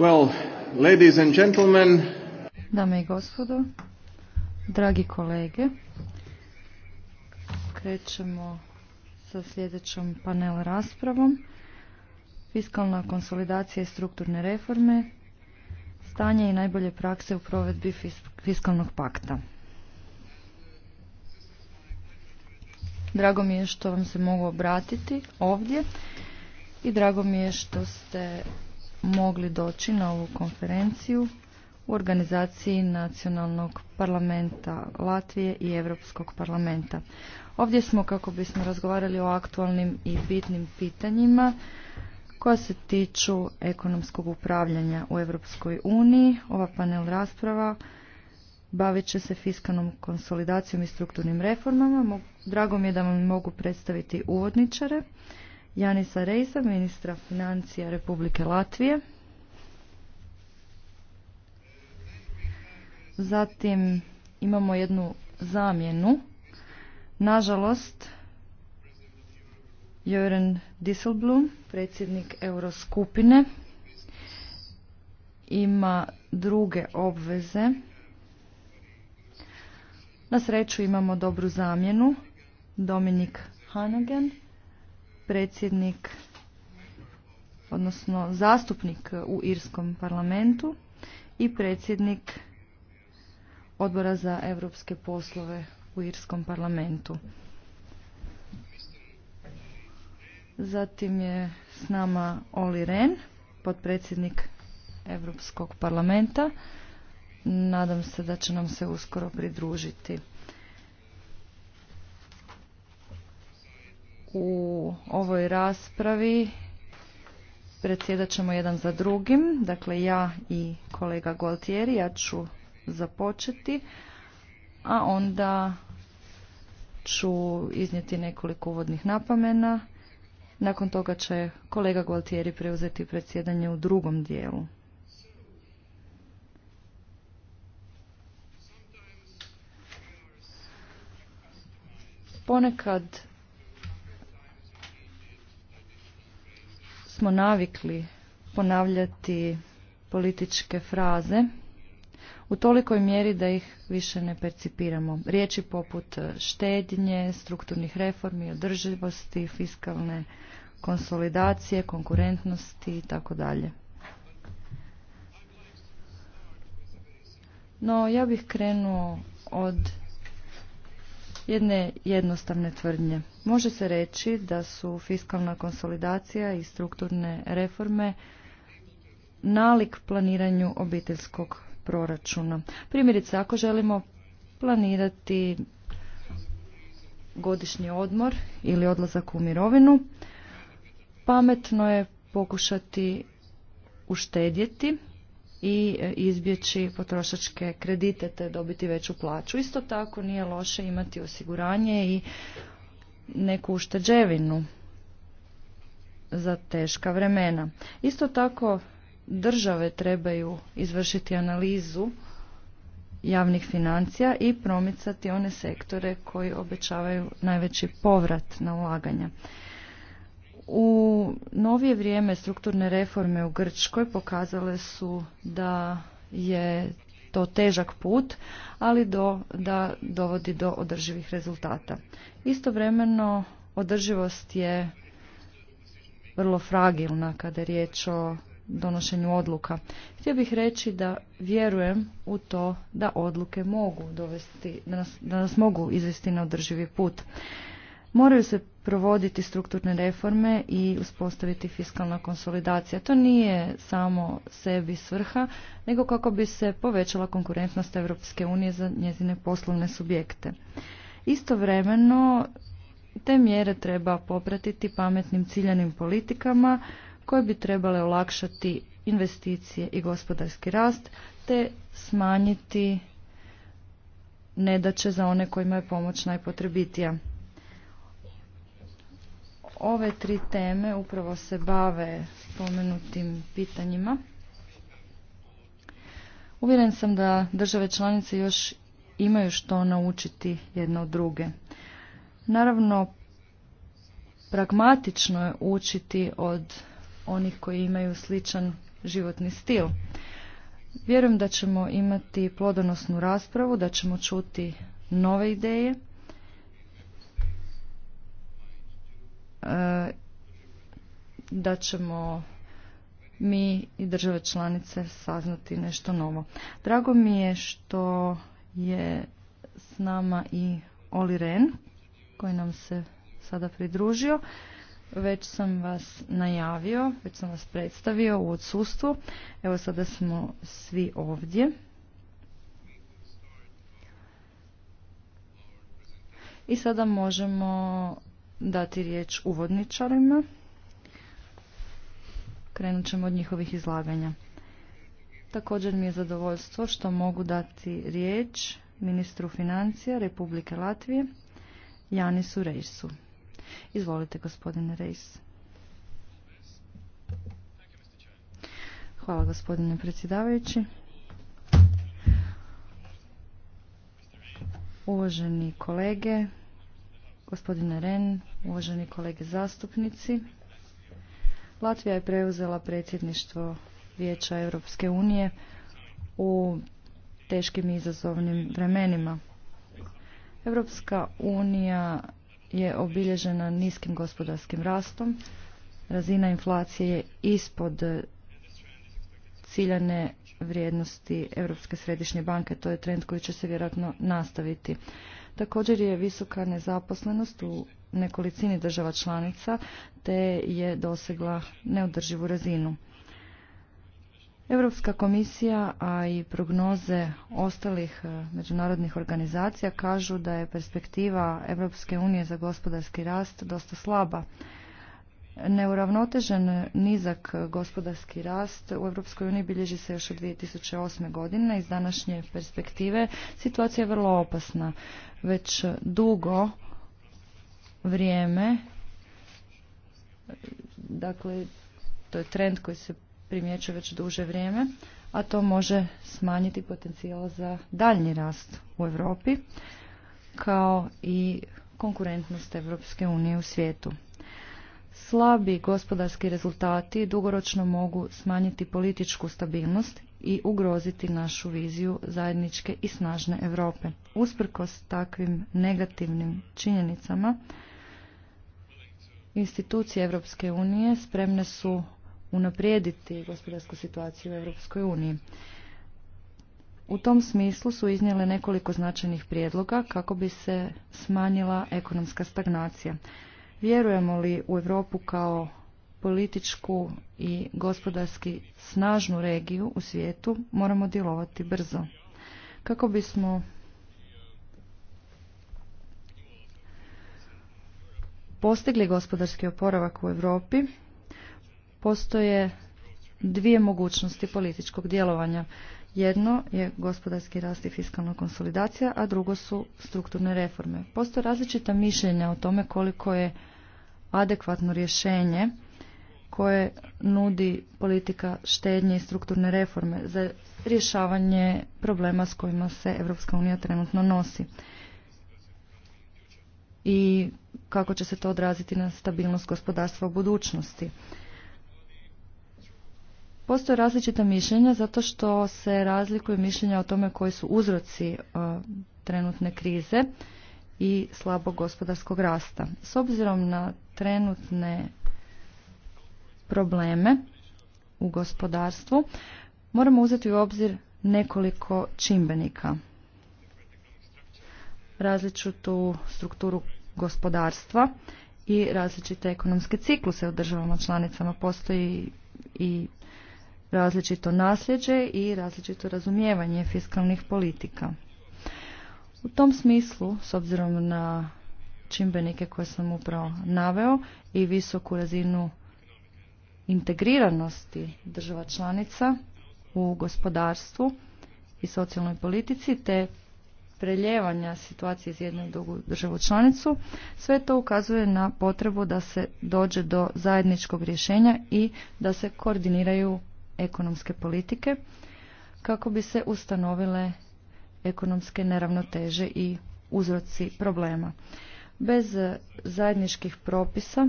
Well, ladies and gentlemen. Dame i gospodo, dragi kolege, krećemo sa sljedećom panel raspravom. Fiskalna konsolidacija i strukturne reforme, stanje i najbolje prakse u provedbi fiskalnog pakta. Drago mi je što vam se mogu obratiti ovdje i drago mi je što ste mogli doći na ovu konferenciju u organizaciji Nacionalnog parlamenta Latvije i Europskog parlamenta. Ovdje smo kako bismo razgovarali o aktualnim i bitnim pitanjima koja se tiču ekonomskog upravljanja u Europskoj uniji. Ova panel rasprava bavit će se fiskalnom konsolidacijom i strukturnim reformama. Drago mi je da vam mogu predstaviti uvodničare. Janisa Rejsa, ministra financija Republike Latvije. Zatim imamo jednu zamjenu. Nažalost, Jören Disselblum, predsjednik Euroskupine, ima druge obveze. Na sreću imamo dobru zamjenu. Dominik Hanagen predsjednik odnosno zastupnik u Irskom parlamentu i predsjednik odbora za europske poslove u Irskom parlamentu. Zatim je s nama Oli Ren, potpredsjednik Europskog parlamenta. Nadam se da će nam se uskoro pridružiti. u ovoj raspravi predsjedat ćemo jedan za drugim. Dakle, ja i kolega Gualtieri, ja ću započeti, a onda ću iznijeti nekoliko uvodnih napomena. Nakon toga će kolega Gualtieri preuzeti predsjedanje u drugom dijelu. Ponekad smo navikli ponavljati političke fraze u tolikoj mjeri da ih više ne percipiramo. Riječi poput e, štednje, strukturnih reformi, održivosti, fiskalne konsolidacije, konkurentnosti i tako dalje. No, ja bih krenuo od jedne jednostavne tvrdnje. Može se reći da su fiskalna konsolidacija i strukturne reforme nalik planiranju obiteljskog proračuna. Primjerice, ako želimo planirati godišnji odmor ili odlazak u mirovinu, pametno je pokušati uštedjeti i e, izbjeći potrošačke kredite te dobiti veću plaću. Isto tako nije loše imati osiguranje i neku ušteđevinu za teška vremena. Isto tako države trebaju izvršiti analizu javnih financija i promicati one sektore koji obećavaju najveći povrat na ulaganja. U novije vrijeme strukturne reforme u Grčkoj pokazale su da je to težak put, ali do, da dovodi do održivih rezultata. Istovremeno održivost je vrlo fragilna kada je riječ o donošenju odluka. Htio bih reći da vjerujem u to da odluke mogu dovesti, da nas, da nas mogu izvesti na održivi put. Moraju se provoditi strukturne reforme i uspostaviti fiskalna konsolidacija. To nije samo sebi svrha, nego kako bi se povećala konkurentnost Europske unije za njezine poslovne subjekte. Istovremeno te mjere treba popratiti pametnim ciljanim politikama koje bi trebale olakšati investicije i gospodarski rast te smanjiti nedaće za one kojima je pomoć najpotrebitija. Ove tri teme upravo se bave spomenutim pitanjima. Uvjeren sam da države članice još imaju što naučiti jedno od druge. Naravno, pragmatično je učiti od onih koji imaju sličan životni stil. Vjerujem da ćemo imati plodonosnu raspravu, da ćemo čuti nove ideje E, da ćemo mi i države članice saznati nešto novo. Drago mi je što je s nama i Oli Ren koji nam se sada pridružio. Već sam vas najavio, već sam vas predstavio u odsustvu. Evo sada smo svi ovdje. I sada možemo dati riječ uvodničarima. Krenut ćemo od njihovih izlaganja. Također mi je zadovoljstvo što mogu dati riječ ministru financija Republike Latvije, Janisu Rejsu. Izvolite, gospodine Rejs. Hvala, gospodine predsjedavajući. Uvaženi kolege, Gospodine Ren, uvaženi kolege zastupnici, Latvija je preuzela predsjedništvo Vijeća Europske unije u teškim i izazovnim vremenima. Europska unija je obilježena niskim gospodarskim rastom, razina inflacije je ispod ciljane vrijednosti Europske središnje banke, to je trend koji će se vjerojatno nastaviti. Također je visoka nezaposlenost u nekolicini država članica te je dosegla neodrživu razinu. Europska komisija, a i prognoze ostalih e, međunarodnih organizacija kažu da je perspektiva Europske unije za gospodarski rast dosta slaba Neuravnotežen nizak gospodarski rast u Europskoj uniji bilježi se još od 2008. godine. Iz današnje perspektive situacija je vrlo opasna. Već dugo vrijeme, dakle to je trend koji se primjećuje već duže vrijeme, a to može smanjiti potencijal za daljnji rast u Europi kao i konkurentnost Europske unije u svijetu slabi gospodarski rezultati dugoročno mogu smanjiti političku stabilnost i ugroziti našu viziju zajedničke i snažne Europe. Usprkos takvim negativnim činjenicama, institucije Europske unije spremne su unaprijediti gospodarsku situaciju u Europskoj uniji. U tom smislu su iznijele nekoliko značajnih prijedloga kako bi se smanjila ekonomska stagnacija. Vjerujemo li u Europu kao političku i gospodarski snažnu regiju u svijetu, moramo djelovati brzo. Kako bismo postigli gospodarski oporavak u Europi, postoje dvije mogućnosti političkog djelovanja. Jedno je gospodarski rast i fiskalna konsolidacija, a drugo su strukturne reforme. Postoje različita mišljenja o tome koliko je adekvatno rješenje koje nudi politika štednje i strukturne reforme za rješavanje problema s kojima se Europska unija trenutno nosi i kako će se to odraziti na stabilnost gospodarstva u budućnosti. Postoje različita mišljenja zato što se razlikuju mišljenja o tome koji su uzroci e, trenutne krize i slabog gospodarskog rasta. S obzirom na trenutne probleme u gospodarstvu, moramo uzeti u obzir nekoliko čimbenika. Različitu strukturu gospodarstva i različite ekonomske cikluse u državama članicama postoji i različito nasljeđe i različito razumijevanje fiskalnih politika. U tom smislu, s obzirom na čimbenike koje sam upravo naveo i visoku razinu integriranosti država članica u gospodarstvu i socijalnoj politici te preljevanja situacije iz jedne u drugu državu članicu, sve to ukazuje na potrebu da se dođe do zajedničkog rješenja i da se koordiniraju ekonomske politike kako bi se ustanovile ekonomske neravnoteže i uzroci problema. Bez zajedničkih propisa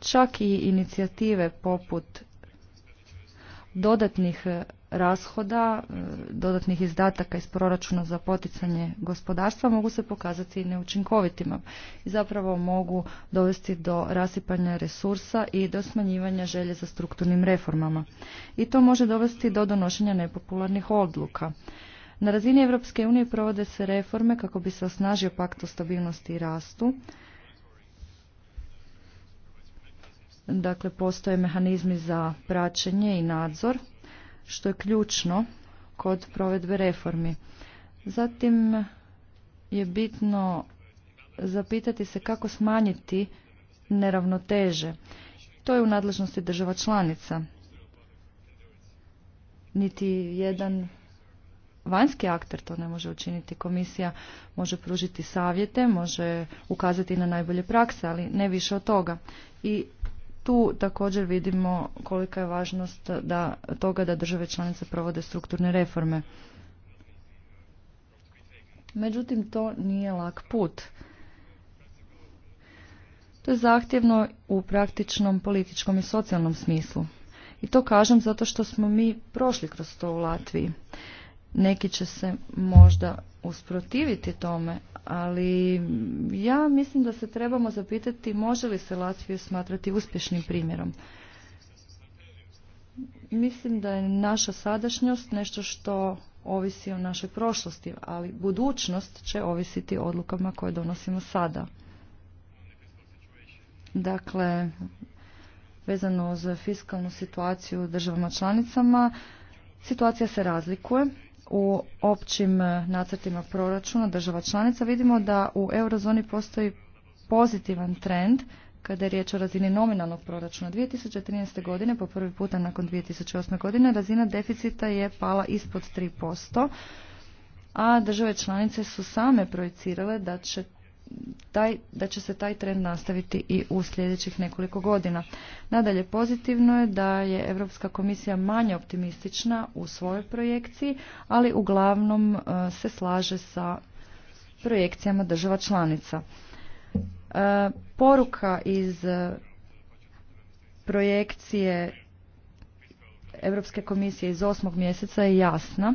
čak i inicijative poput dodatnih rashoda, e, dodatnih izdataka iz proračuna za poticanje gospodarstva mogu se pokazati neučinkovitima i zapravo mogu dovesti do rasipanja resursa i do smanjivanja želje za strukturnim reformama. I to može dovesti do donošenja nepopularnih odluka. Na razini Europske unije provode se reforme kako bi se osnažio pakt o stabilnosti i rastu, Dakle, postoje mehanizmi za praćenje i nadzor što je ključno kod provedbe reformi. Zatim je bitno zapitati se kako smanjiti neravnoteže. To je u nadležnosti država članica. Niti jedan vanjski akter to ne može učiniti. Komisija može pružiti savjete, može ukazati na najbolje prakse, ali ne više od toga. I tu također vidimo kolika je važnost da, toga da države članice provode strukturne reforme. Međutim, to nije lak put. To je zahtjevno u praktičnom, političkom i socijalnom smislu. I to kažem zato što smo mi prošli kroz to u Latviji. Neki će se možda usprotiviti tome, ali ja mislim da se trebamo zapitati može li se Latviju smatrati uspješnim primjerom. Mislim da je naša sadašnjost nešto što ovisi o našoj prošlosti, ali budućnost će ovisiti odlukama koje donosimo sada. Dakle, vezano za fiskalnu situaciju u državama članicama, situacija se razlikuje u općim e, nacrtima proračuna država članica vidimo da u eurozoni postoji pozitivan trend kada je riječ o razini nominalnog proračuna. 2013. godine, po prvi puta nakon 2008. godine, razina deficita je pala ispod 3%, a države članice su same projicirale da će taj, da će se taj trend nastaviti i u sljedećih nekoliko godina. Nadalje, pozitivno je da je Europska komisija manje optimistična u svojoj projekciji, ali uglavnom e, se slaže sa projekcijama država članica. E, poruka iz e, projekcije Europske komisije iz osmog mjeseca je jasna.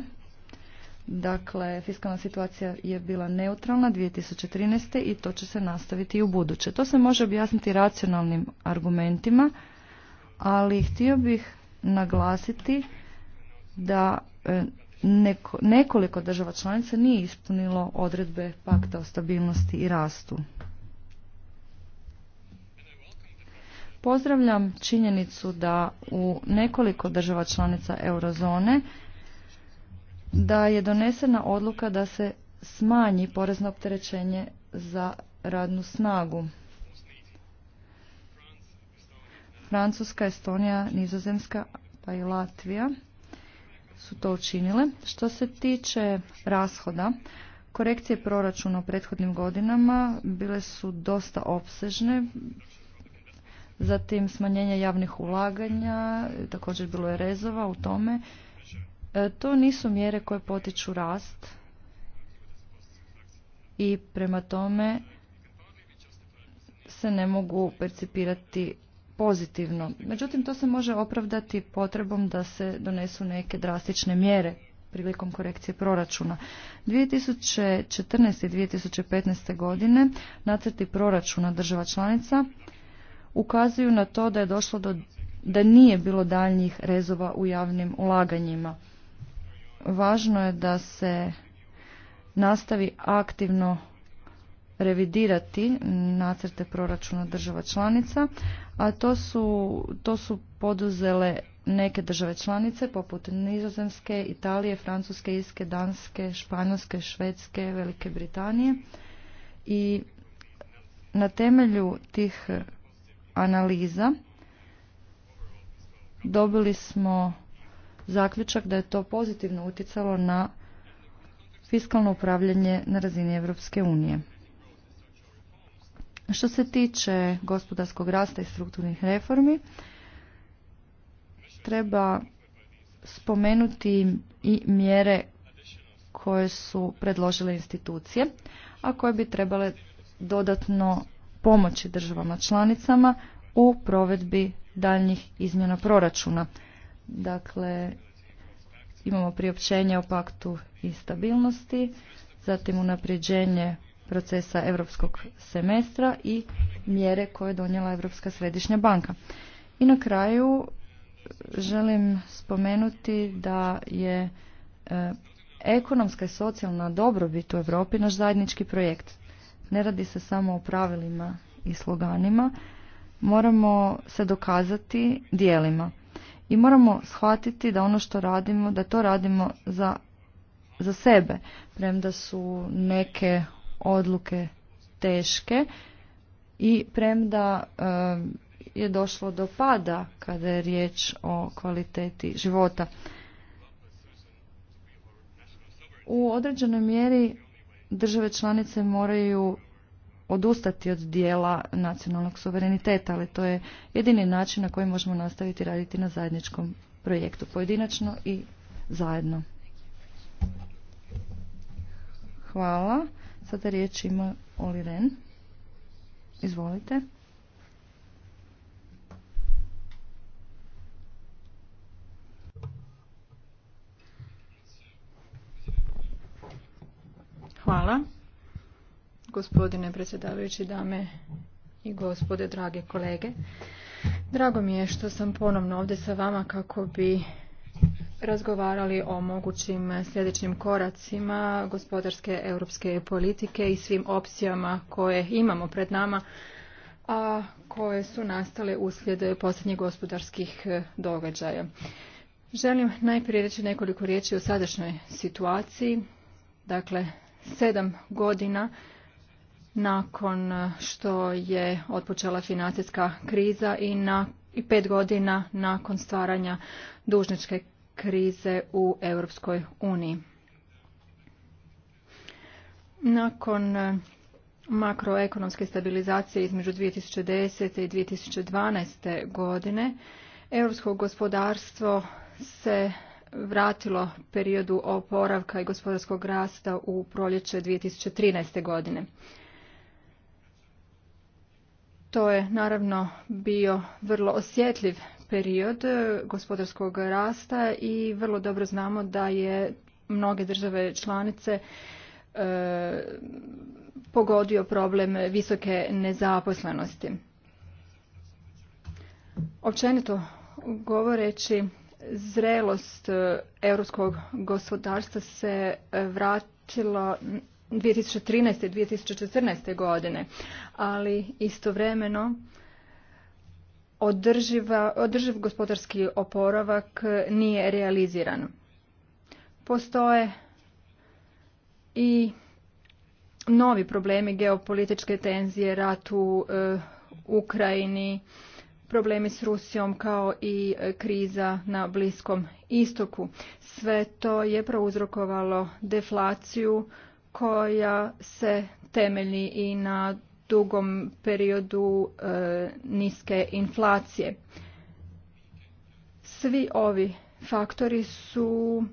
Dakle, fiskalna situacija je bila neutralna 2013. i to će se nastaviti i u buduće. To se može objasniti racionalnim argumentima, ali htio bih naglasiti da e, neko, nekoliko država članica nije ispunilo odredbe pakta o stabilnosti i rastu. Pozdravljam činjenicu da u nekoliko država članica eurozone da je donesena odluka da se smanji porezno opterećenje za radnu snagu. Francuska, Estonija, Nizozemska pa i Latvija su to učinile. Što se tiče rashoda, korekcije proračuna u prethodnim godinama bile su dosta opsežne, zatim smanjenje javnih ulaganja, također bilo je rezova u tome E, to nisu mjere koje potiču rast i prema tome se ne mogu percipirati pozitivno. Međutim, to se može opravdati potrebom da se donesu neke drastične mjere prilikom korekcije proračuna. 2014. i 2015. godine nacrti proračuna država članica ukazuju na to da je došlo do da nije bilo daljnjih rezova u javnim ulaganjima. Važno je da se nastavi aktivno revidirati nacrte proračuna država članica, a to su, to su poduzele neke države članice poput Nizozemske, Italije, Francuske, Iske, Danske, Španjolske, Švedske, Velike Britanije i na temelju tih analiza dobili smo zaključak da je to pozitivno utjecalo na fiskalno upravljanje na razini Europske unije. Što se tiče gospodarskog rasta i strukturnih reformi, treba spomenuti i mjere koje su predložile institucije, a koje bi trebale dodatno pomoći državama članicama u provedbi daljnjih izmjena proračuna. Dakle, imamo priopćenje o paktu i stabilnosti, zatim unapređenje procesa europskog semestra i mjere koje je donijela Europska središnja banka. I na kraju želim spomenuti da je e, ekonomska i socijalna dobrobit u Europi naš zajednički projekt. Ne radi se samo o pravilima i sloganima, moramo se dokazati dijelima i moramo shvatiti da ono što radimo, da to radimo za, za sebe. Premda su neke odluke teške i premda je došlo do pada kada je riječ o kvaliteti života. U određenoj mjeri države članice moraju odustati od dijela nacionalnog suvereniteta, ali to je jedini način na koji možemo nastaviti raditi na zajedničkom projektu, pojedinačno i zajedno. Hvala. Sada riječ ima Oli Ren. Izvolite. Hvala. Gospodine predsjedavajući, dame i gospode, drage kolege. Drago mi je što sam ponovno ovdje sa vama kako bi razgovarali o mogućim sljedećim koracima gospodarske europske politike i svim opcijama koje imamo pred nama, a koje su nastale uslijed posljednjih gospodarskih događaja. Želim najprije reći nekoliko riječi o sadašnjoj situaciji. Dakle, sedam godina nakon e, što je otpočela financijska kriza i, na, i pet godina nakon stvaranja dužničke krize u Europskoj uniji. Nakon e, makroekonomske stabilizacije između 2010. i 2012. godine europsko gospodarstvo se vratilo periodu oporavka i gospodarskog rasta u proljeće 2013. godine. To je naravno bio vrlo osjetljiv period e, gospodarskog rasta i vrlo dobro znamo da je mnoge države članice e, pogodio problem visoke nezaposlenosti. Općenito govoreći zrelost e, europskog gospodarstva se vratila 2013. i 2014. godine, ali istovremeno održiv gospodarski oporavak nije realiziran. Postoje i novi problemi geopolitičke tenzije, rat u e, Ukrajini, problemi s Rusijom kao i e, kriza na Bliskom istoku. Sve to je prouzrokovalo deflaciju koja se temelji i na dugom periodu e, niske inflacije. Svi ovi faktori su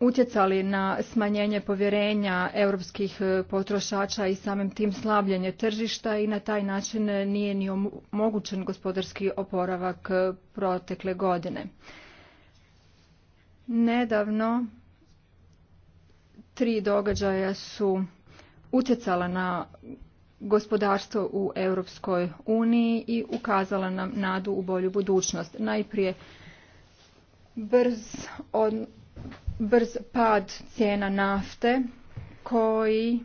utjecali na smanjenje povjerenja europskih potrošača i samim tim slabljenje tržišta i na taj način nije ni omogućen gospodarski oporavak protekle godine. Nedavno tri događaja su utjecala na gospodarstvo u Europskoj uniji i ukazala nam nadu u bolju budućnost. Najprije brz, od, brz pad cijena nafte koji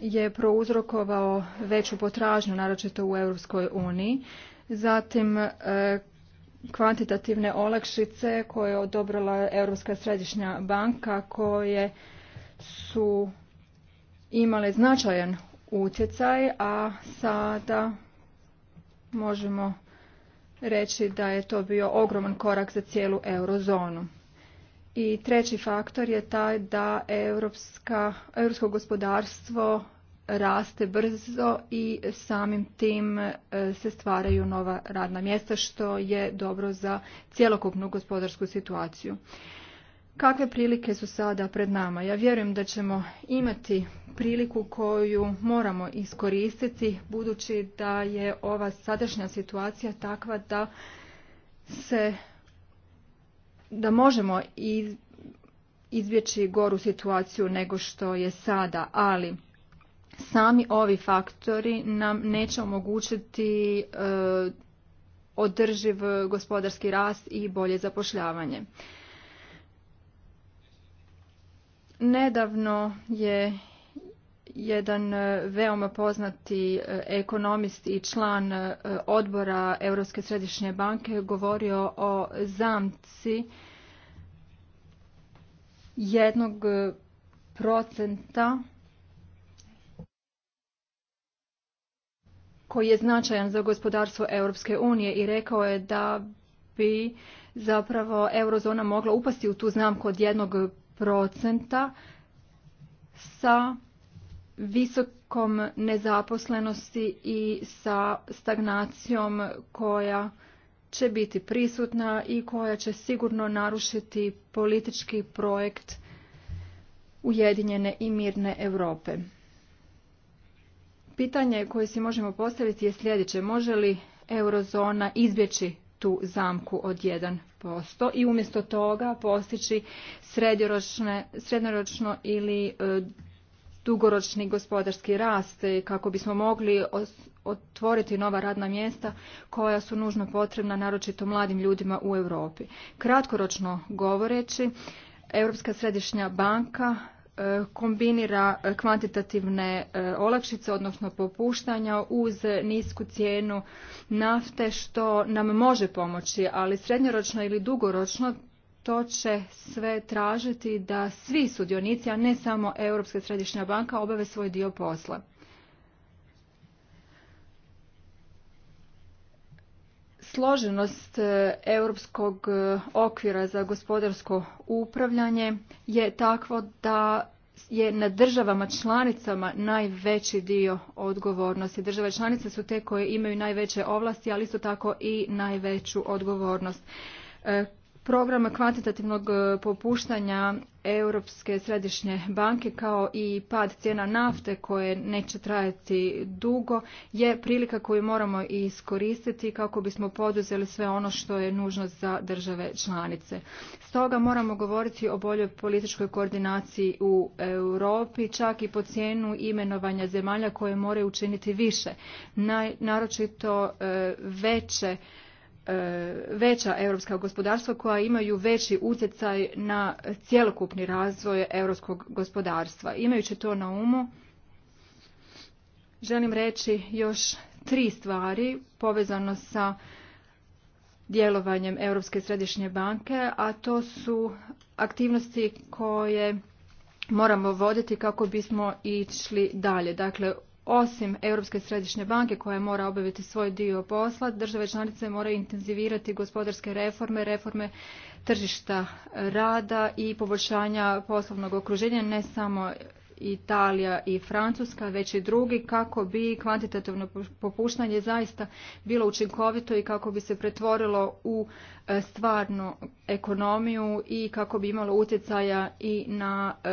je prouzrokovao veću potražnju, naročito u Europskoj uniji. Zatim e, kvantitativne olakšice koje je odobrala Europska središnja banka koje su imale značajan utjecaj, a sada možemo reći da je to bio ogroman korak za cijelu eurozonu. I treći faktor je taj da europska, europsko gospodarstvo raste brzo i samim tim e, se stvaraju nova radna mjesta što je dobro za cjelokupnu gospodarsku situaciju. Kakve prilike su sada pred nama? Ja vjerujem da ćemo imati priliku koju moramo iskoristiti budući da je ova sadašnja situacija takva da se da možemo izbjeći goru situaciju nego što je sada, ali sami ovi faktori nam neće omogućiti e, održiv gospodarski rast i bolje zapošljavanje. Nedavno je jedan e, veoma poznati e, ekonomist i član e, odbora Europske središnje banke govorio o zamci jednog procenta koji je značajan za gospodarstvo Europske unije i rekao je da bi zapravo eurozona mogla upasti u tu znamku od jednog procenta sa visokom nezaposlenosti i sa stagnacijom koja će biti prisutna i koja će sigurno narušiti politički projekt Ujedinjene i mirne Europe. Pitanje koje si možemo postaviti je sljedeće. Može li eurozona izbjeći tu zamku od 1% i umjesto toga postići srednjoročno ili e, dugoročni gospodarski rast e, kako bismo mogli otvoriti nova radna mjesta koja su nužno potrebna naročito mladim ljudima u Europi. Kratkoročno govoreći, Europska središnja banka E, kombinira e, kvantitativne e, olakšice, odnosno popuštanja uz nisku cijenu nafte što nam može pomoći, ali srednjoročno ili dugoročno to će sve tražiti da svi sudionici, a ne samo Europska središnja banka, obave svoj dio posla. Složenost e, europskog e, okvira za gospodarsko upravljanje je takvo da je na državama članicama najveći dio odgovornosti. Države članice su te koje imaju najveće ovlasti, ali isto tako i najveću odgovornost. E, programa kvantitativnog e, popuštanja Europske središnje banke kao i pad cijena nafte koje neće trajati dugo je prilika koju moramo iskoristiti kako bismo poduzeli sve ono što je nužno za države članice. Stoga moramo govoriti o boljoj političkoj koordinaciji u Europi, čak i po cijenu imenovanja zemalja koje moraju učiniti više, naročito e, veće E, veća europska gospodarstva koja imaju veći utjecaj na cjelokupni razvoj europskog gospodarstva. Imajući to na umu, želim reći još tri stvari povezano sa djelovanjem Europske središnje banke, a to su aktivnosti koje moramo voditi kako bismo išli dalje. Dakle, osim Europske središnje banke koja mora obaviti svoj dio posla, države članice moraju intenzivirati gospodarske reforme, reforme tržišta rada i poboljšanja poslovnog okruženja ne samo Italija i Francuska, već i drugi, kako bi kvantitativno popuštanje zaista bilo učinkovito i kako bi se pretvorilo u e, stvarnu ekonomiju i kako bi imalo utjecaja i na e,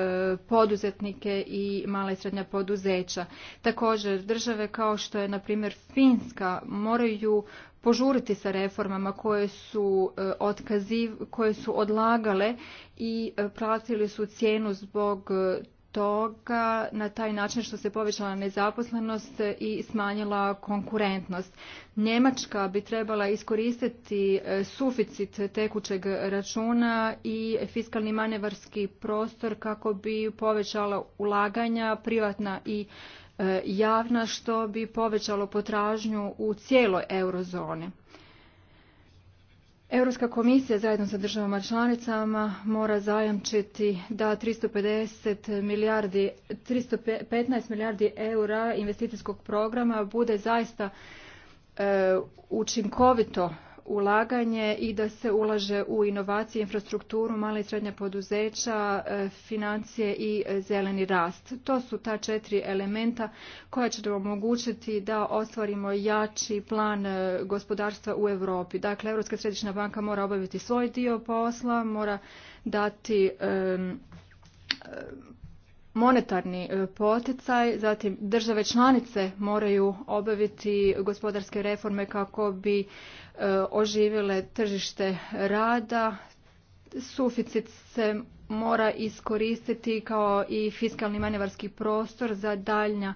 poduzetnike i mala i srednja poduzeća. Također, države kao što je, na primjer, Finska, moraju požuriti sa reformama koje su, e, otkaziv, koje su odlagale i platili su cijenu zbog toga na taj način što se povećala nezaposlenost i smanjila konkurentnost. Njemačka bi trebala iskoristiti e, suficit tekućeg računa i fiskalni manevarski prostor kako bi povećala ulaganja privatna i e, javna što bi povećalo potražnju u cijeloj eurozoni. Europska komisija zajedno sa državama članicama mora zajamčiti da 350 milijardi, 315 milijardi eura investicijskog programa bude zaista e, učinkovito ulaganje i da se ulaže u inovacije, infrastrukturu, male i srednje poduzeća, e, financije i e, zeleni rast. To su ta četiri elementa koja će nam omogućiti da ostvarimo jači plan e, gospodarstva u Europi. Dakle, Europska središnja banka mora obaviti svoj dio posla, mora dati monetarni e, poticaj, zatim države članice moraju obaviti gospodarske reforme kako bi e, oživjele tržište rada, suficit se mora iskoristiti kao i fiskalni manevarski prostor za daljnja,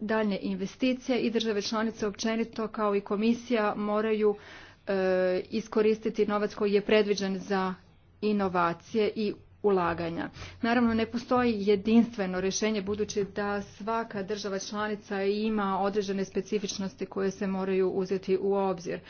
daljnje investicije i države članice općenito kao i komisija moraju e, iskoristiti novac koji je predviđen za inovacije i ulaganja. Naravno, ne postoji jedinstveno rješenje budući da svaka država članica ima određene specifičnosti koje se moraju uzeti u obzir.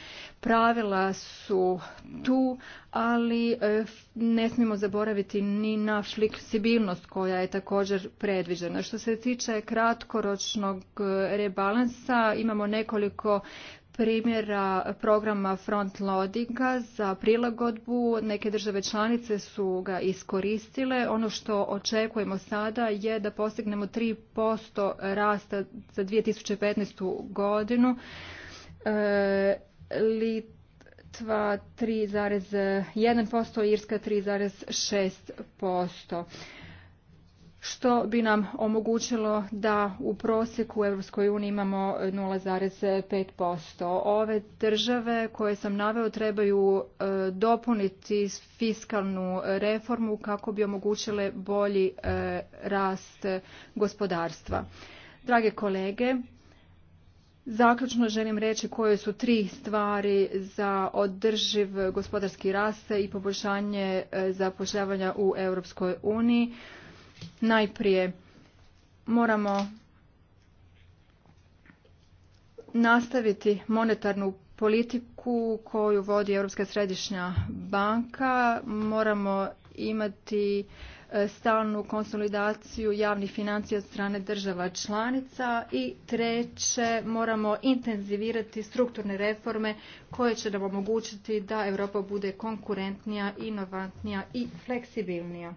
Pravila su tu, ali e, ne smijemo zaboraviti ni na fleksibilnost koja je također predviđena. Što se tiče kratkoročnog e, rebalansa, imamo nekoliko primjera programa front loadinga za prilagodbu. Neke države članice su ga iskoristile. Ono što očekujemo sada je da postignemo 3% rasta za 2015. godinu. E, Litva 3,1%, Irska 3,6% što bi nam omogućilo da u prosjeku u Europskoj uniji imamo 0,5%. Ove države koje sam naveo trebaju e, dopuniti fiskalnu reformu kako bi omogućile bolji e, rast gospodarstva. Drage kolege, Zaključno želim reći koje su tri stvari za održiv gospodarski rast i poboljšanje e, zapošljavanja u Europskoj uniji. Najprije moramo nastaviti monetarnu politiku koju vodi Europska središnja banka. Moramo imati e, stalnu konsolidaciju javnih financija od strane država članica i treće moramo intenzivirati strukturne reforme koje će nam omogućiti da Europa bude konkurentnija, inovantnija i fleksibilnija.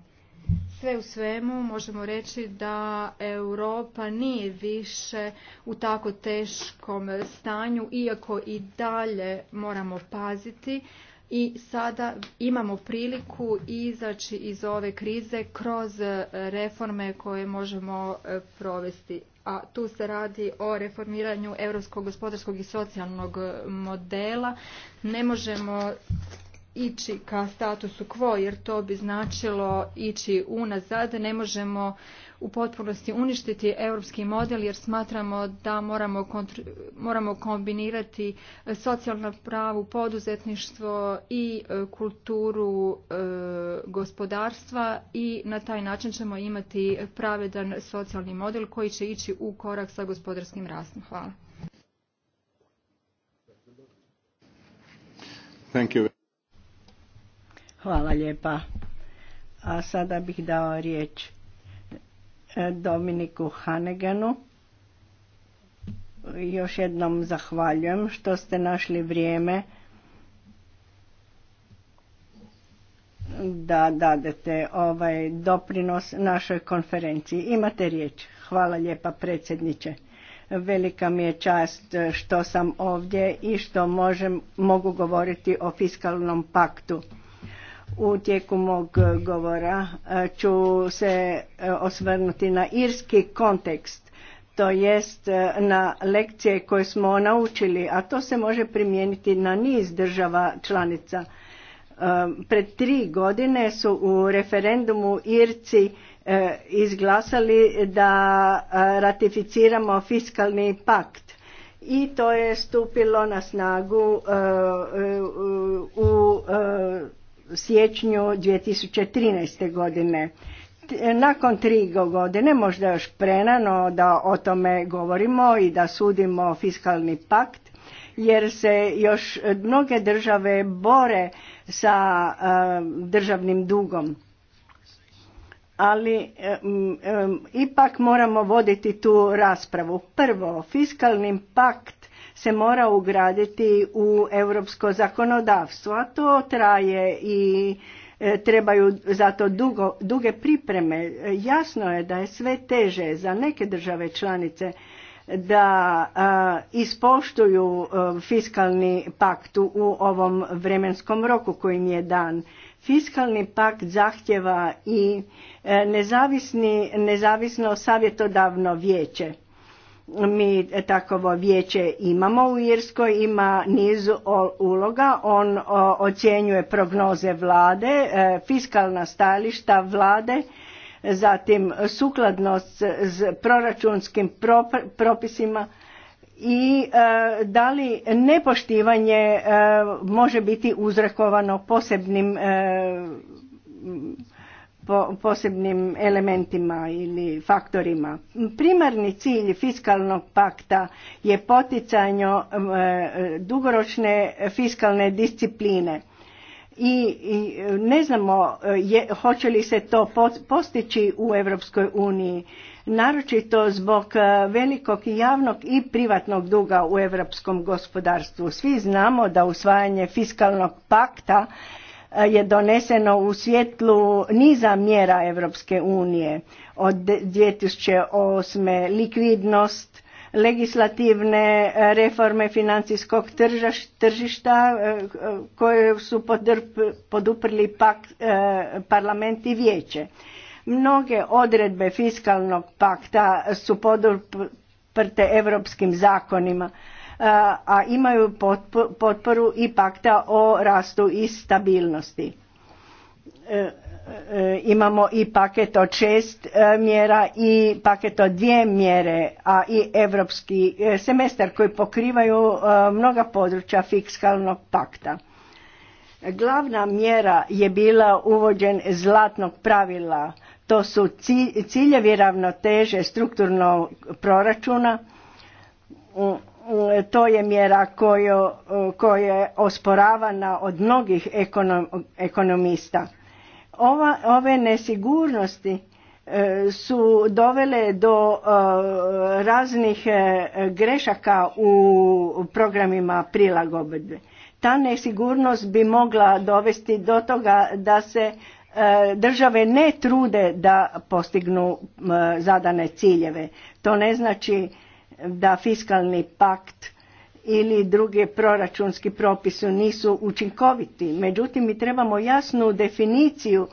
Sve u svemu možemo reći da Europa nije više u tako teškom stanju, iako i dalje moramo paziti i sada imamo priliku izaći iz ove krize kroz reforme koje možemo e, provesti. A tu se radi o reformiranju europskog gospodarskog i socijalnog modela. Ne možemo ići ka statusu quo jer to bi značilo ići unazad. Ne možemo u potpunosti uništiti europski model jer smatramo da moramo, kombinirati e, socijalno pravu, poduzetništvo i e, kulturu e, gospodarstva i na taj način ćemo imati pravedan socijalni model koji će ići u korak sa gospodarskim rastom. Hvala. Thank you. Hvala lijepa. A sada bih dao riječ e, Dominiku Haneganu. Još jednom zahvaljujem što ste našli vrijeme da dadete ovaj doprinos našoj konferenciji. Imate riječ. Hvala lijepa predsjedniče. Velika mi je čast što sam ovdje i što možem, mogu govoriti o fiskalnom paktu u tijeku mog e, govora e, ću se e, osvrnuti na irski kontekst, to jest na lekcije koje smo naučili, a to se može primijeniti na niz država članica. Pred tri godine su u referendumu Irci izglasali da ratificiramo fiskalni pakt i to je stupilo na snagu u siječnju 2013. godine. Nakon tri godine, možda još prenano da o tome govorimo i da sudimo fiskalni pakt, jer se još mnoge države bore sa e, državnim dugom. Ali e, e, ipak moramo voditi tu raspravu. Prvo, fiskalni pakt se mora ugraditi u europsko zakonodavstvo, a to traje i e, trebaju zato dugo, duge pripreme. Jasno je da je sve teže za neke države članice da ispoštuju e, fiskalni pakt u ovom vremenskom roku kojim je dan. Fiskalni pakt zahtjeva i e, nezavisni, nezavisno savjetodavno vijeće mi takovo vijeće imamo u Irskoj, ima niz uloga, on ocjenjuje prognoze vlade, e, fiskalna stajališta vlade, zatim sukladnost s proračunskim propisima i e, da li nepoštivanje e, može biti uzrokovano posebnim po posebnim elementima ili faktorima. Primarni cilj fiskalnog pakta je poticanje e, dugoročne fiskalne discipline i ne znamo e, je, hoće li se to postići u Europskoj uniji, naročito zbog e, velikog javnog i privatnog duga u europskom gospodarstvu. Svi znamo da usvajanje fiskalnog pakta E, je doneseno u svjetlu niza mjera Europske unije od 2008. likvidnost, legislativne reforme financijskog tržišta e, e, koje su poduprli parlament i vijeće. Mnoge odredbe fiskalnog pakta su poduprte europskim zakonima a imaju potporu i pakta o rastu i stabilnosti. E, e, imamo i paket od šest e, mjera i paket od dvije mjere, a i europski semestar koji pokrivaju mnoga područja fikskalnog pakta. Glavna mjera je bila uvođen zlatnog pravila, to su ciljevi ravnoteže strukturnog proračuna, E, to je mjera e, koja je osporavana od mnogih ekonomista. ove nesigurnosti e, su dovele do raznih grešaka u programima prilagodbe. Ta nesigurnost bi mogla dovesti do toga da se države ne trude da postignu zadane ciljeve. To ne znači da fiskalni pakt ili druge proračunski propisu nisu učinkoviti. Međutim, mi trebamo jasnu definiciju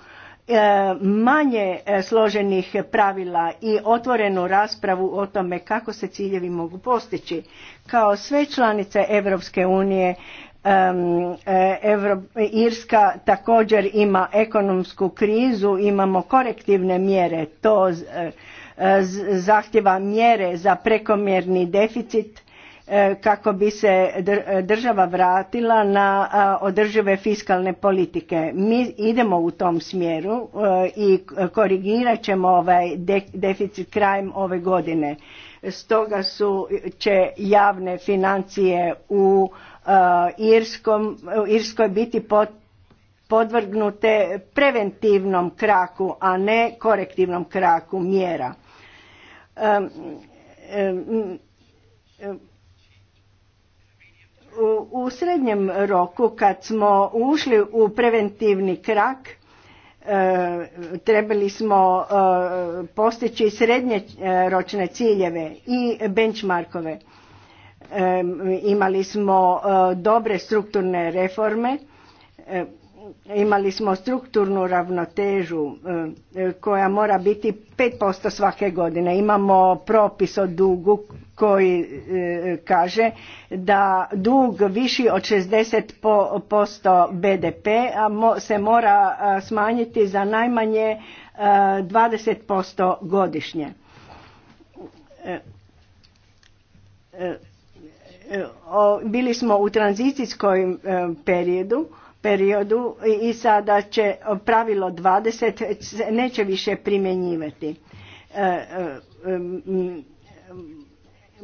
e, manje e, složenih pravila i otvorenu raspravu o tome kako se ciljevi mogu postići. Kao sve članice Europske unije e, Irska također ima ekonomsku krizu, imamo korektivne mjere, to zahtjeva mjere za prekomjerni deficit e, kako bi se država vratila na održive fiskalne politike. Mi idemo u tom smjeru e, i korigirat ćemo ovaj deficit krajem ove godine. Stoga su će javne financije u e, Irskom, Irskoj biti podvrgnute preventivnom kraku, a ne korektivnom kraku mjera u srednjem roku kad smo ušli u preventivni krak e, trebali smo e, postići srednje e, ročne ciljeve i benchmarkove imali smo dobre strukturne reforme imali smo strukturnu ravnotežu e, e, koja mora biti 5% svake godine. Imamo propis o dugu koji e, kaže da dug viši od 60% BDP se mora smanjiti za najmanje 20% godišnje bili smo u tranzicijskom periodu periodu i sada će pravilo 20 neće više primjenjivati. E, e,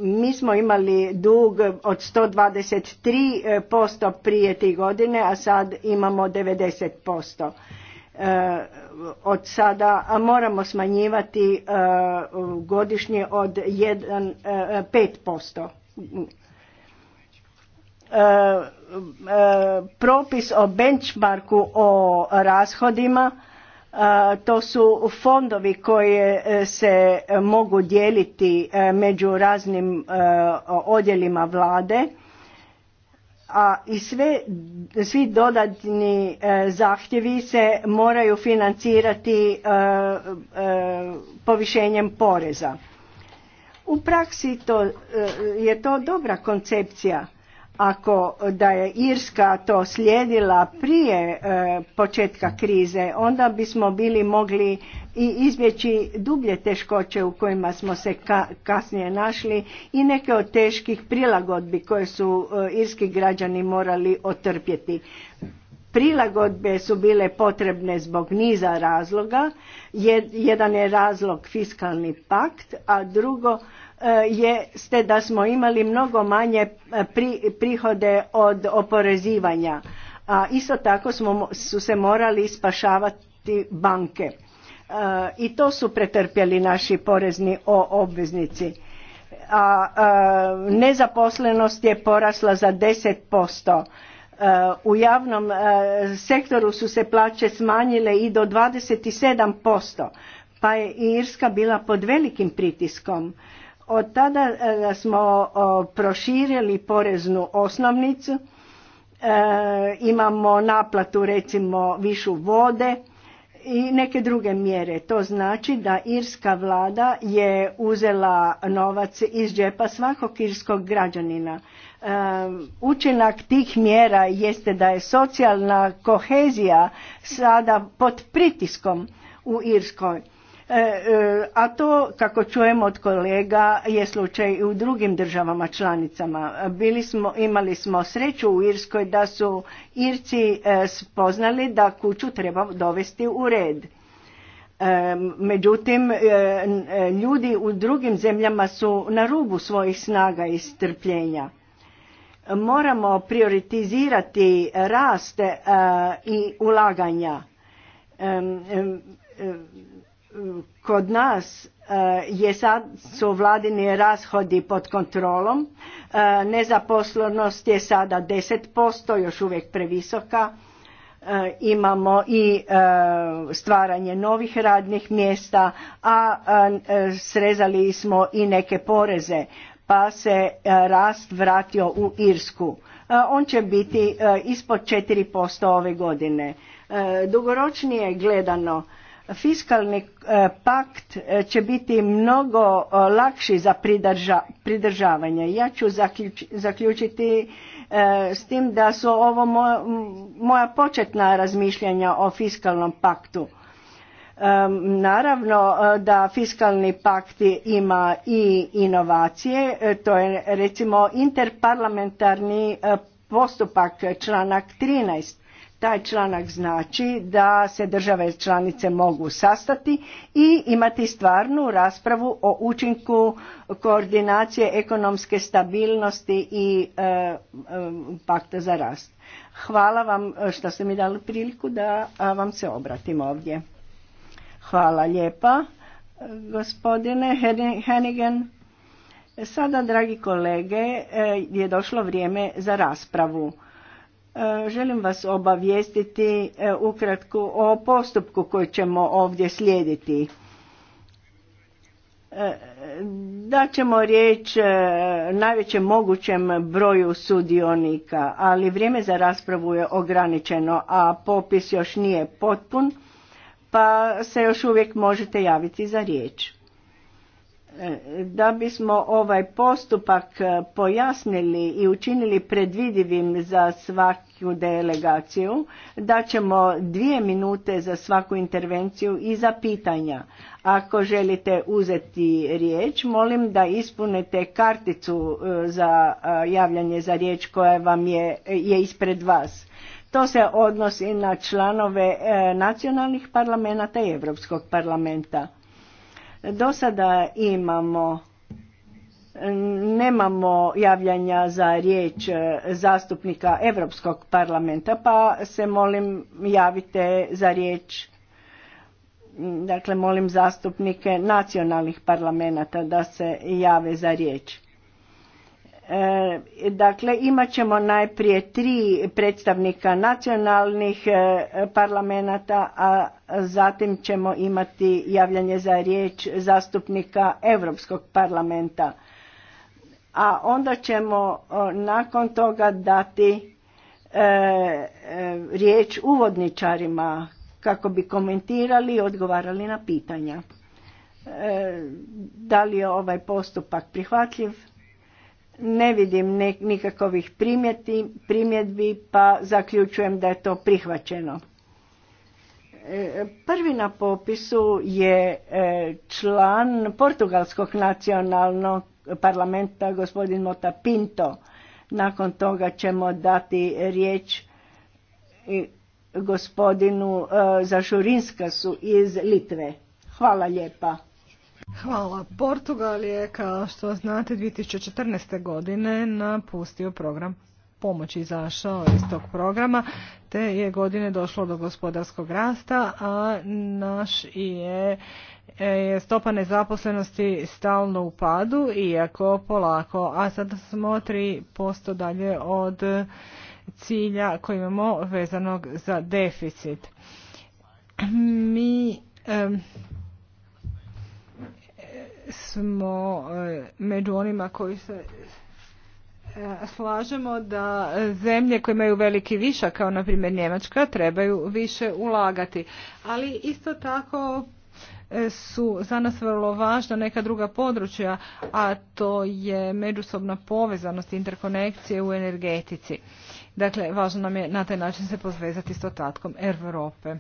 mi smo imali dug od 123% prije tri godine, a sad imamo 90%. E, od sada moramo smanjivati godišnje od 1, 5%. E, propis o benchmarku o rashodima e, to su fondovi koje e, se mogu dijeliti među raznim odjelima vlade a i sve, svi dodatni zahtjevi se moraju financirati povišenjem poreza. U praksi to, je to dobra koncepcija ako da je Irska to slijedila prije e, početka krize, onda bismo bili mogli i izbjeći dublje teškoće u kojima smo se kasnije našli i neke od teških prilagodbi koje su e, irski građani morali otrpjeti. Prilagodbe su bile potrebne zbog niza razloga. jedan je razlog fiskalni pakt, a drugo E, jeste da smo imali mnogo manje e, prihode od oporezivanja, a isto tako smo, su se morali spašavati banke. E, I to su pretrpjeli naši porezni obveznici. A, nezaposlenost je porasla za 10%. posto u javnom sektoru su se plaće smanjile i do 27%, pa je Irska bila pod velikim pritiskom od tada e, smo proširili poreznu osnovnicu, e, imamo naplatu recimo višu vode i neke druge mjere. To znači da irska vlada je uzela novac iz džepa svakog irskog građanina. E, učinak tih mjera jeste da je socijalna kohezija sada pod pritiskom u Irskoj E, e, a to, kako čujemo od kolega, je slučaj i u drugim državama članicama. Bili smo, imali smo sreću u Irskoj da su Irci e, spoznali da kuću treba dovesti u red. Međutim, ljudi u drugim zemljama su na rubu svojih snaga i strpljenja. Moramo prioritizirati raste i ulaganja kod nas e, je sad su vladini rashodi pod kontrolom, e, nezaposlenost je sada 10%, još uvijek previsoka, e, imamo i stvaranje novih radnih mjesta, a srezali smo i neke poreze, pa se rast vratio u Irsku. On će biti ispod 4% ove godine. Dugoročnije gledano, Fiskalni e, pakt e, će biti mnogo e, lakši za pridržavanje. Ja ću zaključiti s tim da su ovo moja početna razmišljanja o fiskalnom paktu. Naravno da fiskalni pakt ima i inovacije, to je recimo interparlamentarni postupak članak 13 taj članak znači da se države članice mogu sastati i imati stvarnu raspravu o učinku koordinacije ekonomske stabilnosti i e, e, pakta za rast. Hvala vam e, što ste mi dali priliku da vam se obratim ovdje. Hvala lijepa gospodine Hennigan. Sada, dragi kolege, je došlo vrijeme za raspravu. E, želim vas obavijestiti e, ukratko o postupku koji ćemo ovdje slijediti. E, da ćemo riječ najvećem mogućem broju sudionika, ali vrijeme za raspravu je ograničeno, a popis još nije potpun, pa se još uvijek možete javiti za riječ. Da bismo ovaj postupak pojasnili i učinili predvidivim za svak, u delegaciju da ćemo dvije minute za svaku intervenciju i za pitanja. Ako želite uzeti riječ, molim da ispunete karticu e, za e, javljanje za riječ koja vam je, e, je ispred vas. To se odnosi na članove nacionalnih parlamenta i Europskog parlamenta. Do sada imamo nemamo javljanja za riječ e, zastupnika Europskog parlamenta, pa se molim javite za riječ dakle molim zastupnike nacionalnih parlamenta da se jave za riječ. E, dakle, imat ćemo najprije tri predstavnika nacionalnih e, parlamenta, a zatim ćemo imati javljanje za riječ zastupnika Europskog parlamenta a onda ćemo nakon toga dati e, e, riječ uvodničarima kako bi komentirali i odgovarali na pitanja. E, da li je ovaj postupak prihvatljiv? Ne vidim nikakvih primjedbi pa zaključujem da je to prihvaćeno. E, prvi na popisu je e, član Portugalskog nacionalnog parlamenta gospodin Mota Pinto. Nakon toga ćemo dati riječ e, gospodinu e, Zašurinskasu iz Litve. Hvala lijepa. Hvala. Portugal je, kao što znate, 2014. godine napustio program pomoć izašao iz tog programa, te je godine došlo do gospodarskog rasta, a naš je je stopa nezaposlenosti stalno u padu, iako polako, a sada smo 3% dalje od cilja koji imamo vezanog za deficit. Mi smo e, među onima koji se e, slažemo da zemlje koje imaju veliki višak, kao na primjer Njemačka, trebaju više ulagati. Ali isto tako su za nas vrlo važna neka druga područja, a to je međusobna povezanost interkonekcije u energetici. Dakle, važno nam je na taj način se pozvezati s ostatkom Europe.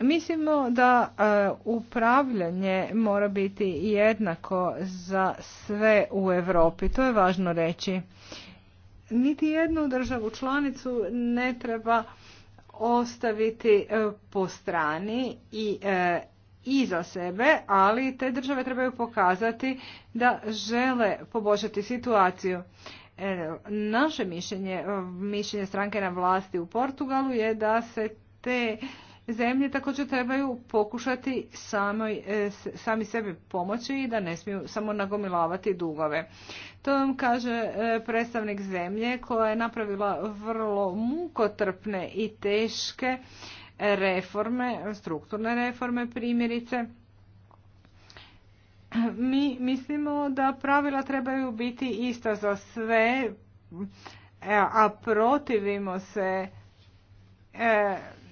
Mislimo da e, upravljanje mora biti jednako za sve u Europi. To je važno reći. Niti jednu državu članicu ne treba ostaviti e, po strani i e, iza sebe, ali te države trebaju pokazati da žele poboljšati situaciju. E, naše mišljenje, mišljenje stranke na vlasti u Portugalu je da se te zemlje također trebaju pokušati e, sami sebi pomoći i da ne smiju samo nagomilavati dugove. To vam kaže e, predstavnik zemlje koja je napravila vrlo mukotrpne i teške reforme, strukturne reforme primjerice. Mi mislimo da pravila trebaju biti ista za sve, e, a protivimo se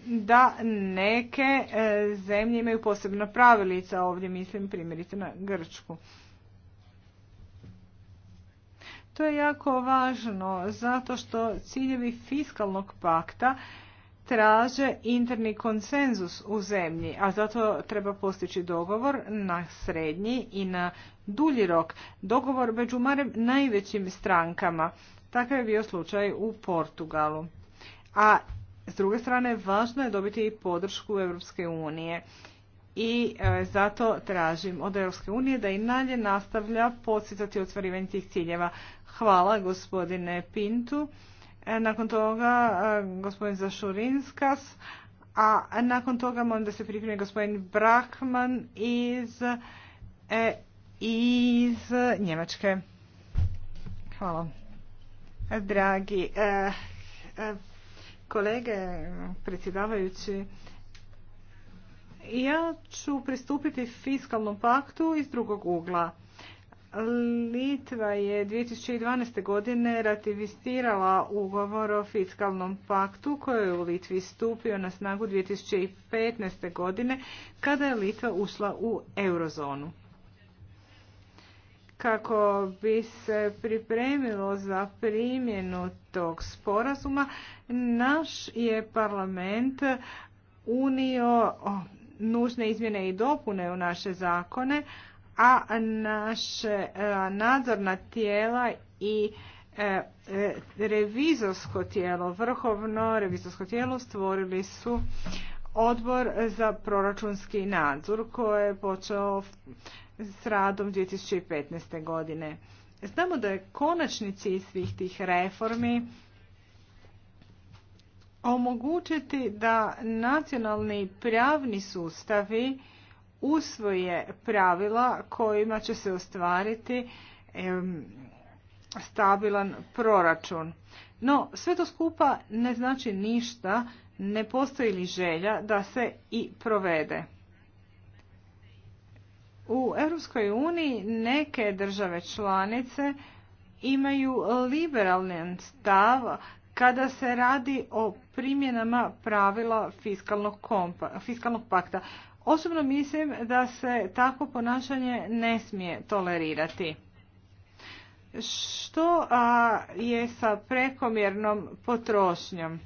da neke e, zemlje imaju posebna pravilica, ovdje mislim primjerice na Grčku. To je jako važno zato što ciljevi fiskalnog pakta traže interni konsenzus u zemlji, a zato treba postići dogovor na srednji i na dulji rok. Dogovor među najvećim strankama. Takav je bio slučaj u Portugalu. A s druge strane, važno je dobiti i podršku Europske unije. I e, zato tražim od Europske unije da i dalje nastavlja podsjetati ostvarivanje tih ciljeva. Hvala gospodine Pintu. E, nakon toga e, gospodin Zašurinskas, a nakon toga molim da se pripremi gospodin Brahman iz, iz Njemačke. Hvala. Dragi kolege, predsjedavajući. Ja ću pristupiti fiskalnom paktu iz drugog ugla. Litva je 2012. godine ratificirala ugovor o fiskalnom paktu koji je u Litvi stupio na snagu 2015. godine kada je Litva ušla u eurozonu kako bi se pripremilo za primjenu tog sporazuma, naš je parlament unio nužne izmjene i dopune u naše zakone, a naše e, nadzorna tijela i e, e, revizorsko tijelo, vrhovno revizorsko tijelo stvorili su odbor za proračunski nadzor koji je počeo s radom 2015. godine. Znamo da je konačni cilj svih tih reformi omogućiti da nacionalni pravni sustavi usvoje pravila kojima će se ostvariti stabilan proračun. No, sve to skupa ne znači ništa, ne postoji li želja da se i provede. U Europskoj uniji neke države članice imaju liberalni stav kada se radi o primjenama pravila fiskalnog, fiskalnog pakta. Osobno mislim da se takvo ponašanje ne smije tolerirati. Što a, je sa prekomjernom potrošnjom?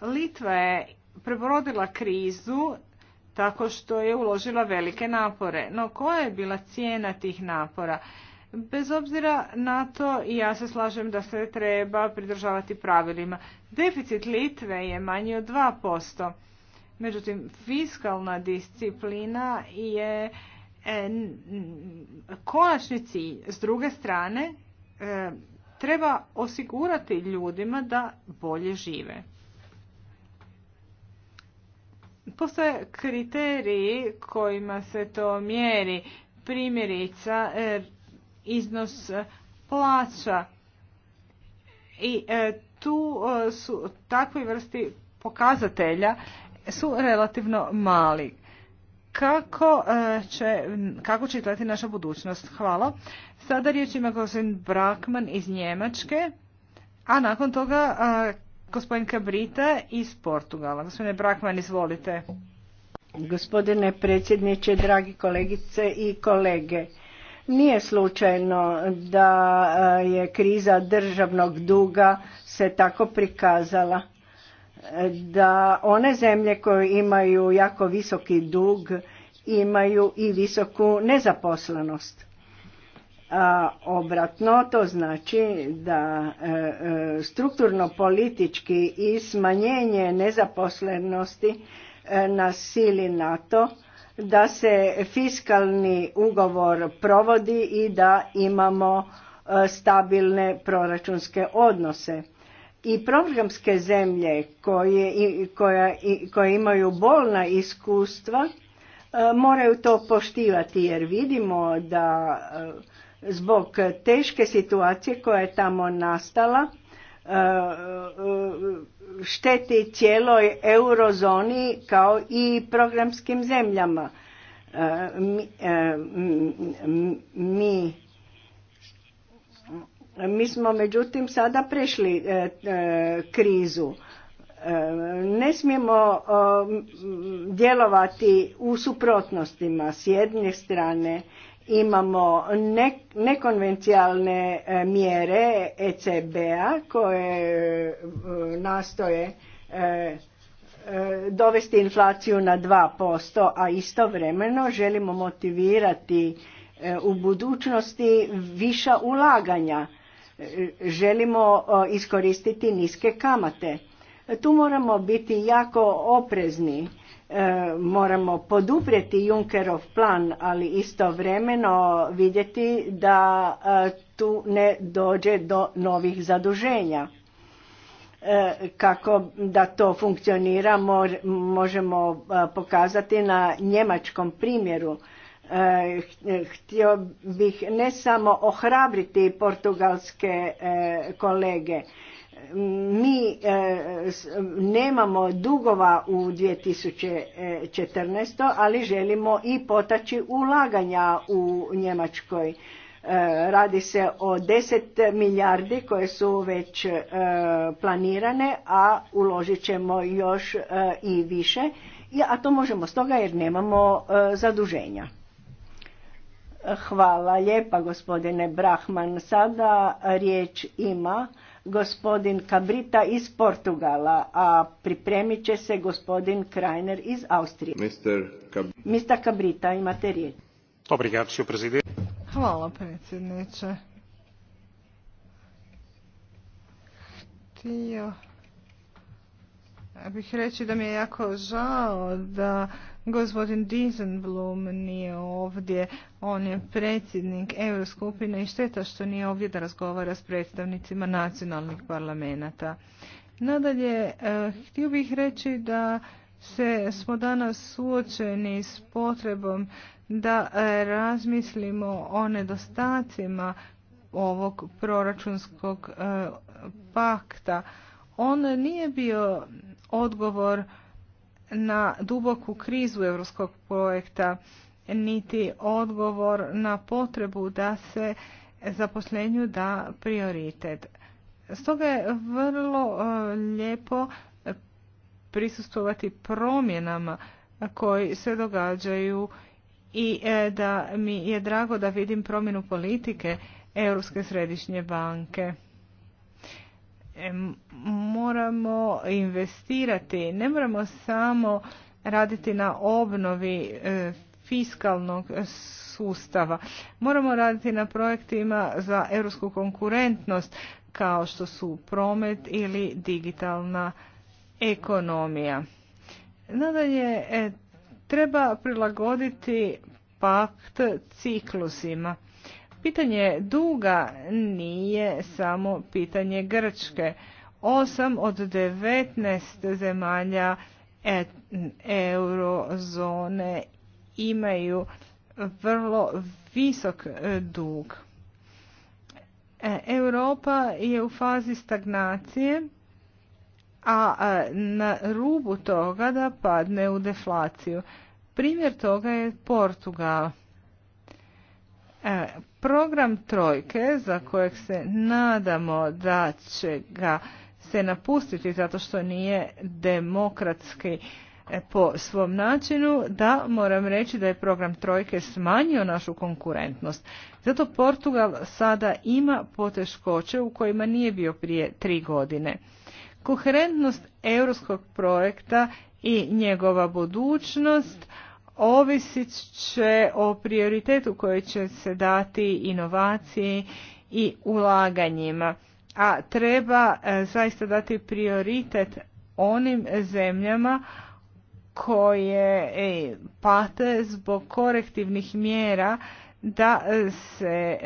Litva je prebrodila krizu tako što je uložila velike napore. No koja je bila cijena tih napora? Bez obzira na to i ja se slažem da se treba pridržavati pravilima. Deficit Litve je manji od 2%. Međutim, fiskalna disciplina je e, konačni cilj. S druge strane, e, treba osigurati ljudima da bolje žive. Postoje kriteriji kojima se to mjeri. Primjerica, e, iznos plaća. I e, tu e, su takvi vrsti pokazatelja su relativno mali. Kako će, kako će izgledati naša budućnost? Hvala. Sada riječ ima gospodin Brakman iz Njemačke, a nakon toga gospodin cabrita iz Portugala. Gospodine Brakman, izvolite. Gospodine predsjedniče, dragi kolegice i kolege. Nije slučajno da e, je kriza državnog duga se tako prikazala e, da one zemlje koje imaju jako visoki dug imaju i visoku nezaposlenost. A obratno to znači da e, e, strukturno politički i smanjenje nezaposlenosti e, na sili da se fiskalni ugovor provodi i da imamo stabilne proračunske odnose. I programske zemlje koje, koje imaju bolna iskustva moraju to poštivati jer vidimo da Zbog teške situacije koja je tamo nastala, e, e, šteti cijeloj eurozoni kao i programskim zemljama. E, mi, mi, smo međutim sada prešli krizu. Ne smijemo djelovati u suprotnostima. S jedne strane imamo nekonvencijalne e, mjere ECB-a koje e, nastoje e, dovesti inflaciju na 2%, a istovremeno želimo motivirati u budućnosti viša ulaganja. Želimo iskoristiti niske kamate. Tu moramo biti jako oprezni E, moramo poduprijeti Junckerov plan, ali istovremeno vidjeti da e, tu ne dođe do novih zaduženja. E, kako da to funkcionira možemo pokazati na njemačkom primjeru. Htio bih ne samo ohrabriti portugalske kolege, mi e, nemamo dugova u 2014. ali želimo i potaći ulaganja u Njemačkoj. E, radi se o 10 milijardi koje su već e, planirane, a uložit ćemo još i više, a to možemo stoga jer nemamo zaduženja. Hvala lijepa gospodine Brahman. Sada riječ ima gospodin Cabrita iz Portugala, a pripremit će se gospodin Krajner iz Austrije. Mr. Cab Cabrita, imate riječ. Hvala, predsjedniče. Htio bih reći da mi je jako žao da Gospodin Dizenblum nije ovdje, on je predsjednik Euroskupine i šteta što nije ovdje da razgovara s predstavnicima nacionalnih parlamenta. Nadalje, eh, htio bih reći da se smo danas suočeni s potrebom da eh, razmislimo o nedostacima ovog proračunskog eh, pakta. On nije bio odgovor na duboku krizu europskog projekta, niti odgovor na potrebu da se zaposlenju da prioritet. Stoga je vrlo e, lijepo prisustovati promjenama koji se događaju i e, da mi je drago da vidim promjenu politike Europske središnje banke moramo investirati, ne moramo samo raditi na obnovi e, fiskalnog sustava. Moramo raditi na projektima za europsku konkurentnost kao što su promet ili digitalna ekonomija. Nadalje, e, treba prilagoditi pakt ciklusima. Pitanje duga nije samo pitanje Grčke. Osam od 19 zemalja eurozone imaju vrlo visok dug. E, Europa je u fazi stagnacije, a na rubu toga da padne u deflaciju. Primjer toga je Portugal. E, Program trojke za kojeg se nadamo da će ga se napustiti zato što nije demokratski e, po svom načinu, da moram reći da je program trojke smanjio našu konkurentnost. Zato Portugal sada ima poteškoće u kojima nije bio prije tri godine. Koherentnost europskog projekta i njegova budućnost ovisit će o prioritetu koji će se dati inovaciji i ulaganjima. A treba e, zaista dati prioritet onim zemljama koje e, pate zbog korektivnih mjera da e, se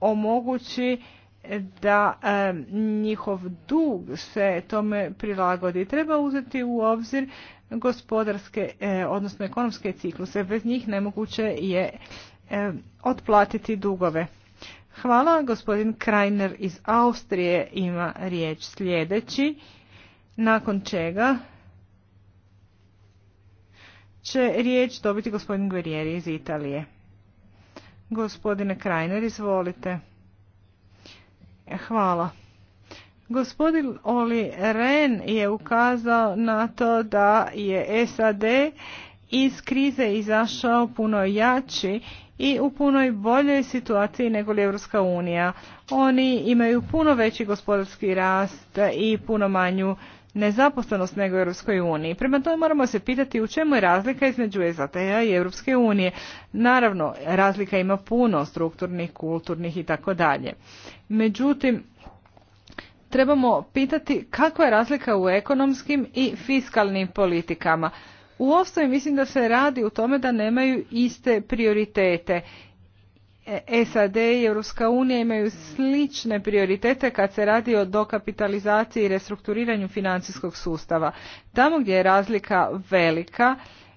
omogući da njihov dug se tome prilagodi. Treba uzeti u obzir gospodarske, e, odnosno ekonomske cikluse. Bez njih nemoguće je e, otplatiti dugove. Hvala, gospodin Krajner iz Austrije ima riječ sljedeći, nakon čega će riječ dobiti gospodin Guerrieri iz Italije. Gospodine Krajner, izvolite. Hvala. Gospodin Oli Ren je ukazao na to da je SAD iz krize izašao puno jači i u punoj boljoj situaciji nego li Europska unija. Oni imaju puno veći gospodarski rast i puno manju nezaposlenost nego u Europskoj uniji. Prema tome moramo se pitati u čemu je razlika između SAD-a i Europske unije. Naravno, razlika ima puno strukturnih, kulturnih i tako dalje. Međutim, trebamo pitati kakva je razlika u ekonomskim i fiskalnim politikama. U osnovi mislim da se radi u tome da nemaju iste prioritete. E, SAD i Europska imaju slične prioritete kad se radi o dokapitalizaciji i restrukturiranju financijskog sustava. Tamo gdje je razlika velika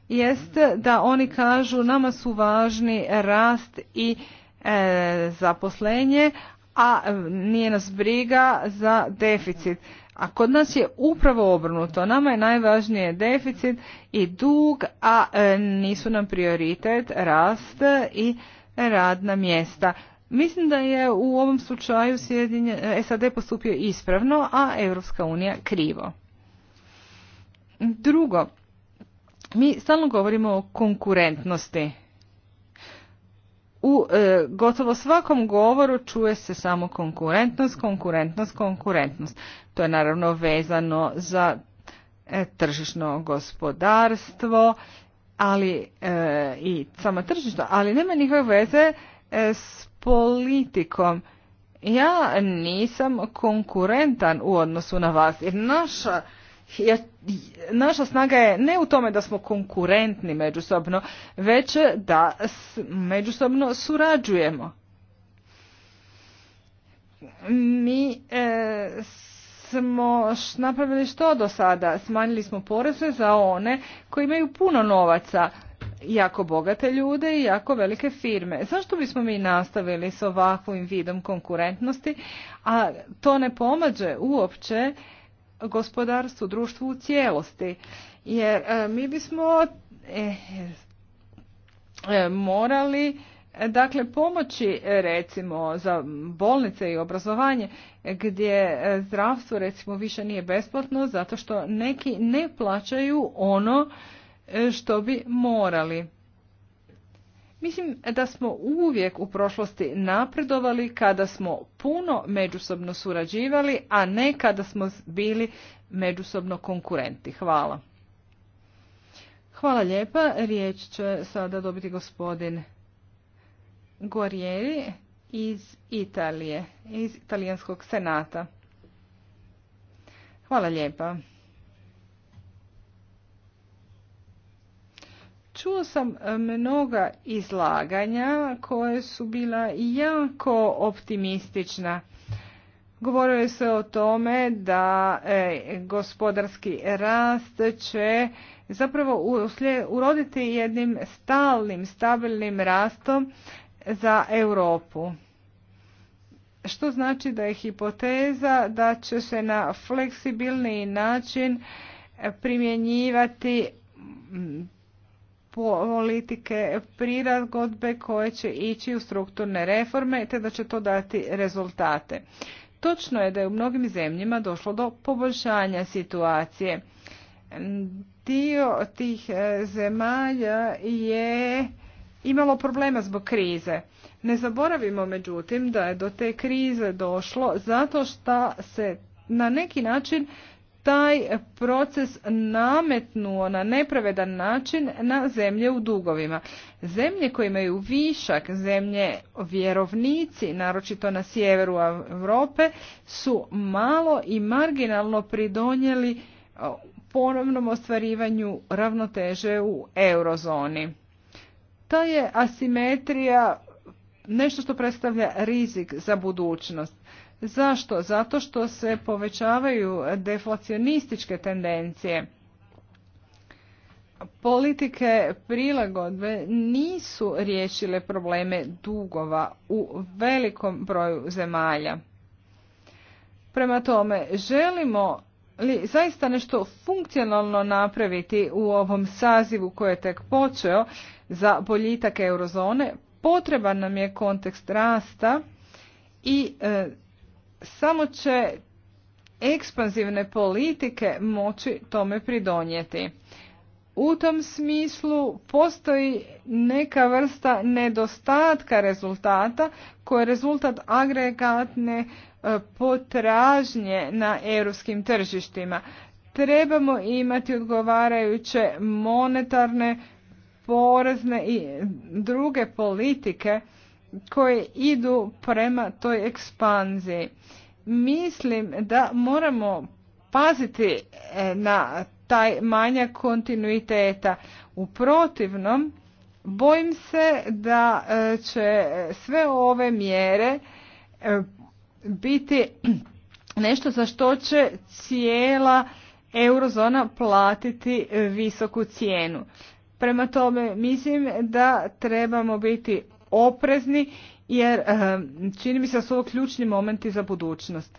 jest da oni kažu nama su važni rast i e, zaposlenje, a e, nije nas briga za deficit. A kod nas je upravo obrnuto. Nama je najvažnije deficit i dug, a e, nisu nam prioritet rast i radna mjesta. Mislim da je u ovom slučaju SAD e, postupio ispravno, a Europska unija krivo. Drugo, mi stalno govorimo o konkurentnosti u e, gotovo svakom govoru čuje se samo konkurentnost, konkurentnost, konkurentnost. To je naravno vezano za e, tržišno gospodarstvo, ali e, i samo tržišno, ali nema nikakve veze e, s politikom. Ja nisam konkurentan u odnosu na vas, jer naša naša snaga je ne u tome da smo konkurentni međusobno, već da međusobno surađujemo. Mi e, smo napravili što do sada? Smanjili smo poreze za one koji imaju puno novaca, jako bogate ljude i jako velike firme. Zašto bismo mi nastavili s ovakvim vidom konkurentnosti, a to ne pomaže uopće gospodarstvu, društvu u cijelosti. Jer e, mi bismo e, e, morali dakle pomoći recimo za bolnice i obrazovanje gdje zdravstvo recimo više nije besplatno zato što neki ne plaćaju ono što bi morali. Mislim da smo uvijek u prošlosti napredovali kada smo puno međusobno surađivali, a ne kada smo bili međusobno konkurenti. Hvala. Hvala lijepa. Riječ će sada dobiti gospodin Gorjeri iz Italije, iz Italijanskog senata. Hvala lijepa. Čuo sam e, mnoga izlaganja koje su bila jako optimistična. Govorio se o tome da e, gospodarski rast će zapravo uroditi jednim stalnim, stabilnim rastom za Europu. Što znači da je hipoteza da će se na fleksibilni način primjenjivati politike prilagodbe koje će ići u strukturne reforme te da će to dati rezultate. Točno je da je u mnogim zemljama došlo do poboljšanja situacije. Dio tih e, zemalja je imalo problema zbog krize. Ne zaboravimo međutim da je do te krize došlo zato što se na neki način taj proces nametnuo na nepravedan način na zemlje u dugovima. Zemlje koje imaju višak, zemlje vjerovnici, naročito na sjeveru Europe, su malo i marginalno pridonijeli e, ponovnom ostvarivanju ravnoteže u eurozoni. To je asimetrija nešto što predstavlja rizik za budućnost. Zašto? Zato što se povećavaju deflacionističke tendencije. Politike prilagodbe nisu riješile probleme dugova u velikom broju zemalja. Prema tome, želimo li zaista nešto funkcionalno napraviti u ovom sazivu koji je tek počeo za boljitak eurozone, potreban nam je kontekst rasta i e, samo će ekspanzivne politike moći tome pridonijeti. U tom smislu postoji neka vrsta nedostatka rezultata koji je rezultat agregatne e, potražnje na europskim tržištima. Trebamo imati odgovarajuće monetarne, porezne i druge politike koje idu prema toj ekspanziji. Mislim da moramo paziti e, na taj manjak kontinuiteta. U protivnom, bojim se da e, će sve ove mjere e, biti nešto za što će cijela eurozona platiti visoku cijenu. Prema tome, mislim da trebamo biti oprezni jer eh, čini mi se da su ovo ključni momenti za budućnost.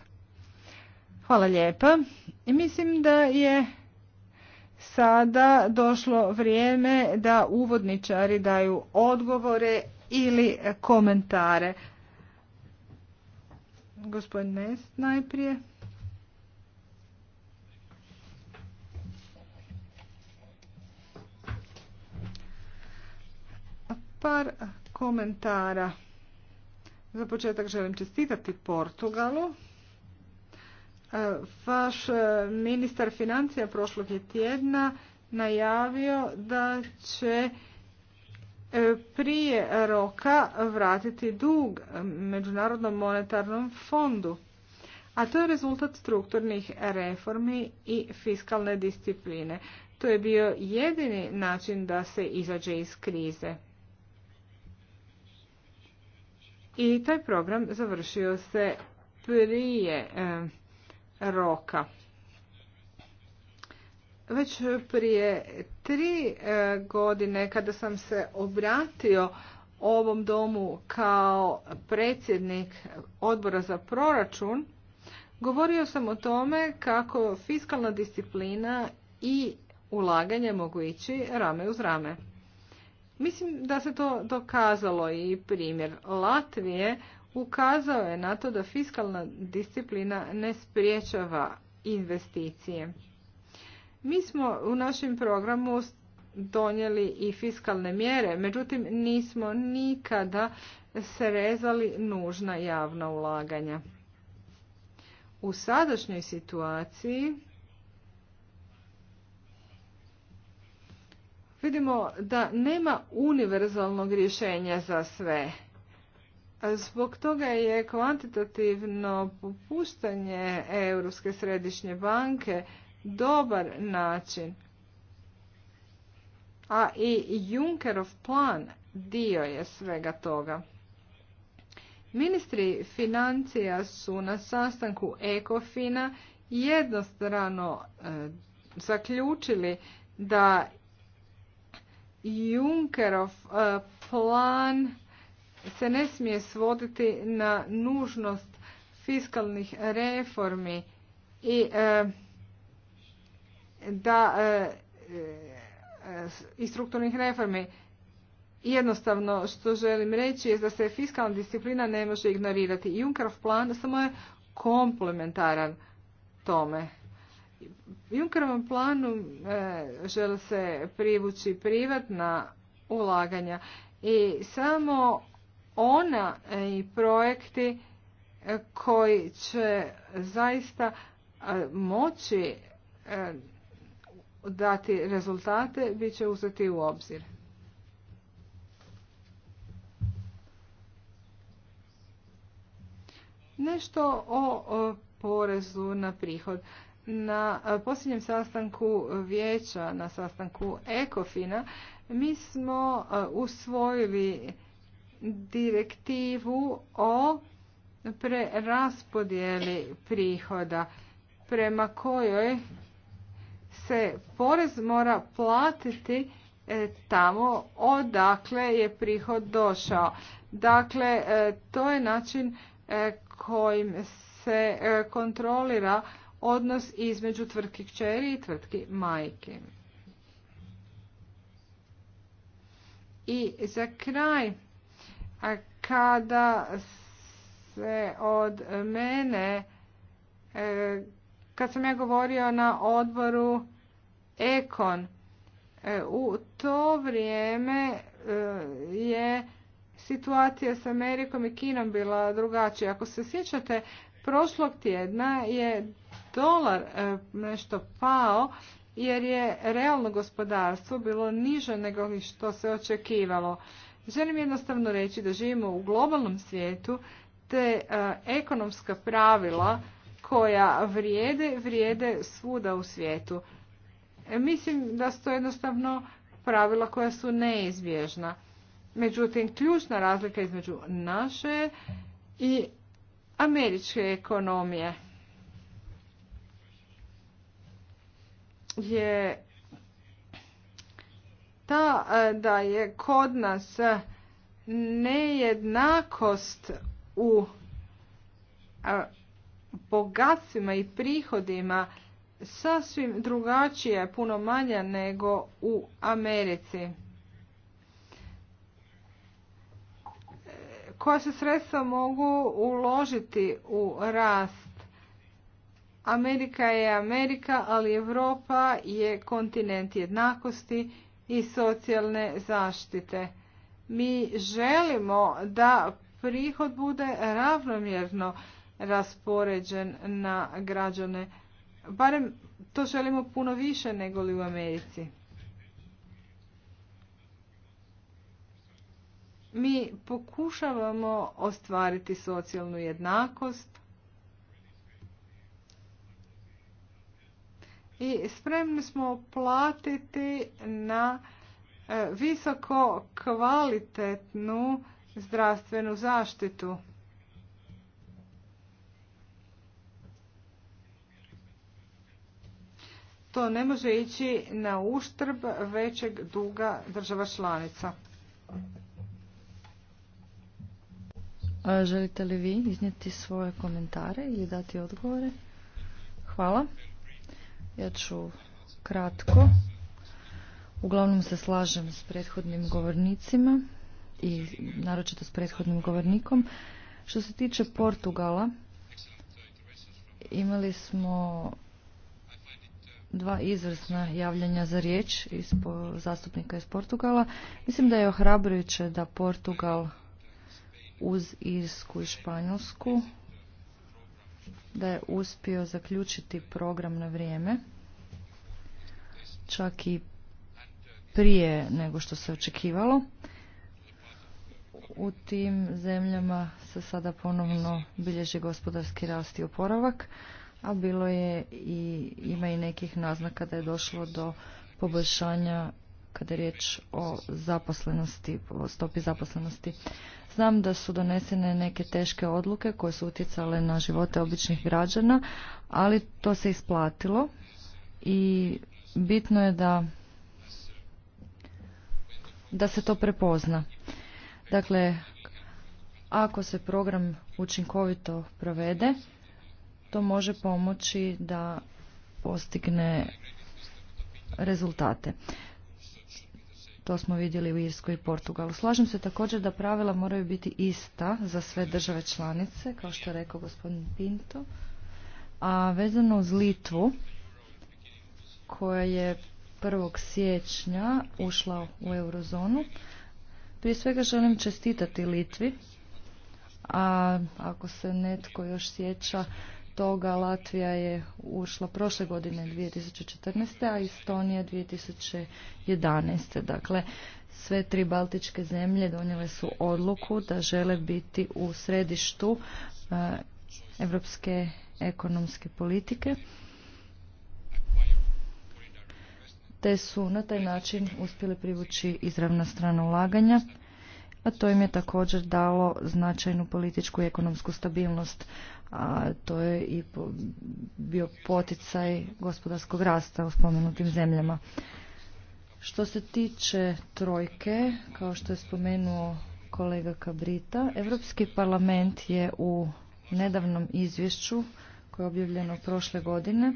Hvala lijepa. I mislim da je sada došlo vrijeme da uvodničari daju odgovore ili komentare. Gospodin Nest, najprije. Par komentara. Za početak želim čestitati Portugalu. E, vaš e, ministar financija prošlog je tjedna najavio da će e, prije roka vratiti dug Međunarodnom monetarnom fondu. A to je rezultat strukturnih reformi i fiskalne discipline. To je bio jedini način da se izađe iz krize. i taj program završio se prije e, roka. Već prije tri e, godine kada sam se obratio ovom domu kao predsjednik odbora za proračun, govorio sam o tome kako fiskalna disciplina i ulaganje mogu ići rame uz rame. Mislim da se to dokazalo i primjer Latvije ukazao je na to da fiskalna disciplina ne spriječava investicije. Mi smo u našem programu donijeli i fiskalne mjere, međutim nismo nikada srezali nužna javna ulaganja. U sadašnjoj situaciji vidimo da nema univerzalnog rješenja za sve. Zbog toga je kvantitativno popuštanje Europske središnje banke dobar način. A i Junckerov plan dio je svega toga. Ministri financija su na sastanku Ekofina jednostrano e, zaključili da Junkerov e, plan se ne smije svoditi na nužnost fiskalnih reformi i e, da e, i strukturnih reformi. Jednostavno što želim reći je da se fiskalna disciplina ne može ignorirati. Junkerov plan samo je komplementaran tome. Junkerovom planu e, žele se privući privatna ulaganja i samo ona e, i projekti e, koji će zaista moći dati rezultate bit će uzeti u obzir. Nešto o porezu na prihod. Na posljednjem sastanku vijeća, na sastanku Ekofina, mi smo e, usvojili direktivu o preraspodjeli prihoda prema kojoj se porez mora platiti e, tamo odakle je prihod došao. Dakle, e, to je način kojim se kontrolira odnos između tvrtki kćeri i tvrtki majke. I za kraj, a kada se od mene, e, kad sam ja govorio na odboru Ekon, e, u to vrijeme e, je situacija s Amerikom i Kinom bila drugačija. Ako se sjećate, prošlog tjedna je dolar e, nešto pao jer je realno gospodarstvo bilo niže nego što se očekivalo. Želim jednostavno reći da živimo u globalnom svijetu te e, ekonomska pravila koja vrijede, vrijede svuda u svijetu. E, mislim da su to jednostavno pravila koja su neizbježna. Međutim, ključna razlika između naše i američke ekonomije. je ta e, da je kod nas nejednakost u e, bogatstvima i prihodima sasvim drugačija, puno manja nego u Americi. E, koja se sredstva mogu uložiti u rast Amerika je Amerika, ali Europa je kontinent jednakosti i socijalne zaštite. Mi želimo da prihod bude ravnomjerno raspoređen na građane. Barem to želimo puno više nego li u Americi. Mi pokušavamo ostvariti socijalnu jednakost, i spremni smo platiti na e, visoko kvalitetnu zdravstvenu zaštitu. To ne može ići na uštrb većeg duga država članica. A želite li vi iznijeti svoje komentare ili dati odgovore? Hvala. Ja ću kratko. Uglavnom se slažem s prethodnim govornicima i naročito s prethodnim govornikom. Što se tiče Portugala, imali smo dva izvrsna javljanja za riječ iz zastupnika iz Portugala. Mislim da je ohrabrujuće da Portugal uz Irsku i Španjolsku da je uspio zaključiti program na vrijeme, čak i prije nego što se očekivalo. U tim zemljama se sada ponovno bilježi gospodarski rast i oporavak, a bilo je i ima i nekih naznaka da je došlo do poboljšanja kada je riječ o zaposlenosti, o stopi zaposlenosti. Znam da su donesene neke teške odluke koje su utjecale na živote običnih građana, ali to se isplatilo i bitno je da da se to prepozna. Dakle, ako se program učinkovito provede, to može pomoći da postigne rezultate. To smo vidjeli u Irskoj i Portugalu. Slažem se također da pravila moraju biti ista za sve države članice, kao što je rekao gospodin Pinto. A vezano uz Litvu, koja je 1. siječnja ušla u eurozonu, prije svega želim čestitati Litvi, a ako se netko još sjeća toga Latvija je ušla prošle godine 2014. a Estonija 2011. Dakle, sve tri baltičke zemlje donijele su odluku da žele biti u središtu europske eh, ekonomske politike te su na taj način uspjele privući izravna strana ulaganja a to im je također dalo značajnu političku i ekonomsku stabilnost a to je i bio poticaj gospodarskog rasta u spomenutim zemljama. Što se tiče trojke, kao što je spomenuo kolega Kabrita, Europski parlament je u nedavnom izvješću koje je objavljeno prošle godine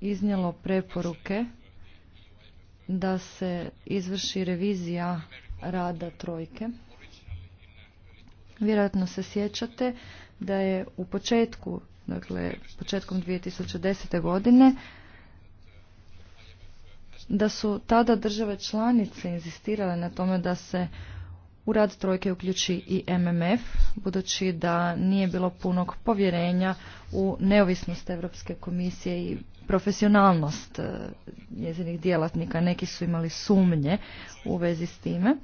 iznijelo preporuke da se izvrši revizija rada trojke Vjerojatno se sjećate da je u početku, dakle početkom 2010. godine, da su tada države članice inzistirale na tome da se u rad trojke uključi i MMF, budući da nije bilo punog povjerenja u neovisnost Europske komisije i profesionalnost e, njezinih djelatnika. Neki su imali sumnje u vezi s time.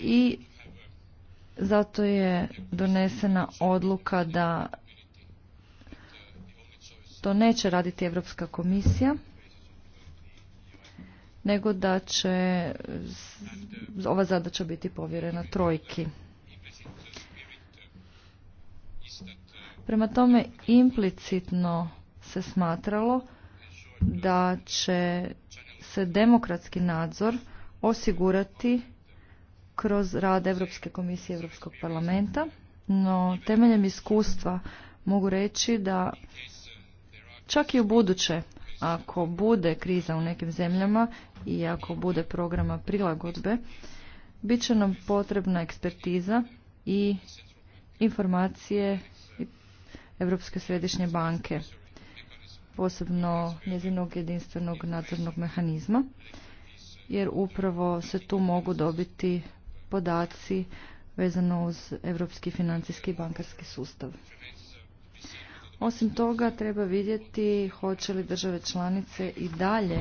I zato je donesena odluka da to neće raditi Europska komisija, nego da će ova zadaća biti povjerena trojki. Prema tome implicitno se smatralo da će se demokratski nadzor osigurati kroz rad Europske komisije i Europskog parlamenta, no temeljem iskustva mogu reći da čak i u buduće, ako bude kriza u nekim zemljama i ako bude programa prilagodbe, bit će nam potrebna ekspertiza i informacije Europske središnje banke, posebno njezinog jedinstvenog nadzornog mehanizma, jer upravo se tu mogu dobiti podaci vezano uz europski financijski i bankarski sustav. Osim toga, treba vidjeti hoće li države članice i dalje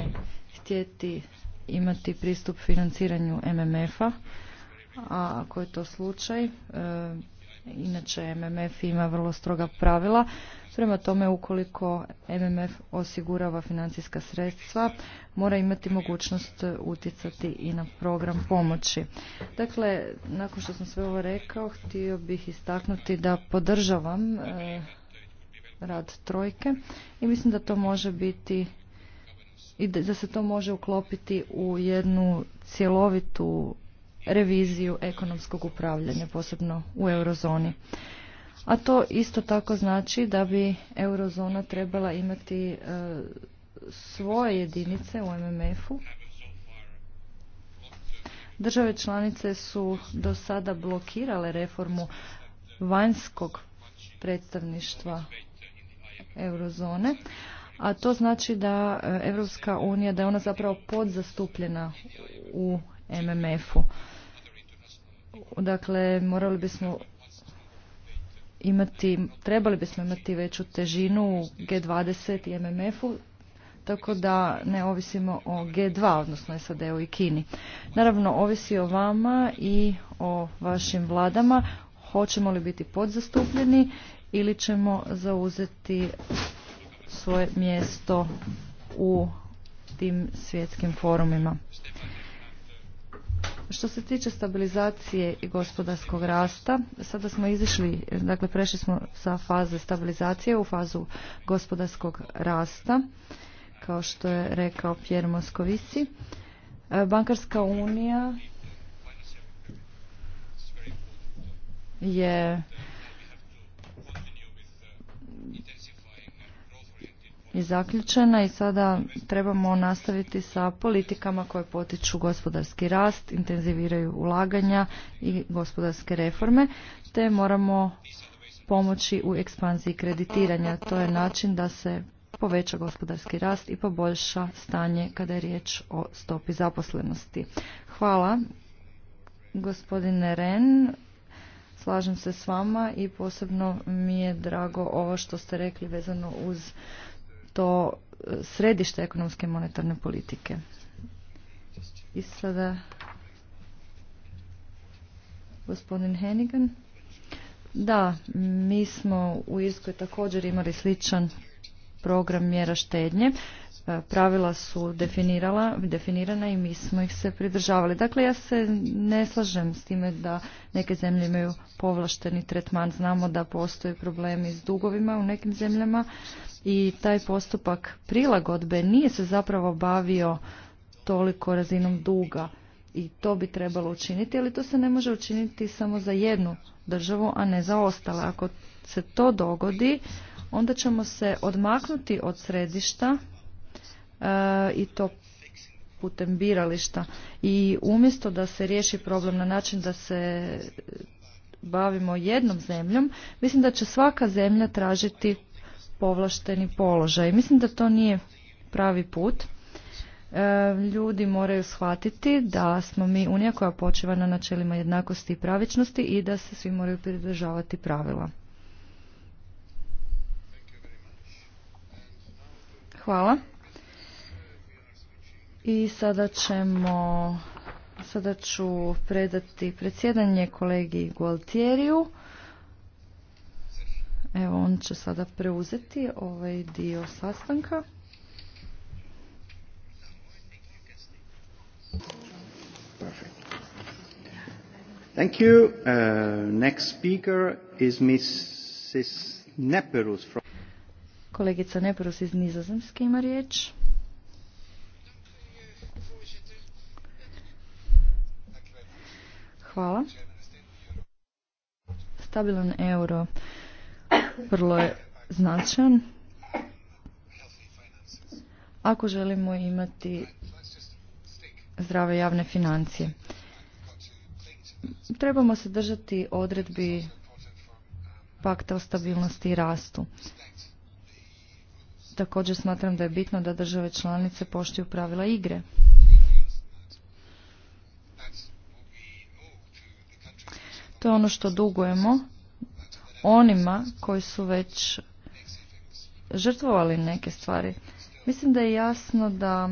htjeti imati pristup financiranju MMF-a, a ako je to slučaj, e, inače MMF ima vrlo stroga pravila, Prema tome, ukoliko MMF osigurava financijska sredstva, mora imati mogućnost utjecati i na program pomoći. Dakle, nakon što sam sve ovo rekao, htio bih istaknuti da podržavam e, rad trojke i mislim da to može biti i da se to može uklopiti u jednu cjelovitu reviziju ekonomskog upravljanja, posebno u eurozoni a to isto tako znači da bi eurozona trebala imati e, svoje jedinice u MMF-u. Države članice su do sada blokirale reformu vanjskog predstavništva eurozone, a to znači da Europska unija, da je ona zapravo podzastupljena u MMF-u. Dakle, morali bismo imati, trebali bismo imati veću težinu u G20 i MMF-u, tako da ne ovisimo o G2, odnosno SAD-u i Kini. Naravno, ovisi o vama i o vašim vladama, hoćemo li biti podzastupljeni ili ćemo zauzeti svoje mjesto u tim svjetskim forumima. Što se tiče stabilizacije i gospodarskog rasta, sada smo izišli, dakle prešli smo sa faze stabilizacije u fazu gospodarskog rasta, kao što je rekao Pierre Moscovici. E, bankarska unija je je zaključena i sada trebamo nastaviti sa politikama koje potiču gospodarski rast, intenziviraju ulaganja i gospodarske reforme, te moramo pomoći u ekspanziji kreditiranja. To je način da se poveća gospodarski rast i poboljša stanje kada je riječ o stopi zaposlenosti. Hvala gospodine Ren. Slažem se s vama i posebno mi je drago ovo što ste rekli vezano uz to e, središte ekonomske monetarne politike. I sada gospodin Hennigan. Da, mi smo u Irskoj također imali sličan program mjera štednje. E, pravila su definirala, definirana i mi smo ih se pridržavali. Dakle, ja se ne slažem s time da neke zemlje imaju povlašteni tretman. Znamo da postoje problemi s dugovima u nekim zemljama i taj postupak prilagodbe nije se zapravo bavio toliko razinom duga i to bi trebalo učiniti, ali to se ne može učiniti samo za jednu državu, a ne za ostale. Ako se to dogodi, onda ćemo se odmaknuti od središta E, i to putem birališta. I umjesto da se riješi problem na način da se bavimo jednom zemljom, mislim da će svaka zemlja tražiti povlašteni položaj. Mislim da to nije pravi put. E, ljudi moraju shvatiti da smo mi unija koja počeva na načelima jednakosti i pravičnosti i da se svi moraju pridržavati pravila. Hvala. I sada ćemo, sada ću predati predsjedanje kolegi Gualtieriju. Evo, on će sada preuzeti ovaj dio sastanka. Thank you. Uh, next speaker is Mrs. Neperus. From... Kolegica Neperus iz Nizozemske ima riječ. Hvala. Stabilan euro vrlo je značajan. Ako želimo imati zdrave javne financije. Trebamo se držati odredbi pakta o stabilnosti i rastu. Također smatram da je bitno da države članice poštuju pravila igre. To je ono što dugujemo onima koji su već žrtvovali neke stvari. Mislim da je jasno da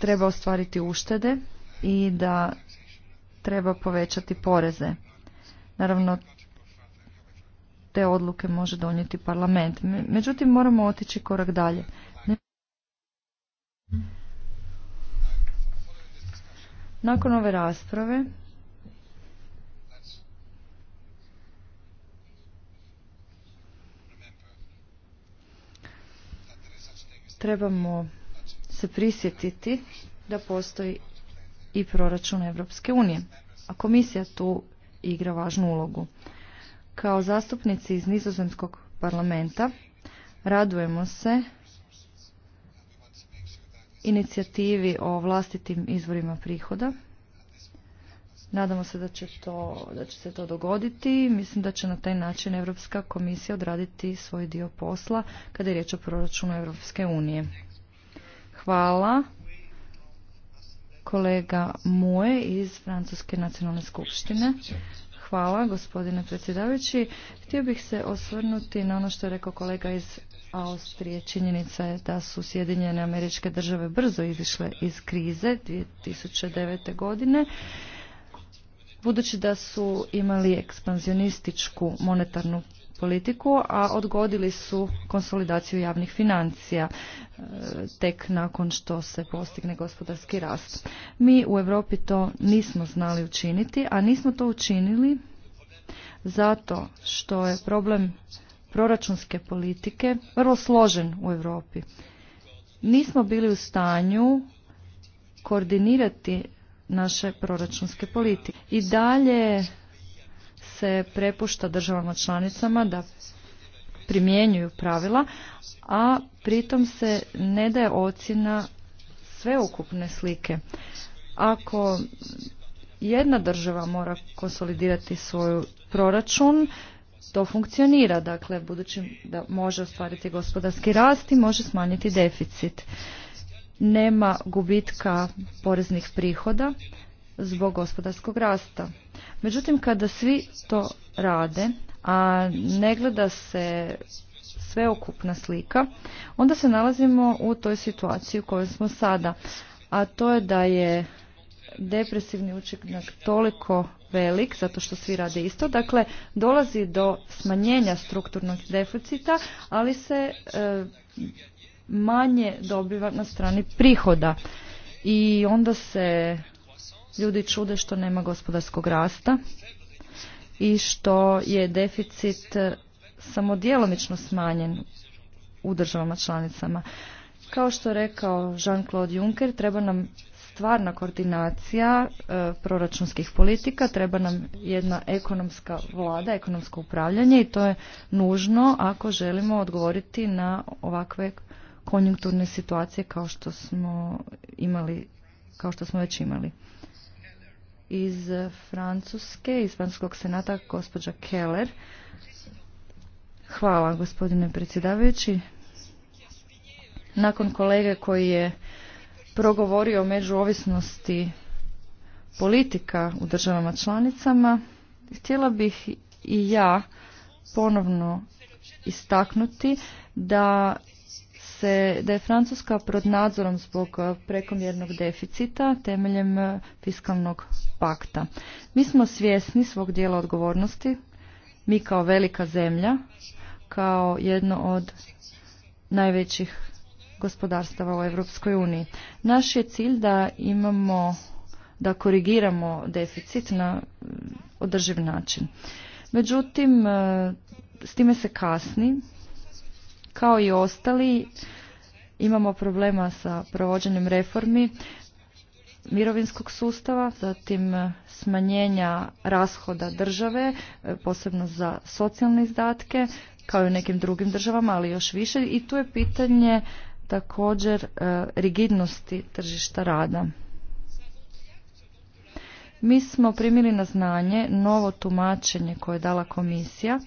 treba ostvariti uštede i da treba povećati poreze. Naravno, te odluke može donijeti parlament. Međutim, moramo otići korak dalje. Nakon ove rasprave trebamo se prisjetiti da postoji i proračun Evropske unije, a komisija tu igra važnu ulogu. Kao zastupnici iz nizozemskog parlamenta radujemo se inicijativi o vlastitim izvorima prihoda. Nadamo se da će, to, da će se to dogoditi. Mislim da će na taj način Europska komisija odraditi svoj dio posla kada je riječ o proračunu Evropske unije. Hvala kolega moje iz Francuske nacionalne skupštine. Hvala, gospodine predsjedavajući. Htio bih se osvrnuti na ono što je rekao kolega iz Austrije. Činjenica je da su Sjedinjene američke države brzo izišle iz krize 2009. godine. Budući da su imali ekspanzionističku monetarnu politiku, a odgodili su konsolidaciju javnih financija e, tek nakon što se postigne gospodarski rast. Mi u Europi to nismo znali učiniti, a nismo to učinili zato što je problem proračunske politike vrlo složen u Europi. Nismo bili u stanju koordinirati naše proračunske politike. I dalje se prepušta državama članicama da primjenjuju pravila, a pritom se ne daje ocjena sveukupne slike. Ako jedna država mora konsolidirati svoj proračun, to funkcionira, dakle, budući da može ostvariti gospodarski rast i može smanjiti deficit. Nema gubitka poreznih prihoda zbog gospodarskog rasta. Međutim, kada svi to rade, a ne gleda se sveokupna slika, onda se nalazimo u toj situaciji u kojoj smo sada. A to je da je depresivni učinak toliko velik, zato što svi rade isto. Dakle, dolazi do smanjenja strukturnog deficita, ali se e, manje dobiva na strani prihoda. I onda se ljudi čude što nema gospodarskog rasta i što je deficit eh, samo djelomično smanjen u državama članicama. Kao što je rekao Jean-Claude Juncker, treba nam stvarna koordinacija eh, proračunskih politika, treba nam jedna ekonomska vlada, ekonomsko upravljanje i to je nužno ako želimo odgovoriti na ovakve konjunkturne situacije kao što smo imali, kao što smo već imali iz Francuske, iz Francuskog senata, gospođa Keller. Hvala, gospodine predsjedavajući. Nakon kolege koji je progovorio o međuovisnosti politika u državama članicama, htjela bih i ja ponovno istaknuti da se da je Francuska pod nadzorom zbog prekomjernog deficita temeljem fiskalnog pakta. Mi smo svjesni svog dijela odgovornosti, mi kao velika zemlja, kao jedno od najvećih gospodarstava u Europskoj uniji. Naš je cilj da imamo, da korigiramo deficit na održiv način. Međutim, e, s time se kasni, kao i ostali, imamo problema sa provođenjem reformi mirovinskog sustava, zatim e, smanjenja rashoda države, e, posebno za socijalne izdatke, kao i u nekim drugim državama, ali još više. I tu je pitanje također e, rigidnosti tržišta rada. Mi smo primili na znanje novo tumačenje koje je dala komisija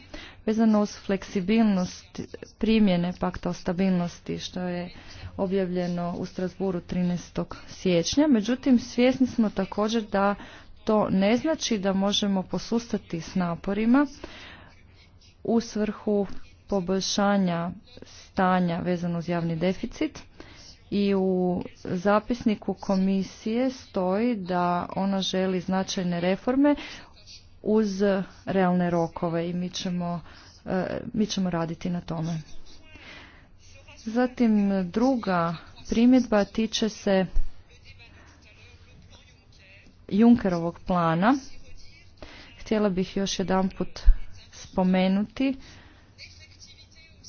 vezano uz fleksibilnost primjene pakta o stabilnosti što je objavljeno u Strasburu 13. siječnja. Međutim, svjesni smo također da to ne znači da možemo posustati s naporima u svrhu poboljšanja stanja vezano uz javni deficit i u zapisniku komisije stoji da ona želi značajne reforme uz realne rokove i mi ćemo, e, mi ćemo raditi na tome. Zatim druga primjedba tiče se Junkerovog plana. Htjela bih još jedanput spomenuti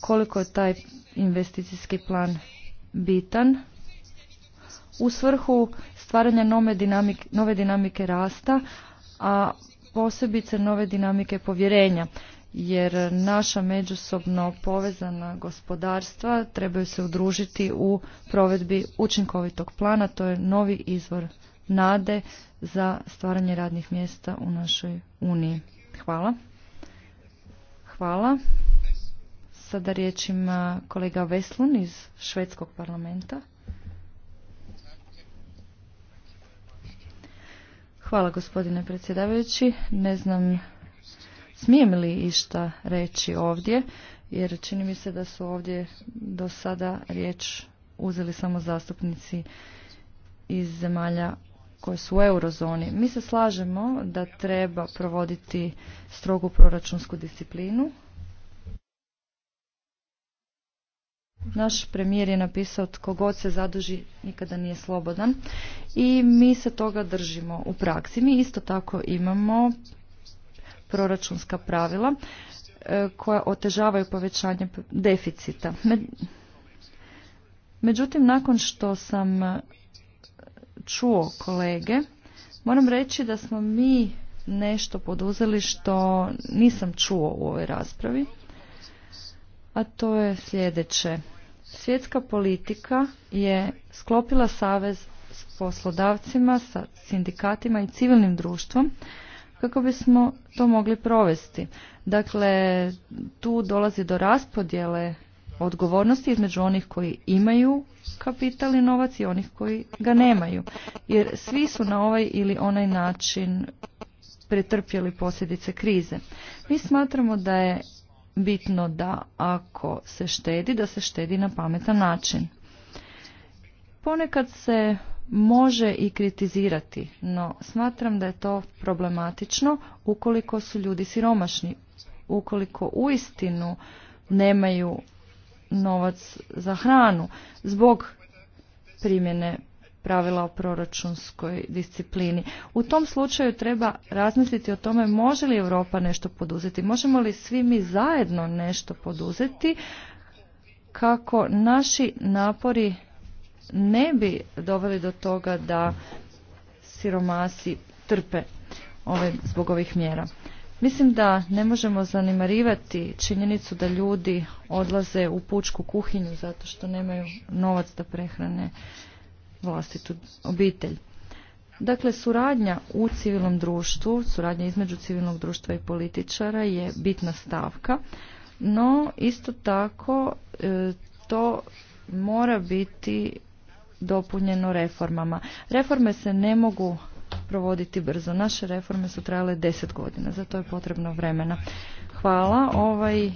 koliko je taj investicijski plan bitan u svrhu stvaranja nove dinamike, nove dinamike rasta, a posebice nove dinamike povjerenja jer naša međusobno povezana gospodarstva trebaju se udružiti u provedbi učinkovitog plana. To je novi izvor nade za stvaranje radnih mjesta u našoj Uniji. Hvala. Hvala. Sada riječ ima kolega Veslun iz Švedskog parlamenta. Hvala gospodine predsjedavajući. Ne znam smijem li išta reći ovdje, jer čini mi se da su ovdje do sada riječ uzeli samo zastupnici iz zemalja koje su u eurozoni. Mi se slažemo da treba provoditi strogu proračunsku disciplinu, Naš premijer je napisao tko god se zaduži nikada nije slobodan i mi se toga držimo u praksi. Mi isto tako imamo proračunska pravila e, koja otežavaju povećanje deficita. Međutim, nakon što sam e, čuo kolege, moram reći da smo mi nešto poduzeli što nisam čuo u ovoj raspravi a to je sljedeće. Svjetska politika je sklopila savez s poslodavcima, sa sindikatima i civilnim društvom kako bismo to mogli provesti. Dakle, tu dolazi do raspodjele odgovornosti između onih koji imaju kapital i novac i onih koji ga nemaju. Jer svi su na ovaj ili onaj način pretrpjeli posljedice krize. Mi smatramo da je bitno da ako se štedi, da se štedi na pametan način. Ponekad se može i kritizirati, no smatram da je to problematično ukoliko su ljudi siromašni, ukoliko uistinu nemaju novac za hranu zbog primjene pravila o proračunskoj disciplini. U tom slučaju treba razmisliti o tome može li Europa nešto poduzeti, možemo li svi mi zajedno nešto poduzeti kako naši napori ne bi doveli do toga da siromasi trpe ove, zbog ovih mjera. Mislim da ne možemo zanimarivati činjenicu da ljudi odlaze u pučku kuhinju zato što nemaju novac da prehrane vlastitu obitelj. Dakle, suradnja u civilnom društvu, suradnja između civilnog društva i političara je bitna stavka, no isto tako e, to mora biti dopunjeno reformama. Reforme se ne mogu provoditi brzo. Naše reforme su trajale deset godina, za to je potrebno vremena. Hvala. Ovaj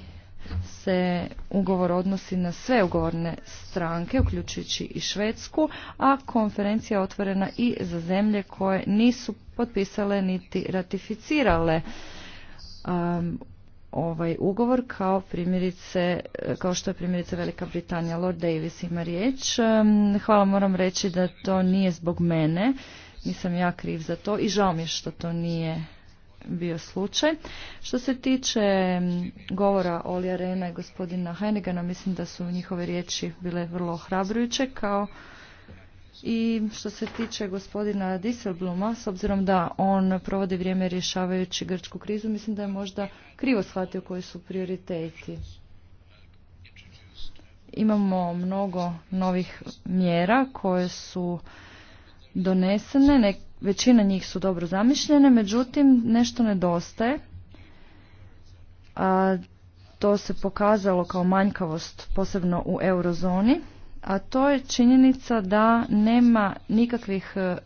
se ugovor odnosi na sve ugovorne stranke, uključujući i Švedsku, a konferencija je otvorena i za zemlje koje nisu potpisale niti ratificirale um, ovaj ugovor kao primjerice kao što je primjerice Velika Britanija Lord Davis ima riječ um, hvala moram reći da to nije zbog mene nisam ja kriv za to i žao mi je što to nije bio slučaj. Što se tiče govora Oli Rena i gospodina Heinegana, mislim da su njihove riječi bile vrlo hrabrujuće kao i što se tiče gospodina Disselbluma, s obzirom da on provodi vrijeme rješavajući grčku krizu, mislim da je možda krivo shvatio koji su prioriteti. Imamo mnogo novih mjera koje su donesene, neke većina njih su dobro zamišljene, međutim nešto nedostaje, a to se pokazalo kao manjkavost posebno u eurozoni, a to je činjenica da nema nikakvih e,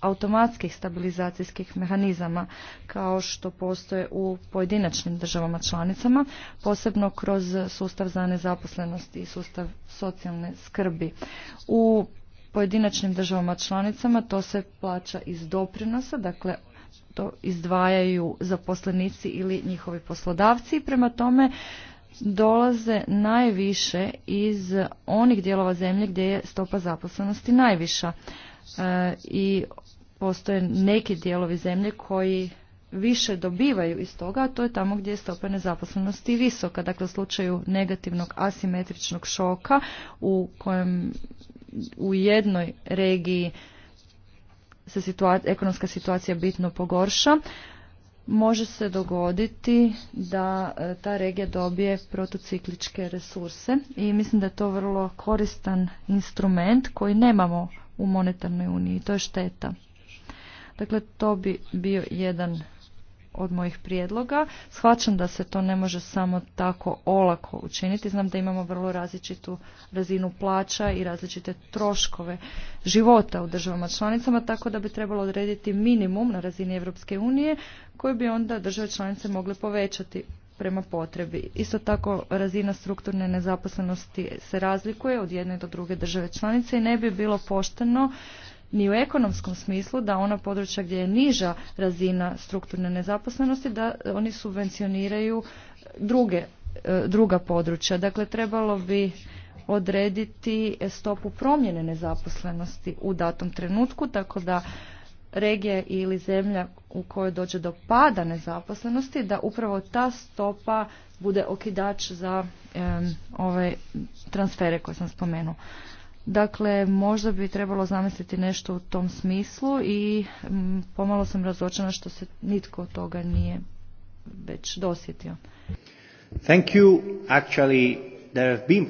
automatskih stabilizacijskih mehanizama kao što postoje u pojedinačnim državama članicama, posebno kroz sustav za nezaposlenost i sustav socijalne skrbi. U pojedinačnim državama članicama to se plaća iz doprinosa, dakle to izdvajaju zaposlenici ili njihovi poslodavci i prema tome dolaze najviše iz onih dijelova zemlje gdje je stopa zaposlenosti najviša. E, I postoje neki dijelovi zemlje koji više dobivaju iz toga, a to je tamo gdje je stopa nezaposlenosti visoka. Dakle, u slučaju negativnog asimetričnog šoka u kojem u jednoj regiji se ekonomska situacija bitno pogorša, može se dogoditi da e, ta regija dobije protocikličke resurse i mislim da je to vrlo koristan instrument koji nemamo u monetarnoj uniji. To je šteta. Dakle, to bi bio jedan od mojih prijedloga. Shvaćam da se to ne može samo tako olako učiniti. Znam da imamo vrlo različitu razinu plaća i različite troškove života u državama članicama, tako da bi trebalo odrediti minimum na razini Europske unije koji bi onda države članice mogle povećati prema potrebi. Isto tako razina strukturne nezaposlenosti se razlikuje od jedne do druge države članice i ne bi bilo pošteno ni u ekonomskom smislu da ona područja gdje je niža razina strukturne nezaposlenosti da oni subvencioniraju druge, e, druga područja. Dakle, trebalo bi odrediti stopu promjene nezaposlenosti u datom trenutku, tako da regije ili zemlja u kojoj dođe do pada nezaposlenosti, da upravo ta stopa bude okidač za ove transfere koje sam spomenuo. Dakle, možda bi trebalo zamisliti nešto u tom smislu i mm, pomalo sam razočena što se nitko od toga nije već dosjetio. Thank you. Actually, there have been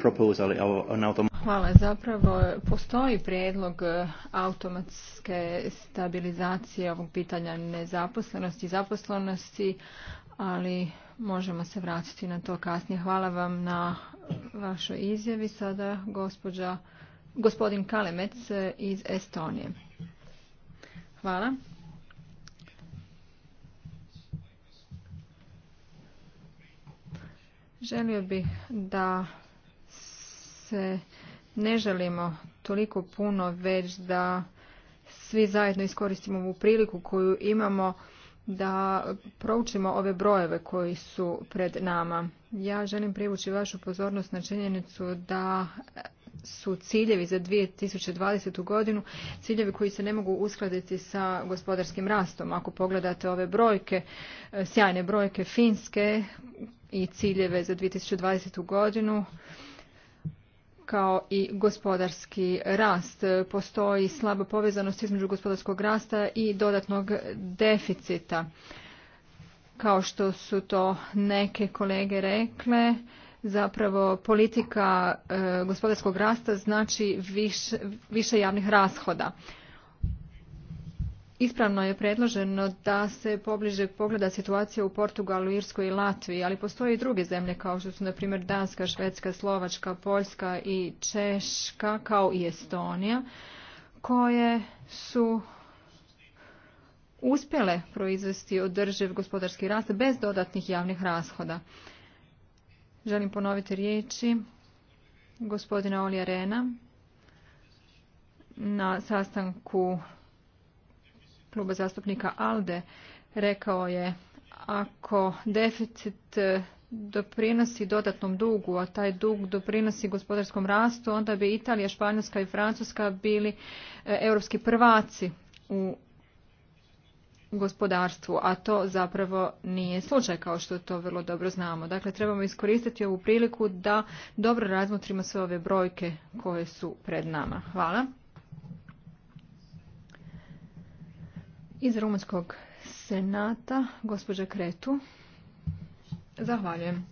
on Hvala. Zapravo postoji prijedlog e, automatske stabilizacije ovog pitanja nezaposlenosti i zaposlenosti, ali možemo se vratiti na to kasnije. Hvala vam na vašoj izjavi. Sada gospođa Gospodin Kalemec e, iz Estonije. Hvala. Želio bih da se ne želimo toliko puno, već da svi zajedno iskoristimo ovu priliku koju imamo da proučimo ove brojeve koji su pred nama. Ja želim privući vašu pozornost na činjenicu da su ciljevi za 2020. godinu ciljevi koji se ne mogu uskladiti sa gospodarskim rastom. Ako pogledate ove brojke, e, sjajne brojke Finske i ciljeve za 2020. godinu, kao i gospodarski rast. Postoji slaba povezanost između gospodarskog rasta i dodatnog deficita. Kao što su to neke kolege rekle, zapravo politika e, gospodarskog rasta znači više, javnih rashoda. Ispravno je predloženo da se pobliže pogleda situacija u Portugalu, Irskoj i Latviji, ali postoje i druge zemlje kao što su na primjer Danska, Švedska, Slovačka, Poljska i Češka kao i Estonija koje su uspjele proizvesti održiv gospodarski rast bez dodatnih javnih rashoda. Želim ponoviti riječi gospodina Olija Rena na sastanku kluba zastupnika ALDE rekao je ako deficit doprinosi dodatnom dugu, a taj dug doprinosi gospodarskom rastu, onda bi Italija, Španjolska i Francuska bili e, europski prvaci u gospodarstvu, a to zapravo nije slučaj kao što to vrlo dobro znamo. Dakle, trebamo iskoristiti ovu priliku da dobro razmotrimo sve ove brojke koje su pred nama. Hvala. Iz Rumunskog senata, gospođa Kretu. Zahvaljujem.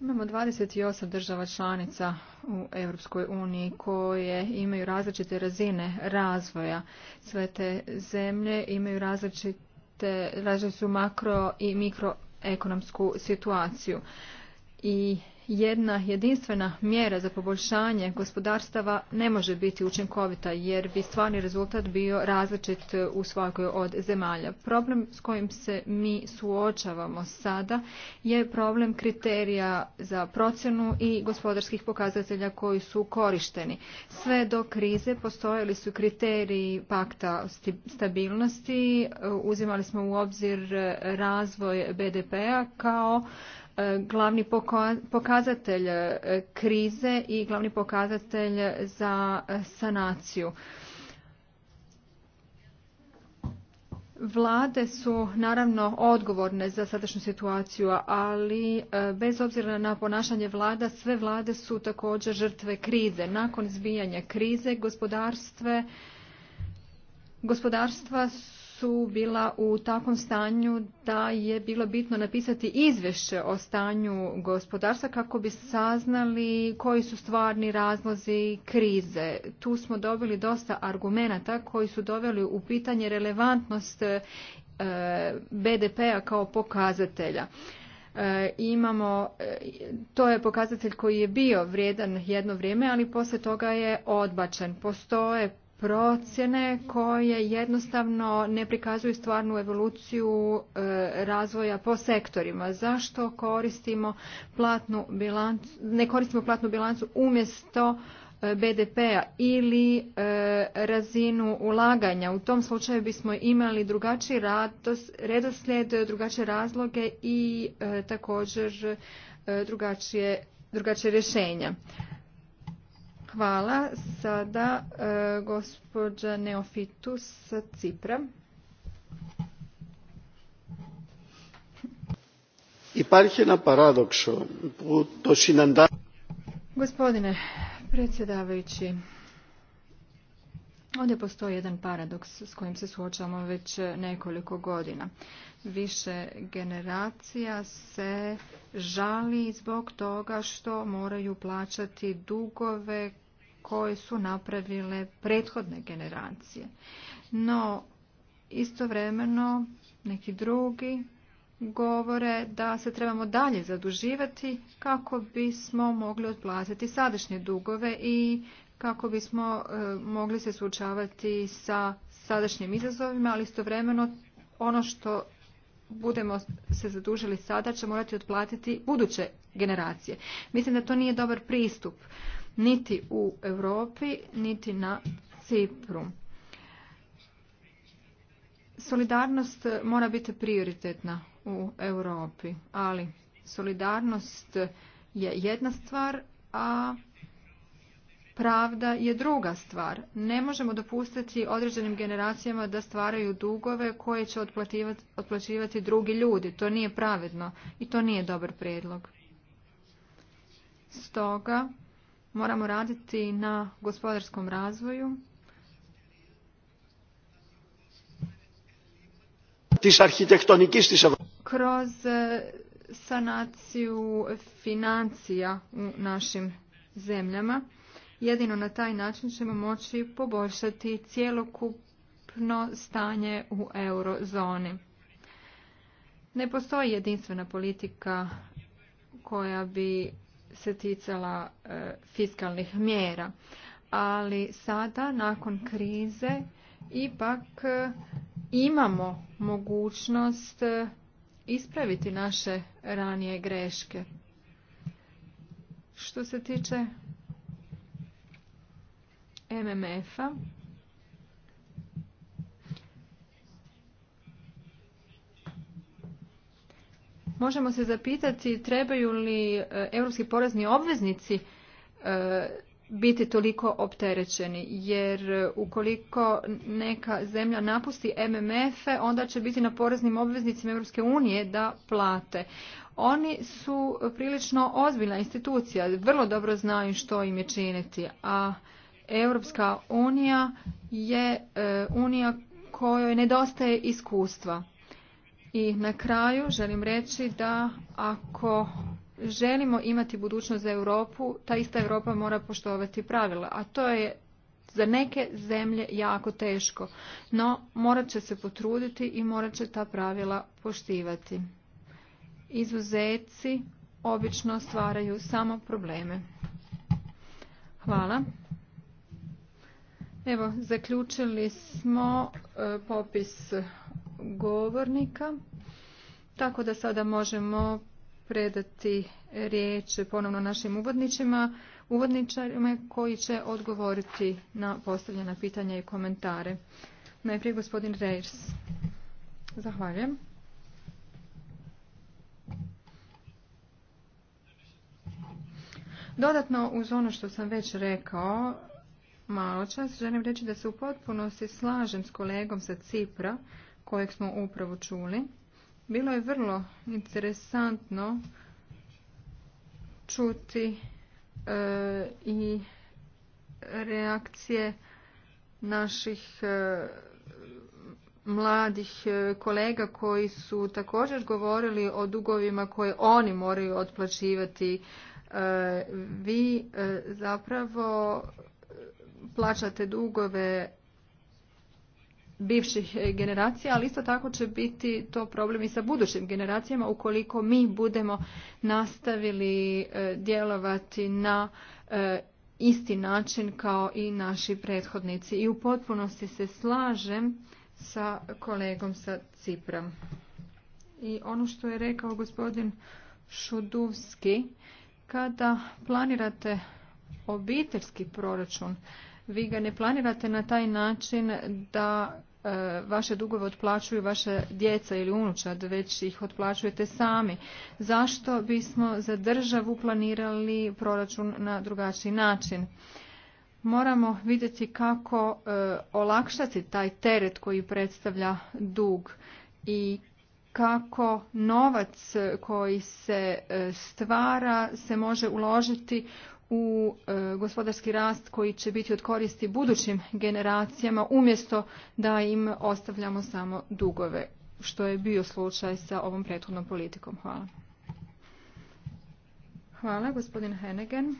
Imamo 28 država članica u Europskoj uniji koje imaju različite razine razvoja. Sve te zemlje imaju različite, različitu makro i mikroekonomsku situaciju i jedna jedinstvena mjera za poboljšanje gospodarstava ne može biti učinkovita jer bi stvarni rezultat bio različit u svakoj od zemalja. Problem s kojim se mi suočavamo sada je problem kriterija za procjenu i gospodarskih pokazatelja koji su korišteni. Sve do krize postojali su kriteriji pakta stabilnosti, uzimali smo u obzir razvoj BDP-a kao glavni pokazatelj e, krize i glavni pokazatelj za e, sanaciju. Vlade su naravno odgovorne za sadašnju situaciju, ali e, bez obzira na ponašanje vlada, sve vlade su također žrtve krize. Nakon izbijanja krize gospodarstva su su bila u takvom stanju da je bilo bitno napisati izvješće o stanju gospodarstva kako bi saznali koji su stvarni razlozi krize. Tu smo dobili dosta argumenata koji su doveli u pitanje relevantnost e, BDP-a kao pokazatelja. E, imamo, e, to je pokazatelj koji je bio vrijedan jedno vrijeme, ali poslije toga je odbačen. Postoje procjene koje jednostavno ne prikazuju stvarnu evoluciju e, razvoja po sektorima. Zašto koristimo platnu bilancu, ne koristimo platnu bilancu umjesto e, BDP-a ili e, razinu ulaganja. U tom slučaju bismo imali drugačiji redoslijed, drugačije razloge i također drugačije, drugačije rješenja. Hvala. Sada e, gospođa Neofitus Cipra. I na Gospodine predsjedavajući, ovdje postoji jedan paradoks s kojim se suočavamo već nekoliko godina. Više generacija se žali zbog toga što moraju plaćati dugove koje su napravile prethodne generacije. No, istovremeno neki drugi govore da se trebamo dalje zaduživati kako bismo mogli otplatiti sadašnje dugove i kako bismo e, mogli se suočavati sa sadašnjim izazovima, ali istovremeno ono što budemo se zadužili sada će morati otplatiti buduće generacije. Mislim da to nije dobar pristup niti u Europi, niti na Cipru. Solidarnost mora biti prioritetna u Europi, ali solidarnost je jedna stvar, a pravda je druga stvar. Ne možemo dopustiti određenim generacijama da stvaraju dugove koje će otplaćivati drugi ljudi. To nije pravedno i to nije dobar prijedlog. Stoga Moramo raditi na gospodarskom razvoju. Kroz e, sanaciju financija u našim zemljama. Jedino na taj način ćemo moći poboljšati cjelokupno stanje u eurozoni. Ne postoji jedinstvena politika koja bi se ticala e, fiskalnih mjera. Ali sada, nakon krize, ipak e, imamo mogućnost e, ispraviti naše ranije greške. Što se tiče MMF-a, Možemo se zapitati trebaju li e, europski porezni obveznici e, biti toliko opterećeni jer e, ukoliko neka zemlja napusti mmf -e, onda će biti na poreznim obveznicima Europske unije da plate. Oni su prilično ozbiljna institucija, vrlo dobro znaju što im je činiti, a Europska unija je unija kojoj nedostaje iskustva. I na kraju želim reći da ako želimo imati budućnost za Europu, ta ista Europa mora poštovati pravila, a to je za neke zemlje jako teško, no morat će se potruditi i morat će ta pravila poštivati. Izuzeci obično stvaraju samo probleme. Hvala. Evo, zaključili smo e, popis govornika. Tako da sada možemo predati riječ ponovno našim uvodničima, uvodničarima koji će odgovoriti na postavljena pitanja i komentare. Najprije gospodin Reirs. Zahvaljujem. Dodatno uz ono što sam već rekao, malo čas želim reći da se u potpunosti slažem s kolegom sa Cipra kojeg smo upravo čuli. Bilo je vrlo interesantno čuti e, i reakcije naših e, mladih e, kolega koji su također govorili o dugovima koje oni moraju otplaćivati. vi zapravo plaćate dugove bivših e, generacija, ali isto tako će biti to problem i sa budućim generacijama ukoliko mi budemo nastavili e, djelovati na e, isti način kao i naši prethodnici. I u potpunosti se slažem sa kolegom sa Cipra. I ono što je rekao gospodin Šudovski, kada planirate obiteljski proračun, vi ga ne planirate na taj način da e, vaše dugove otplaćuju vaše djeca ili unučad, već ih otplaćujete sami. Zašto bismo za državu planirali proračun na drugačiji način? Moramo vidjeti kako e, olakšati taj teret koji predstavlja dug i kako novac koji se e, stvara se može uložiti u e, gospodarski rast koji će biti od koristi budućim generacijama umjesto da im ostavljamo samo dugove što je bio slučaj sa ovom prethodnom politikom. Hvala. Hvala, gospodin Henegen.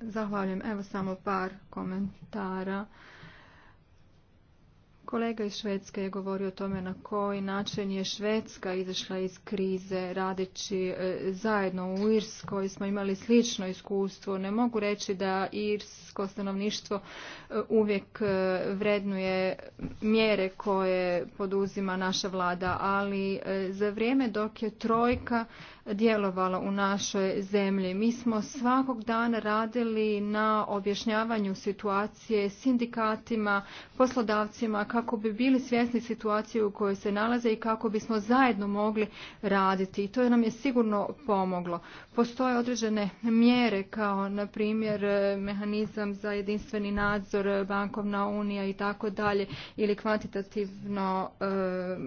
Zahvaljujem. Evo samo par komentara. Kolega iz Švedske je govorio o tome na koji način je Švedska izašla iz krize radeći e, zajedno u Irskoj. Smo imali slično iskustvo. Ne mogu reći da irsko stanovništvo e, uvijek e, vrednuje mjere koje poduzima naša vlada, ali za vrijeme dok je trojka djelovala u našoj zemlji. Mi smo svakog dana radili na objašnjavanju situacije sindikatima, poslodavcima kako bi bili svjesni situacije u kojoj se nalaze i kako bismo zajedno mogli raditi. I to nam je sigurno pomoglo. Postoje određene mjere kao na primjer mehanizam za jedinstveni nadzor, bankovna unija i tako dalje ili kvantitativno eh,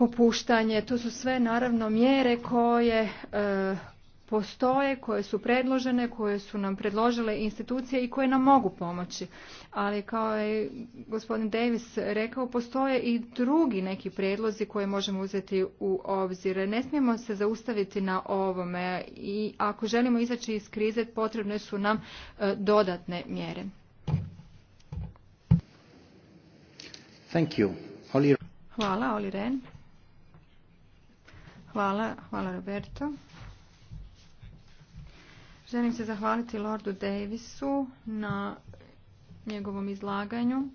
popuštanje. To su sve naravno mjere koje e, postoje, koje su predložene, koje su nam predložile institucije i koje nam mogu pomoći. Ali kao je gospodin Davis rekao, postoje i drugi neki prijedlozi koje možemo uzeti u obzir. Ne smijemo se zaustaviti na ovome i ako želimo izaći iz krize potrebne su nam e, dodatne mjere. Thank you. Hvala, Oli Ren. Hvala, hvala Roberto. Želim se zahvaliti Lordu Davisu na njegovom izlaganju.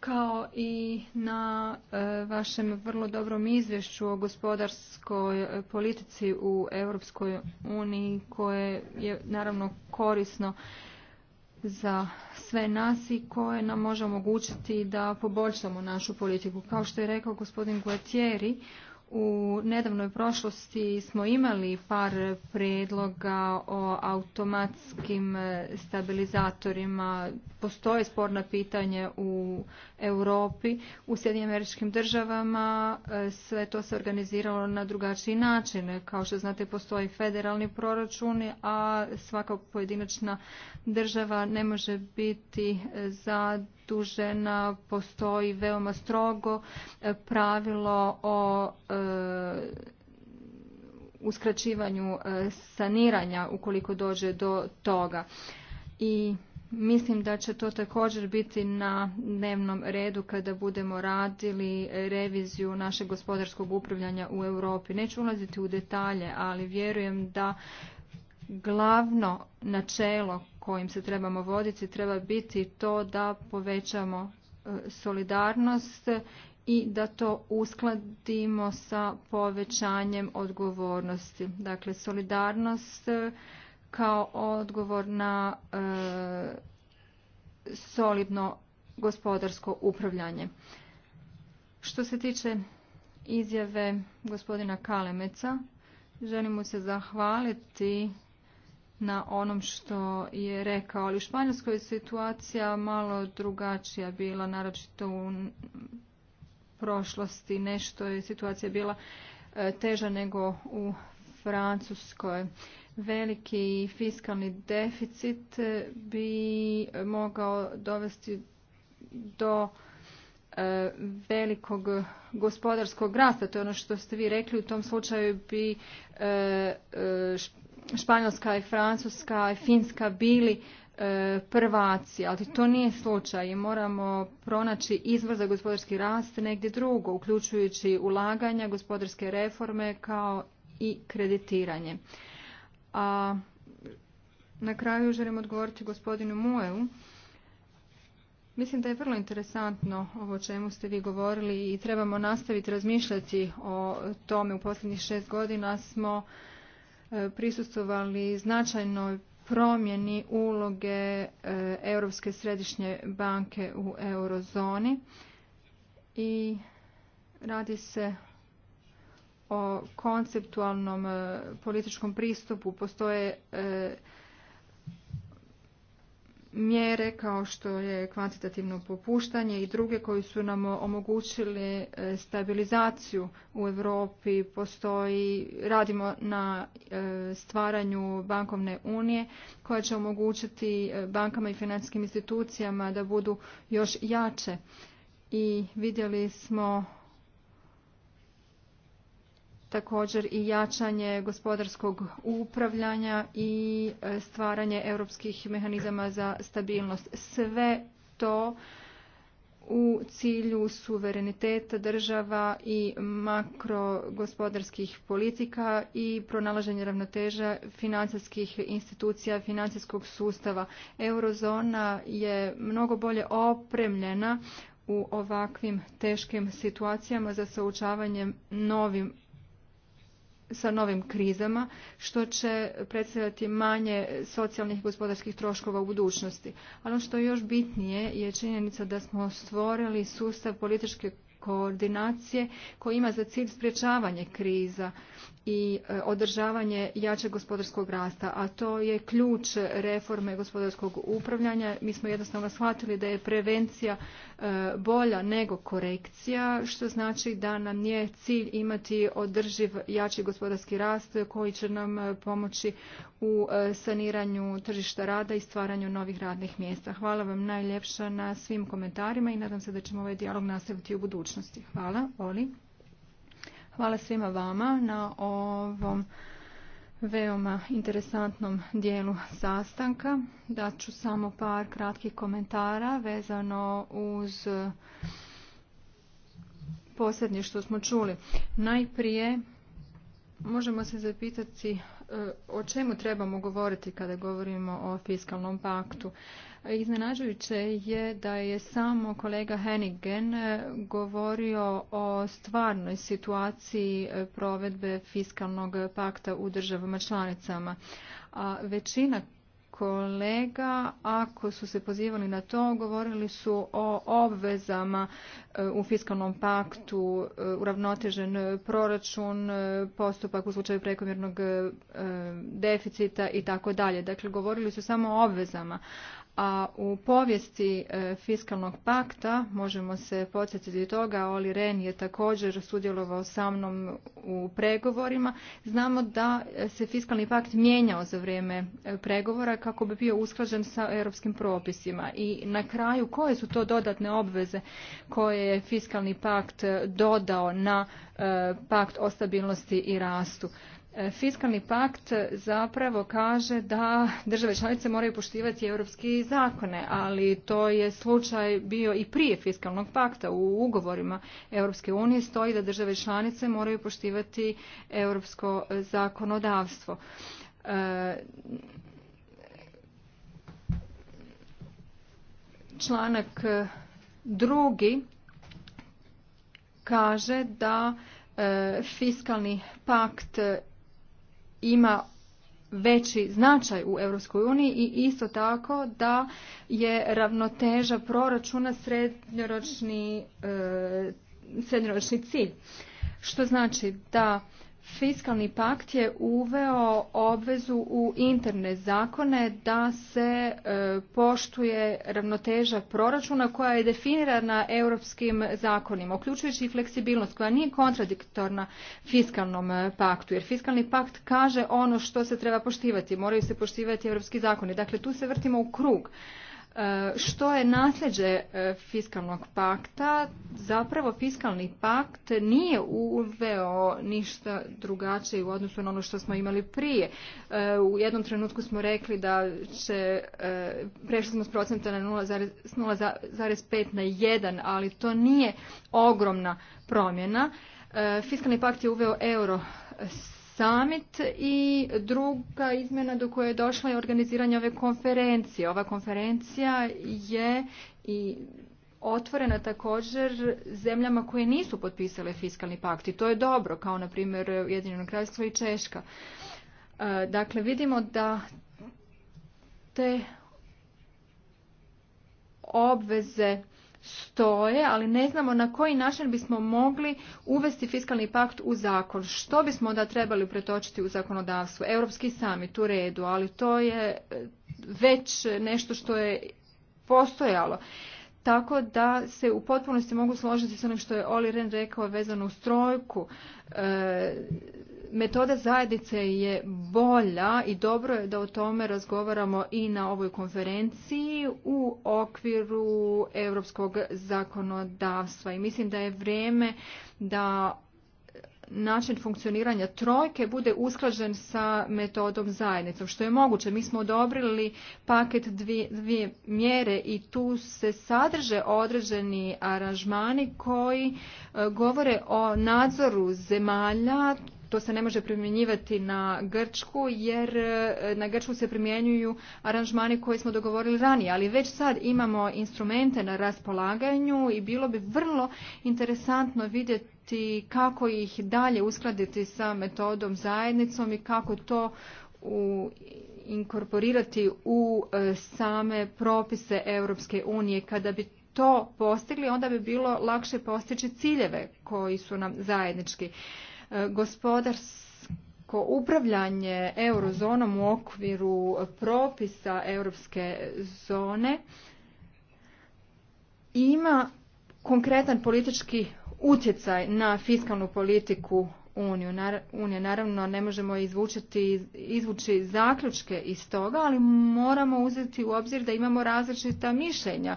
kao i na e, vašem vrlo dobrom izvješću o gospodarskoj e, politici u Europskoj uniji koje je naravno korisno za sve nas i koje nam može omogućiti da poboljšamo našu politiku. Kao što je rekao gospodin Guatieri, u nedavnoj prošlosti smo imali par predloga o automatskim stabilizatorima. Postoje sporna pitanja u Europi, u Sjedinim američkim državama. E, sve to se organiziralo na drugačiji način. Kao što znate, postoji federalni proračuni, a svaka pojedinačna država ne može biti za optužena, postoji veoma strogo e, pravilo o e, uskraćivanju e, saniranja ukoliko dođe do toga. I mislim da će to također biti na dnevnom redu kada budemo radili reviziju našeg gospodarskog upravljanja u Europi. Neću ulaziti u detalje, ali vjerujem da glavno načelo kojim se trebamo voditi treba biti to da povećamo e, solidarnost i da to uskladimo sa povećanjem odgovornosti. Dakle, solidarnost e, kao odgovor na e, solidno gospodarsko upravljanje. Što se tiče izjave gospodina Kalemeca, želim mu se zahvaliti na onom što je rekao. Ali u Španjolskoj je situacija malo drugačija bila, naročito u prošlosti. Nešto je situacija bila e, teža nego u Francuskoj. Veliki fiskalni deficit bi mogao dovesti do e, velikog gospodarskog rasta. To je ono što ste vi rekli. U tom slučaju bi e, Španjolska i Francuska i Finska bili e, prvaci, ali to nije slučaj i moramo pronaći izvor za gospodarski rast negdje drugo, uključujući ulaganja, gospodarske reforme kao i kreditiranje. A na kraju želim odgovoriti gospodinu Mueu. Mislim da je vrlo interesantno ovo o čemu ste vi govorili i trebamo nastaviti razmišljati o tome. U posljednjih šest godina smo prisustovali značajnoj promjeni uloge e, Europske središnje banke u eurozoni i radi se o konceptualnom e, političkom pristupu. Postoje e, mjere kao što je kvantitativno popuštanje i druge koji su nam omogućili e, stabilizaciju u Europi postoji radimo na e, stvaranju bankovne unije koja će omogućiti e, bankama i financijskim institucijama da budu još jače i vidjeli smo također i jačanje gospodarskog upravljanja i e, stvaranje europskih mehanizama za stabilnost. Sve to u cilju suvereniteta država i makrogospodarskih politika i pronalaženje ravnoteža financijskih institucija, financijskog sustava. Eurozona je mnogo bolje opremljena u ovakvim teškim situacijama za součavanje novim sa novim krizama, što će predstavljati manje socijalnih i gospodarskih troškova u budućnosti. Ali ono što je još bitnije je činjenica da smo stvorili sustav političke koordinacije koji ima za cilj sprječavanje kriza i e, održavanje jačeg gospodarskog rasta, a to je ključ reforme gospodarskog upravljanja. Mi smo jednostavno shvatili da je prevencija e, bolja nego korekcija, što znači da nam nije cilj imati održiv jači gospodarski rast koji će nam e, pomoći u saniranju tržišta rada i stvaranju novih radnih mjesta. Hvala vam najljepša na svim komentarima i nadam se da ćemo ovaj dijalog nastaviti u budućnosti budućnosti. Hvala, Oli. Hvala svima vama na ovom veoma interesantnom dijelu sastanka. Daću samo par kratkih komentara vezano uz posljednje što smo čuli. Najprije možemo se zapitati e, o čemu trebamo govoriti kada govorimo o fiskalnom paktu. Iznenađujuće je da je samo kolega Hennigen e, govorio o stvarnoj situaciji e, provedbe fiskalnog pakta u državama članicama. A većina kolega, ako su se pozivali na to, govorili su o obvezama e, u fiskalnom paktu, uravnotežen proračun, postupak u slučaju prekomjernog deficita i tako dalje. Dakle, govorili su samo o obvezama, a u povijesti e, fiskalnog pakta možemo se podsjetiti toga, Oli Ren je također sudjelovao sa mnom u pregovorima. Znamo da se fiskalni pakt mijenjao za vrijeme e, pregovora kako bi bio usklađen sa europskim propisima. I na kraju koje su to dodatne obveze koje je fiskalni pakt dodao na e, pakt o stabilnosti i rastu? E, fiskalni pakt zapravo kaže da države članice moraju poštivati europski zakone, ali to je slučaj bio i prije fiskalnog pakta. U ugovorima Europske unije stoji da države članice moraju poštivati europsko zakonodavstvo. E, članak drugi kaže da e, fiskalni pakt ima veći značaj u Europskoj uniji i isto tako da je ravnoteža proračuna srednjoročni, e, srednjoročni cilj. Što znači da Fiskalni pakt je uveo obvezu u interne zakone da se e, poštuje ravnoteža proračuna koja je definirana europskim zakonima, uključujući i fleksibilnost koja nije kontradiktorna fiskalnom e, paktu, jer fiskalni pakt kaže ono što se treba poštivati, moraju se poštivati europski zakoni. Dakle, tu se vrtimo u krug što je nasljeđe e, fiskalnog pakta, zapravo fiskalni pakt nije uveo ništa drugačije u odnosu na ono što smo imali prije. E, u jednom trenutku smo rekli da će, e, prešli smo s procenta na 0,5 na 1, ali to nije ogromna promjena. Fiskalni pakt je uveo euro summit i druga izmjena do koje je došla je organiziranje ove konferencije. Ova konferencija je i otvorena također zemljama koje nisu potpisale fiskalni pakt i to je dobro, kao na primjer Ujedinjeno kraljstvo i Češka. E, dakle, vidimo da te obveze stoje, ali ne znamo na koji način bismo mogli uvesti fiskalni pakt u zakon. Što bismo onda trebali pretočiti u zakonodavstvo? Europski samit u redu, ali to je e, već nešto što je postojalo. Tako da se u potpunosti mogu složiti s onim što je Oli Ren rekao vezano u strojku. E, metoda zajednice je bolja i dobro je da o tome razgovaramo i na ovoj konferenciji u okviru europskog zakonodavstva i mislim da je vrijeme da način funkcioniranja trojke bude usklađen sa metodom zajednicom, što je moguće. Mi smo odobrili paket dvije, dvije mjere i tu se sadrže određeni aranžmani koji e, govore o nadzoru zemalja to se ne može primjenjivati na Grčku jer e, na Grčku se primjenjuju aranžmani koji smo dogovorili ranije, ali već sad imamo instrumente na raspolaganju i bilo bi vrlo interesantno vidjeti kako ih dalje uskladiti sa metodom zajednicom i kako to u inkorporirati u e, same propise Europske unije. Kada bi to postigli, onda bi bilo lakše postići ciljeve koji su nam zajednički gospodarsko upravljanje eurozonom u okviru propisa europske zone ima konkretan politički utjecaj na fiskalnu politiku unije. Naravno, ne možemo izvučiti, izvući zaključke iz toga, ali moramo uzeti u obzir da imamo različita mišljenja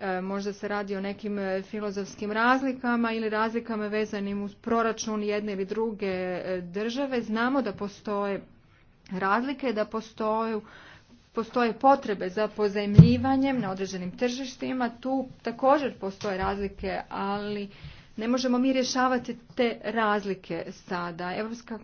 E, možda se radi o nekim e, filozofskim razlikama ili razlikama vezanim uz proračun jedne ili druge e, države. Znamo da postoje razlike, da postoju postoje potrebe za pozajemljivanjem na određenim tržištima, tu također postoje razlike, ali ne možemo mi rješavati te razlike sada. Europska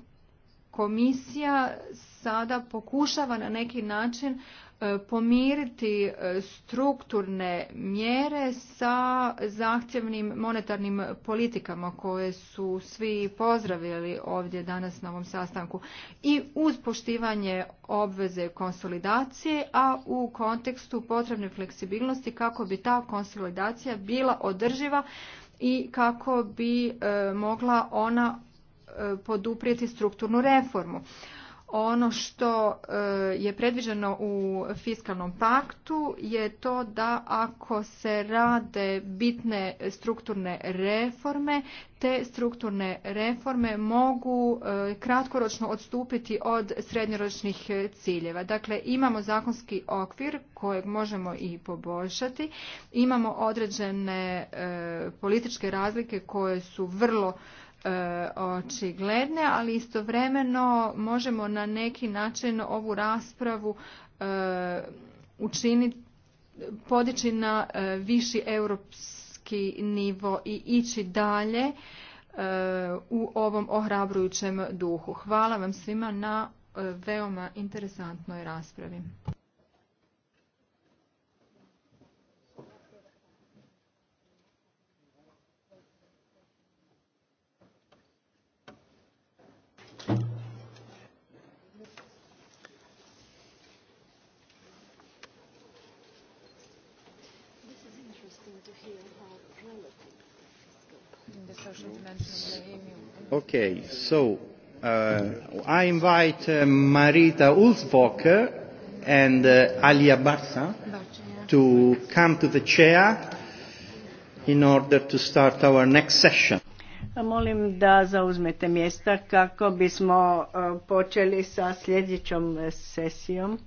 komisija sada pokušava na neki način E, pomiriti e, strukturne mjere sa zahtjevnim monetarnim politikama koje su svi pozdravili ovdje danas na ovom sastanku i uz poštivanje obveze konsolidacije, a u kontekstu potrebne fleksibilnosti kako bi ta konsolidacija bila održiva i kako bi e, mogla ona poduprijeti strukturnu reformu ono što e, je predviđeno u fiskalnom paktu je to da ako se rade bitne strukturne reforme, te strukturne reforme mogu e, kratkoročno odstupiti od srednjoročnih ciljeva. Dakle, imamo zakonski okvir kojeg možemo i poboljšati, imamo određene e, političke razlike koje su vrlo E, očigledne, ali istovremeno možemo na neki način ovu raspravu e, učiniti, podići na e, viši europski nivo i ići dalje u ovom ohrabrujućem duhu. Hvala vam svima na veoma interesantnoj raspravi. Okay, so uh, I invite uh, Marita Ulsbocker and uh, Alia Barsa to come to the chair in order to start our next session. Molim da zauzmete mjesta kako bismo uh, počeli sa sljedećom sesijom,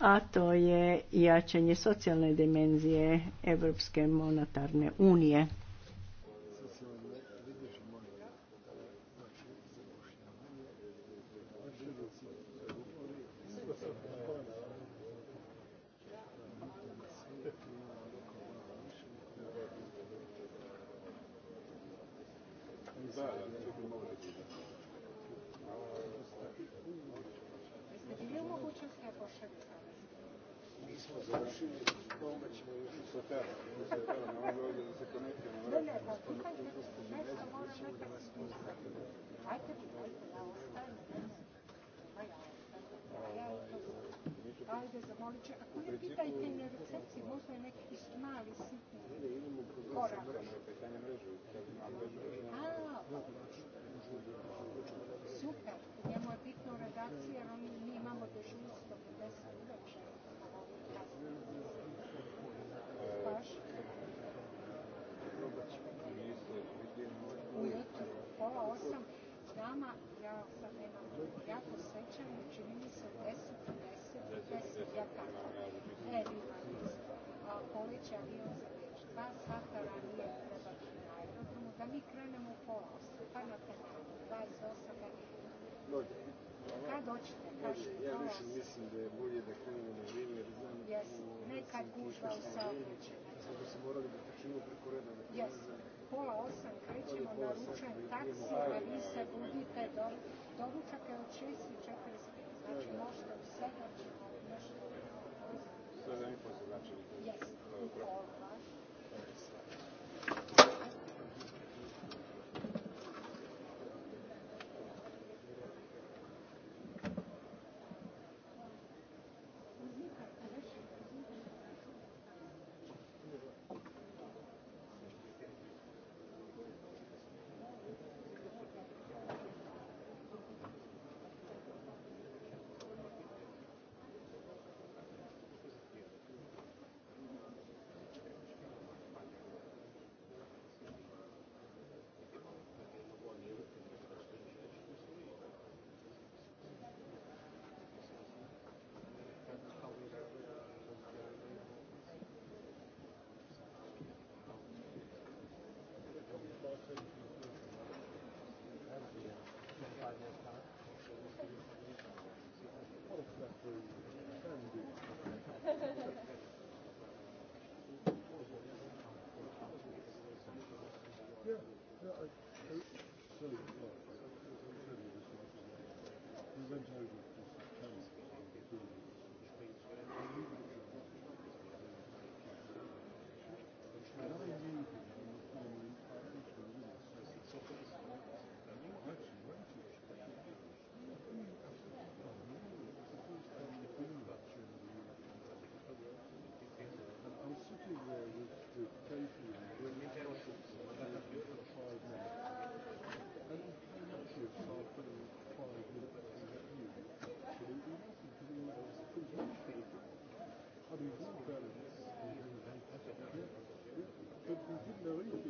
a to je jačanje socijalne dimenzije Europske monetarne unije. kad gužva u saobraćaju. Yes. Pola osam krećemo, naručujem taksi, a vi se budite do, je od 6 Znači možete u radi u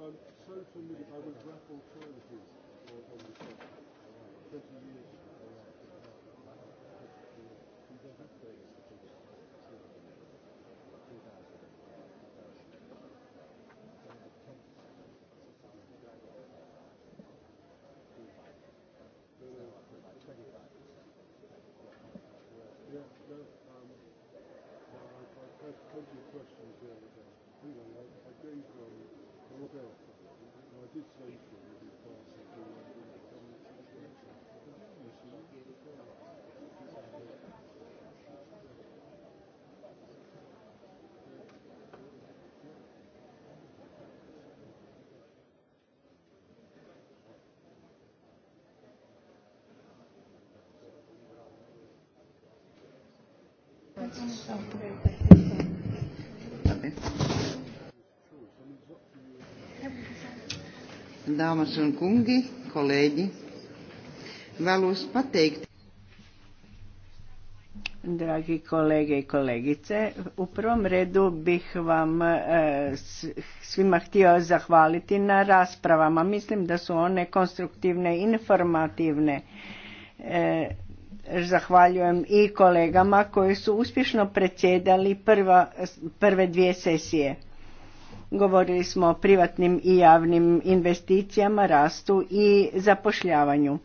I'm so familiar. I was raffle alternatives on the 20 um, years you. Damasun kungi, kolegi, Dragi kolege i kolegice, u prvom redu bih vam e, svima htio zahvaliti na raspravama. Mislim da su one konstruktivne i informativne. E, zahvaljujem i kolegama koji su uspješno predsjedali prve dvije sesije. Govorili smo o privatnim i javnim investicijama, rastu i zapošljavanju.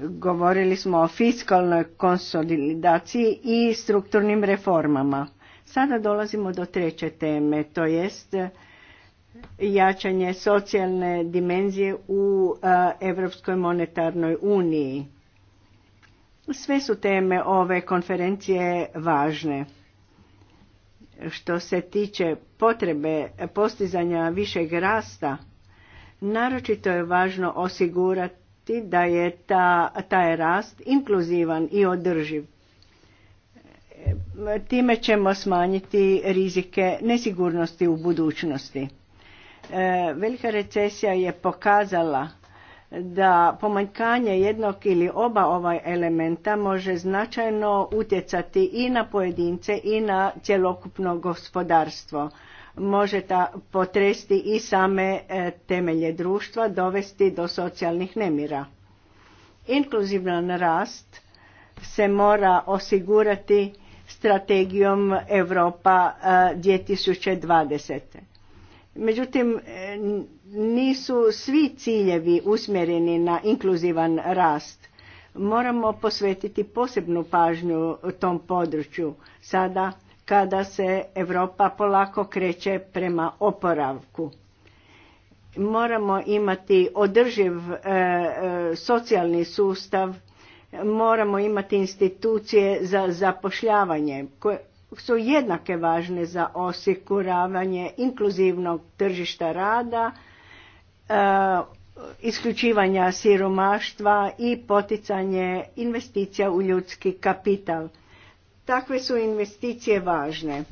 Govorili smo o fiskalnoj konsolidaciji i strukturnim reformama. Sada dolazimo do treće teme, to jest jačanje socijalne dimenzije u Europskoj monetarnoj uniji. Sve su teme ove konferencije važne što se tiče potrebe postizanja višeg rasta, naročito je važno osigurati da je ta, taj rast inkluzivan i održiv. Time ćemo smanjiti rizike nesigurnosti u budućnosti. E, velika recesija je pokazala da pomanjkanje jednog ili oba ovaj elementa može značajno utjecati i na pojedince i na cjelokupno gospodarstvo. Može ta potresti i same e, temelje društva, dovesti do socijalnih nemira. Inkluzivan rast se mora osigurati strategijom Europa 2020. E, Međutim, e, nisu svi ciljevi usmjereni na inkluzivan rast. Moramo posvetiti posebnu pažnju tom području sada kada se Europa polako kreće prema oporavku. Moramo imati održiv e, e, socijalni sustav, moramo imati institucije za zapošljavanje koje su jednake važne za osiguravanje inkluzivnog tržišta rada, e, isključivanja siromaštva i poticanje investicija u ljudski kapital. Takve su investicije važne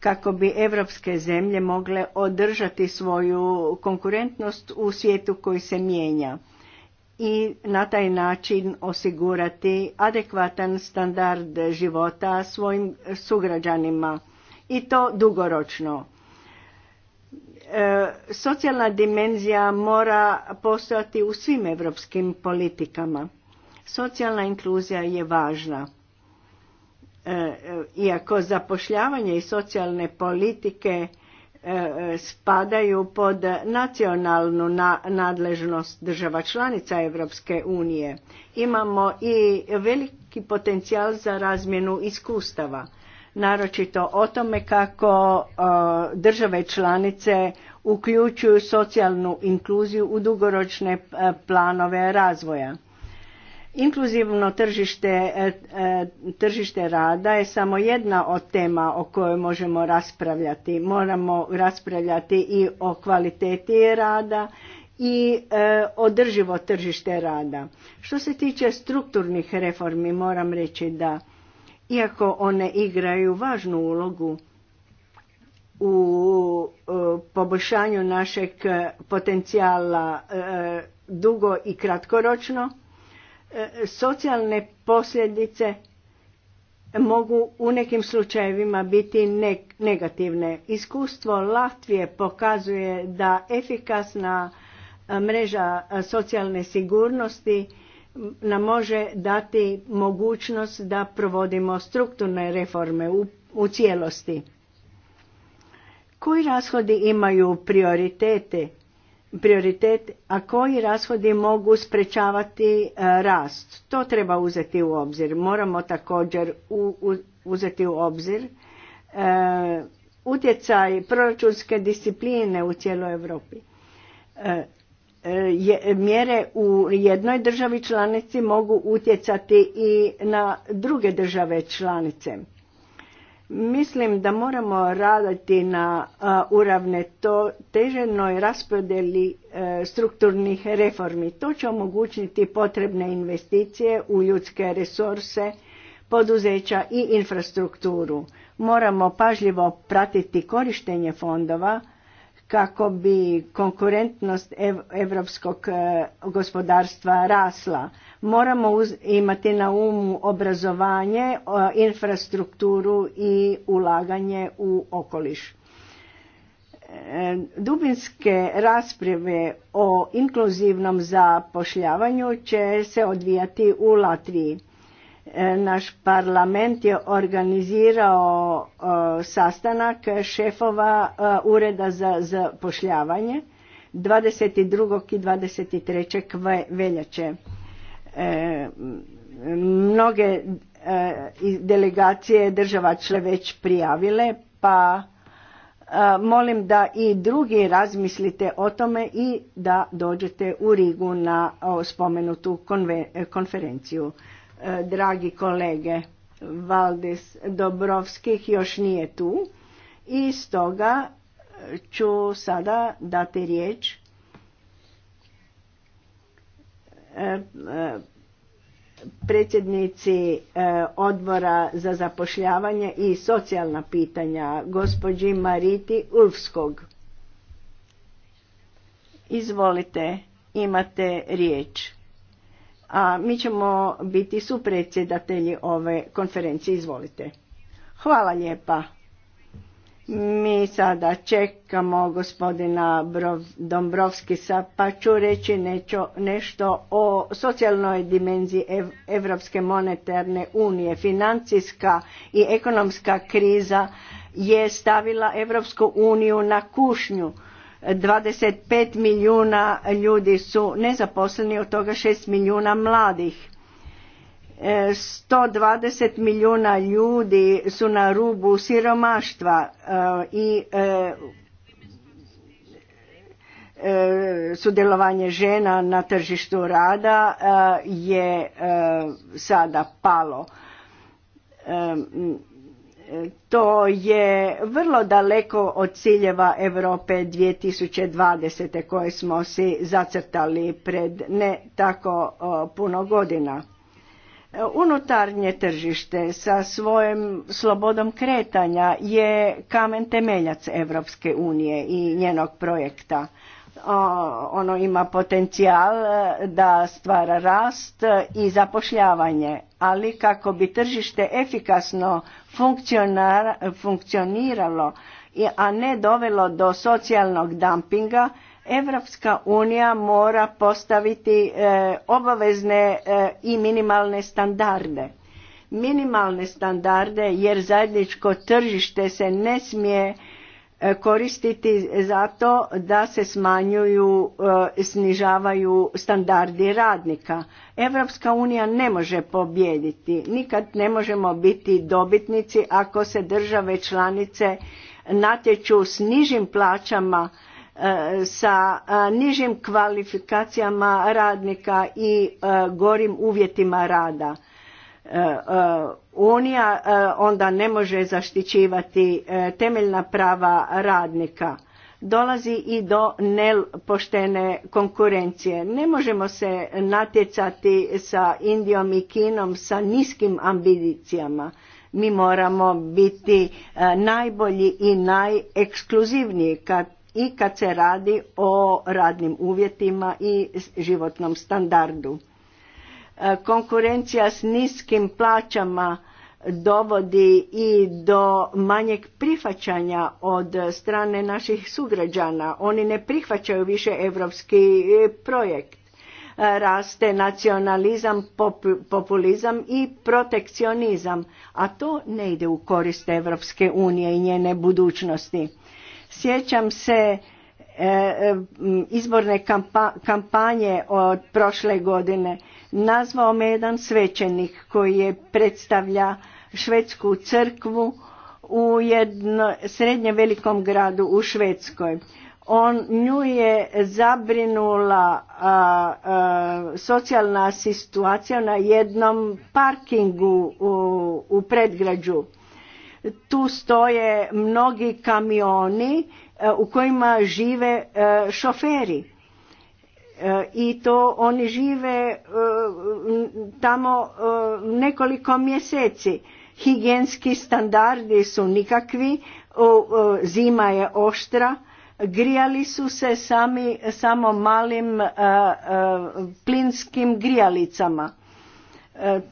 kako bi evropske zemlje mogle održati svoju konkurentnost u svijetu koji se mijenja i na taj način osigurati adekvatan standard života svojim sugrađanima i to dugoročno. E, socijalna dimenzija mora postojati u svim europskim politikama. Socijalna inkluzija je važna. E, e, iako zapošljavanje i socijalne politike E, spadaju pod nacionalnu nadležnost država članica Europske unije. Imamo i veliki potencijal za razmjenu iskustava, naročito o tome kako e, države članice uključuju socijalnu inkluziju u dugoročne e, planove razvoja. Inkluzivno tržište, e, e, tržište rada je samo jedna od tema o kojoj možemo raspravljati. Moramo raspravljati i o kvaliteti rada i e, održivo tržište rada. Što se tiče strukturnih reformi moram reći da iako one igraju važnu ulogu u poboljšanju našeg potencijala dugo i kratkoročno, E, socijalne posljedice mogu u nekim slučajevima biti negativne. Iskustvo Latvije pokazuje da efikasna e, mreža e, socijalne sigurnosti nam može dati mogućnost da provodimo strukturne reforme u, cijelosti. Koji rashodi imaju prioritete? prioritet, a koji rashodi mogu sprečavati e, rast. To treba uzeti u obzir. Moramo također uzeti u obzir e, utjecaj proračunske discipline u cijeloj Europi. E, mjere u jednoj državi članici mogu utjecati i na druge države članice Mislim da moramo raditi na uravnoteženoj raspodjeli e, strukturnih reformi. To će omogućiti potrebne investicije u ljudske resurse, poduzeća i infrastrukturu. Moramo pažljivo pratiti korištenje fondova kako bi konkurentnost europskog e, gospodarstva rasla Moramo imati na umu obrazovanje, e, infrastrukturu i ulaganje u okoliš. E, dubinske rasprave o inkluzivnom zapošljavanju će se odvijati u Latviji. E, naš parlament je organizirao sastanak šefova Ureda za zapošljavanje 22. i 23. veljače E, mnoge e, delegacije država čle već prijavile, pa e, molim da i drugi razmislite o tome i da dođete u Rigu na spomenutu konferenciju. Dragi kolege, Valdis Dobrovskih još nije tu i stoga ću sada dati riječ predsjednici e, odbora za zapošljavanje i socijalna pitanja gospođi Mariti Ulfskog. Izvolite, imate riječ. A mi ćemo biti supredsjedatelji ove konferencije. Izvolite. Hvala lijepa. Mi sada čekamo gospodina Dombrovskisa pa ću reći nečo, nešto o socijalnoj dimenziji Europske monetarne unije. Financijska i ekonomska kriza je stavila Evropsku uniju na kušnju. 25 milijuna ljudi su nezaposleni, od toga 6 milijuna mladih 120 milijuna ljudi su na rubu siromaštva e, i e, e, sudjelovanje žena na tržištu rada je sada palo. To je vrlo daleko od ciljeva Europe 2020. koje smo si zacrtali pred ne tako puno godina Unutarnje tržište sa svojom slobodom kretanja je kamen temeljac Europske unije i njenog projekta. Ono ima potencijal e, da stvara rast i zapošljavanje, ali kako bi tržište efikasno funkcioniralo, a ne dovelo do socijalnog dumpinga, Evropska unija mora postaviti e, obavezne e, i minimalne standarde. Minimalne standarde jer zajedničko tržište se ne smije e, koristiti zato da se smanjuju, snižavaju standardi radnika. Evropska unija ne može pobijediti. Nikad ne možemo biti dobitnici ako se države članice natječu s nižim plaćama E, sa e, nižim kvalifikacijama radnika i e, gorim uvjetima rada. Unija onda ne može zaštićivati temeljna prava radnika. Dolazi i do nepoštene konkurencije. Ne možemo se natjecati sa Indijom i Kinom sa niskim ambicijama. Mi moramo biti najbolji i najekskluzivniji kad i kad se radi o radnim uvjetima i životnom standardu. E, konkurencija s niskim plaćama dovodi i do manjeg prihvaćanja od strane naših sugrađana. Oni ne prihvaćaju više evropski e, projekt. E, raste nacionalizam, populizam i protekcionizam, a to ne ide u korist Evropske unije i njene budućnosti Sjećam se e, e, izborne kampanje od prošle godine. Nazvao me jedan svećenik koji je predstavlja švedsku crkvu u jedno srednje velikom gradu u Švedskoj. On nju je zabrinula socijalna situacija na jednom parkingu u, u predgrađu tu stoje mnogi kamioni e, u kojima žive e, šoferi e, i to oni žive tamo nekoliko mjeseci. Higijenski standardi su nikakvi, zima je oštra, grijali su se sami samo malim plinskim grijalicama E, e,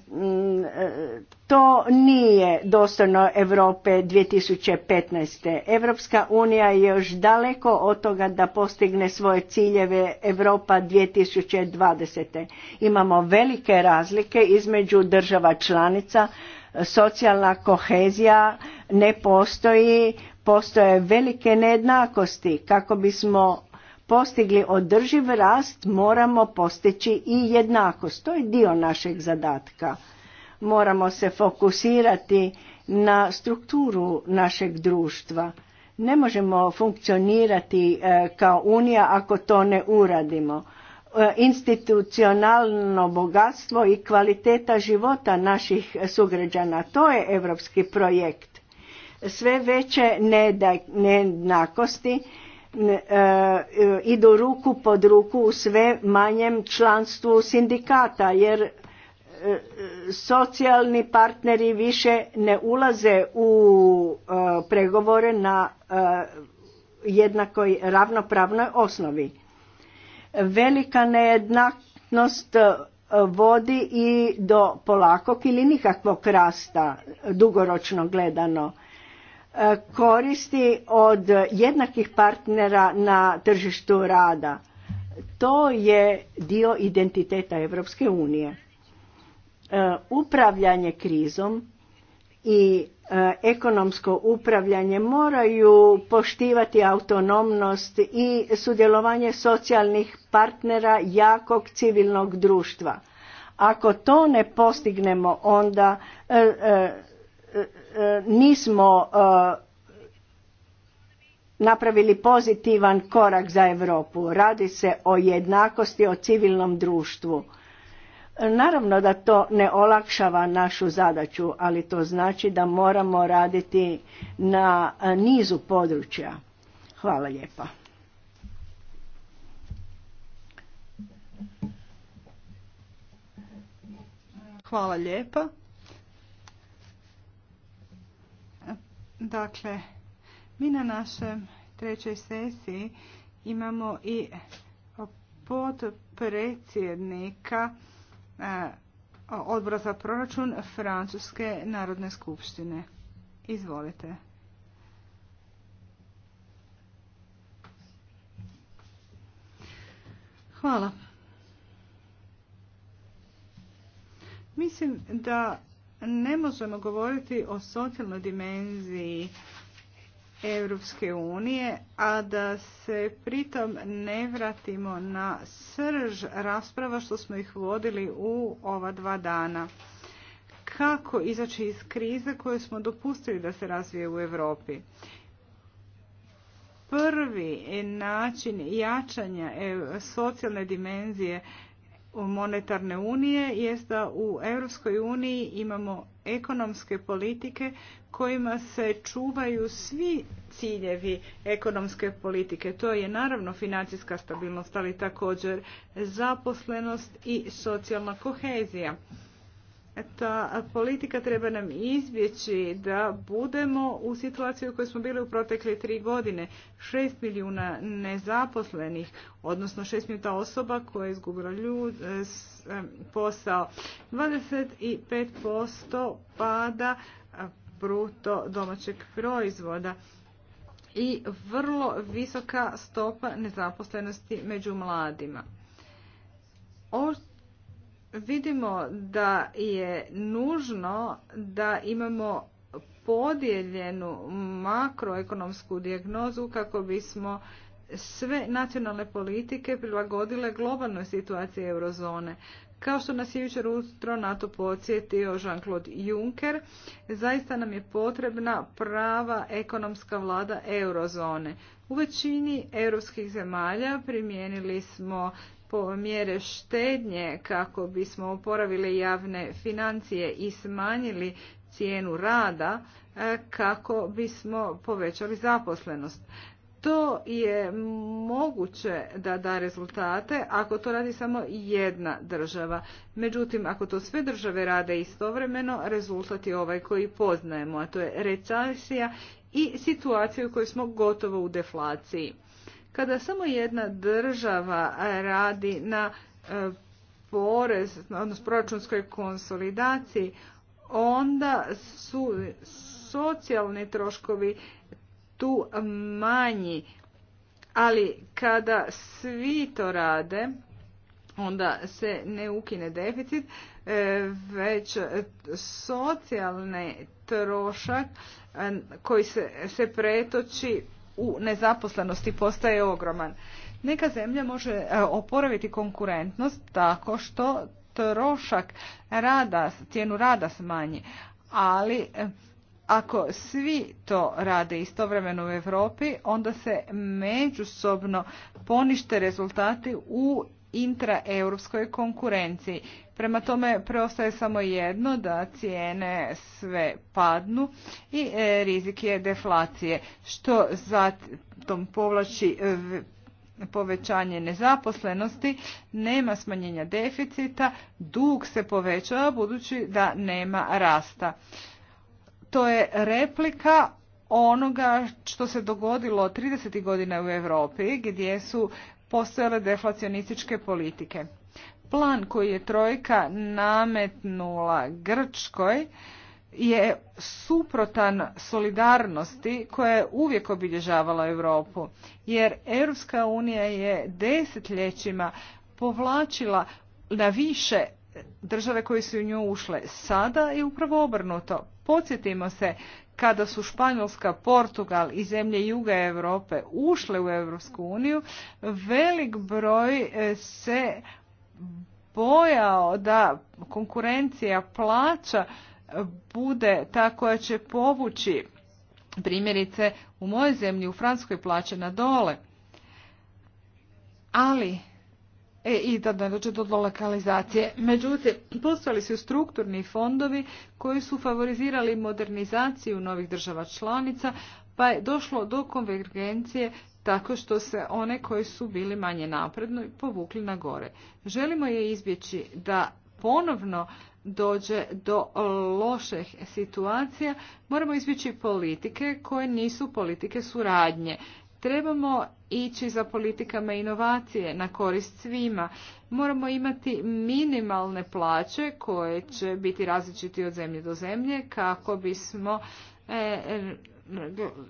to nije dostojno Europe 2015. Europska unija je još daleko od toga da postigne svoje ciljeve Europa 2020. Imamo velike razlike između država članica, socijalna kohezija ne postoji, postoje velike nejednakosti kako bismo postigli održiv rast, moramo postići i jednakost. To je dio našeg zadatka. Moramo se fokusirati na strukturu našeg društva. Ne možemo funkcionirati e, kao Unija ako to ne uradimo. E, institucionalno bogatstvo i kvaliteta života naših sugrađana, to je europski projekt. Sve veće nejednakosti E, e, idu ruku pod ruku u sve manjem članstvu sindikata jer e, socijalni partneri više ne ulaze u pregovore na jednakoj ravnopravnoj osnovi. Velika nejednakost vodi i do polakog ili nikakvog rasta dugoročno gledano E, koristi od jednakih partnera na tržištu rada. To je dio identiteta Europske unije. E, upravljanje krizom i e, ekonomsko upravljanje moraju poštivati autonomnost i sudjelovanje socijalnih partnera jakog civilnog društva. Ako to ne postignemo onda E, nismo e, napravili pozitivan korak za Europu. Radi se o jednakosti, o civilnom društvu. Naravno da to ne olakšava našu zadaću, ali to znači da moramo raditi na nizu područja. Hvala lijepa. Hvala lijepa. Dakle, mi na našem trećoj sesiji imamo i podpredsjednika e, odbora za proračun Francuske narodne skupštine. Izvolite. Hvala. Mislim da ne možemo govoriti o socijalnoj dimenziji Europske unije, a da se pritom ne vratimo na srž rasprava što smo ih vodili u ova dva dana. Kako izaći iz krize koju smo dopustili da se razvije u Europi? Prvi način jačanja e, socijalne dimenzije monetarne unije jest da u Europskoj uniji imamo ekonomske politike kojima se čuvaju svi ciljevi ekonomske politike. To je naravno financijska stabilnost, ali također zaposlenost i socijalna kohezija ta politika treba nam izbjeći da budemo u situaciji u kojoj smo bili u protekle tri godine. Šest milijuna nezaposlenih, odnosno šest milijuna osoba koja je izgubila ljud, e, e, posao. 25% pada bruto domaćeg proizvoda i vrlo visoka stopa nezaposlenosti među mladima. Ovo vidimo da je nužno da imamo podijeljenu makroekonomsku dijagnozu kako bismo sve nacionalne politike prilagodile globalnoj situaciji eurozone. Kao što nas je jučer ustro na to podsjetio Jean-Claude Juncker, zaista nam je potrebna prava ekonomska vlada eurozone. U većini europskih zemalja primijenili smo mjere štednje kako bismo oporavili javne financije i smanjili cijenu rada e, kako bismo povećali zaposlenost. To je moguće da da rezultate ako to radi samo jedna država. Međutim, ako to sve države rade istovremeno, rezultat je ovaj koji poznajemo, a to je recesija i situacija u kojoj smo gotovo u deflaciji. Kada samo jedna država radi na e, porez, odnosno proračunskoj konsolidaciji, onda su socijalni troškovi tu manji. Ali kada svi to rade, onda se ne ukine deficit, e, već socijalni trošak e, koji se, se pretoči u nezaposlenosti postaje ogroman. Neka zemlja može e, oporaviti konkurentnost tako što trošak rada, cijenu rada smanji, ali e, ako svi to rade istovremeno u Europi, onda se međusobno ponište rezultati u intraeuropskoj konkurenciji. Prema tome preostaje samo jedno da cijene sve padnu i e, rizik je deflacije što zatom povlači e, povećanje nezaposlenosti, nema smanjenja deficita, dug se povećava budući da nema rasta. To je replika onoga što se dogodilo 30. godina u Europi gdje su postojale deflacionističke politike plan koji je trojka nametnula Grčkoj je suprotan solidarnosti koja je uvijek obilježavala Europu. Jer Europska unija je desetljećima povlačila na više države koje su u nju ušle. Sada je upravo obrnuto. Podsjetimo se kada su Španjolska, Portugal i zemlje Juga Europe ušle u Europsku uniju, velik broj e, se bojao da konkurencija plaća bude ta koja će povući primjerice u mojoj zemlji u Francuskoj plaće na dole. Ali e, i da ne dođe do lokalizacije. Međutim, postojali su strukturni fondovi koji su favorizirali modernizaciju novih država članica, pa je došlo do konvergencije tako što se one koji su bili manje napredno povukli na gore. Želimo je izbjeći da ponovno dođe do loših situacija, moramo izbjeći politike koje nisu politike suradnje. Trebamo ići za politikama inovacije na korist svima. Moramo imati minimalne plaće koje će biti različiti od zemlje do zemlje kako bismo e,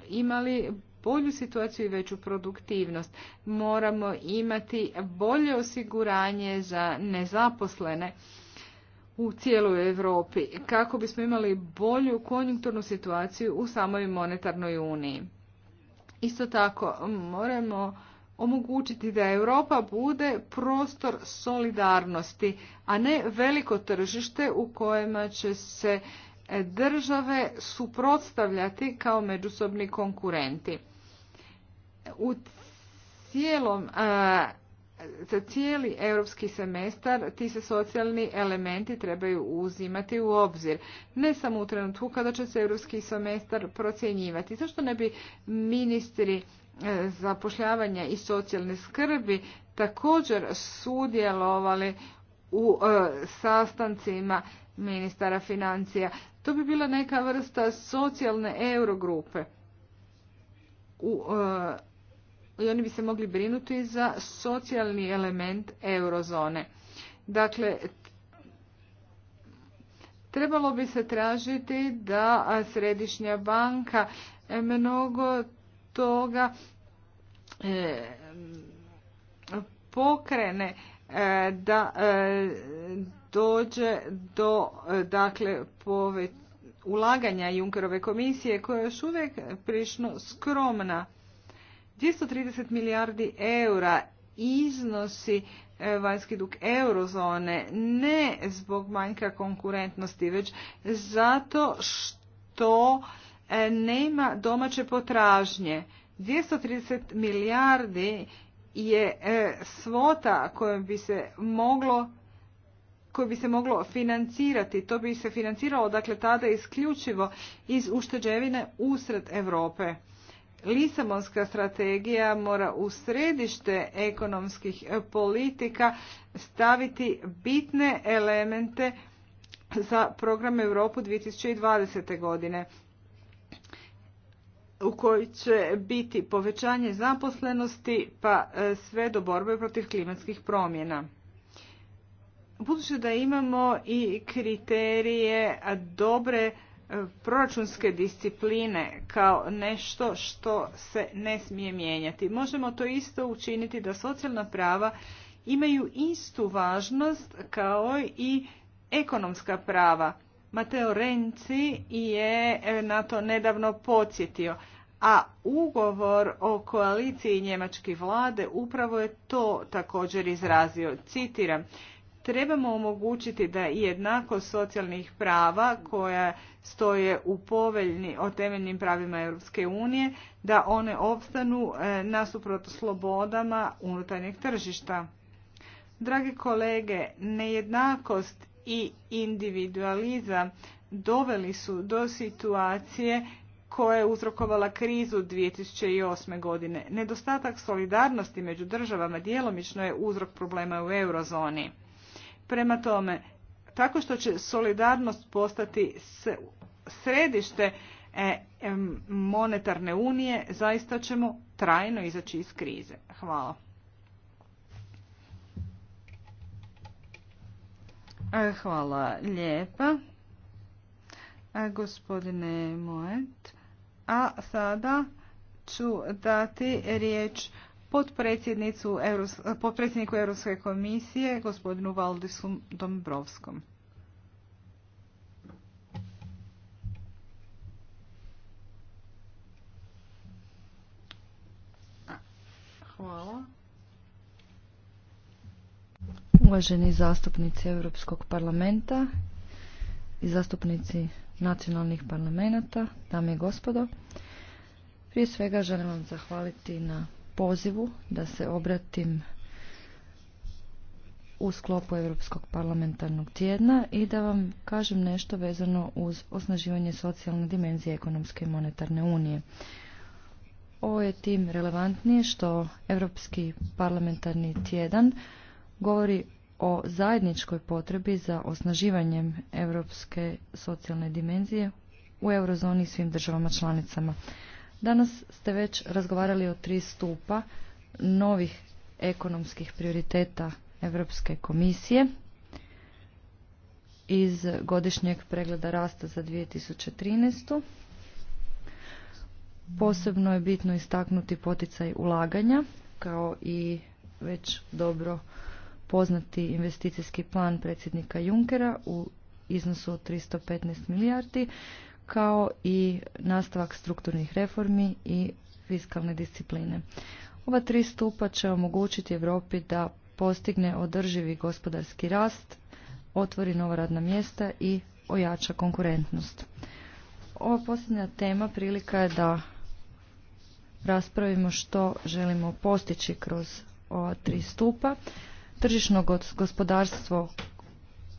imali bolju situaciju i veću produktivnost. Moramo imati bolje osiguranje za nezaposlene u cijeloj Europi kako bismo imali bolju konjunkturnu situaciju u samoj monetarnoj uniji. Isto tako moramo omogućiti da Europa bude prostor solidarnosti, a ne veliko tržište u kojima će se države suprotstavljati kao međusobni konkurenti u cijelom za cijeli europski semestar ti se socijalni elementi trebaju uzimati u obzir. Ne samo u trenutku kada će se europski semestar procjenjivati. Zašto ne bi ministri e, zapošljavanja i socijalne skrbi također sudjelovali u e, sastancima ministara financija. To bi bila neka vrsta socijalne eurogrupe. U e, i oni bi se mogli brinuti za socijalni element eurozone. Dakle, trebalo bi se tražiti da središnja banka mnogo toga e, pokrene e, da e, dođe do dakle ulaganja Junkerove komisije koja je još uvijek prilično skromna. 230 milijardi eura iznosi e, vanjski dug eurozone ne zbog manjka konkurentnosti, već zato što e, nema domaće potražnje. 230 milijardi je e, svota kojom bi se moglo koje bi se moglo financirati. To bi se financiralo dakle tada isključivo iz ušteđevine usred Europe. Lisabonska strategija mora u središte ekonomskih e, politika staviti bitne elemente za program Europu 2020. godine u kojoj će biti povećanje zaposlenosti pa e, sve do borbe protiv klimatskih promjena. Budući da imamo i kriterije dobre E, proračunske discipline kao nešto što se ne smije mijenjati. Možemo to isto učiniti da socijalna prava imaju istu važnost kao i ekonomska prava. Mateo Renci je e, na to nedavno podsjetio, a ugovor o koaliciji njemačke vlade upravo je to također izrazio. Citiram, trebamo omogućiti da jednakost socijalnih prava koja stoje u poveljni o temeljnim pravima Europske unije, da one opstanu e, nasuprot slobodama unutarnjeg tržišta. Dragi kolege, nejednakost i individualizam doveli su do situacije koja je uzrokovala krizu 2008. godine. Nedostatak solidarnosti među državama djelomično je uzrok problema u eurozoni. Prema tome, tako što će solidarnost postati središte e, monetarne unije, zaista ćemo trajno izaći iz krize. Hvala. E, hvala lijepa. E, gospodine Moet. A sada ću dati riječ potpredsjedniku Europske komisije gospodinu Valdisu Dombrovskom. Hvala. Uvaženi zastupnici Europskog parlamenta i zastupnici nacionalnih parlamenta, dame i gospodo, prije svega želim vam zahvaliti na pozivu da se obratim u sklopu Europskog parlamentarnog tjedna i da vam kažem nešto vezano uz osnaživanje socijalne dimenzije ekonomske i monetarne unije. Ovo je tim relevantnije što Europski parlamentarni tjedan govori o zajedničkoj potrebi za osnaživanjem europske socijalne dimenzije u eurozoni i svim državama članicama. Danas ste već razgovarali o tri stupa novih ekonomskih prioriteta Europske komisije iz godišnjeg pregleda rasta za 2013. Posebno je bitno istaknuti poticaj ulaganja kao i već dobro poznati investicijski plan predsjednika Junkera u iznosu od 315 milijardi kao i nastavak strukturnih reformi i fiskalne discipline. Ova tri stupa će omogućiti Europi da postigne održivi gospodarski rast, otvori nova radna mjesta i ojača konkurentnost. Ova posljednja tema prilika je da raspravimo što želimo postići kroz ova tri stupa. Tržišno gospodarstvo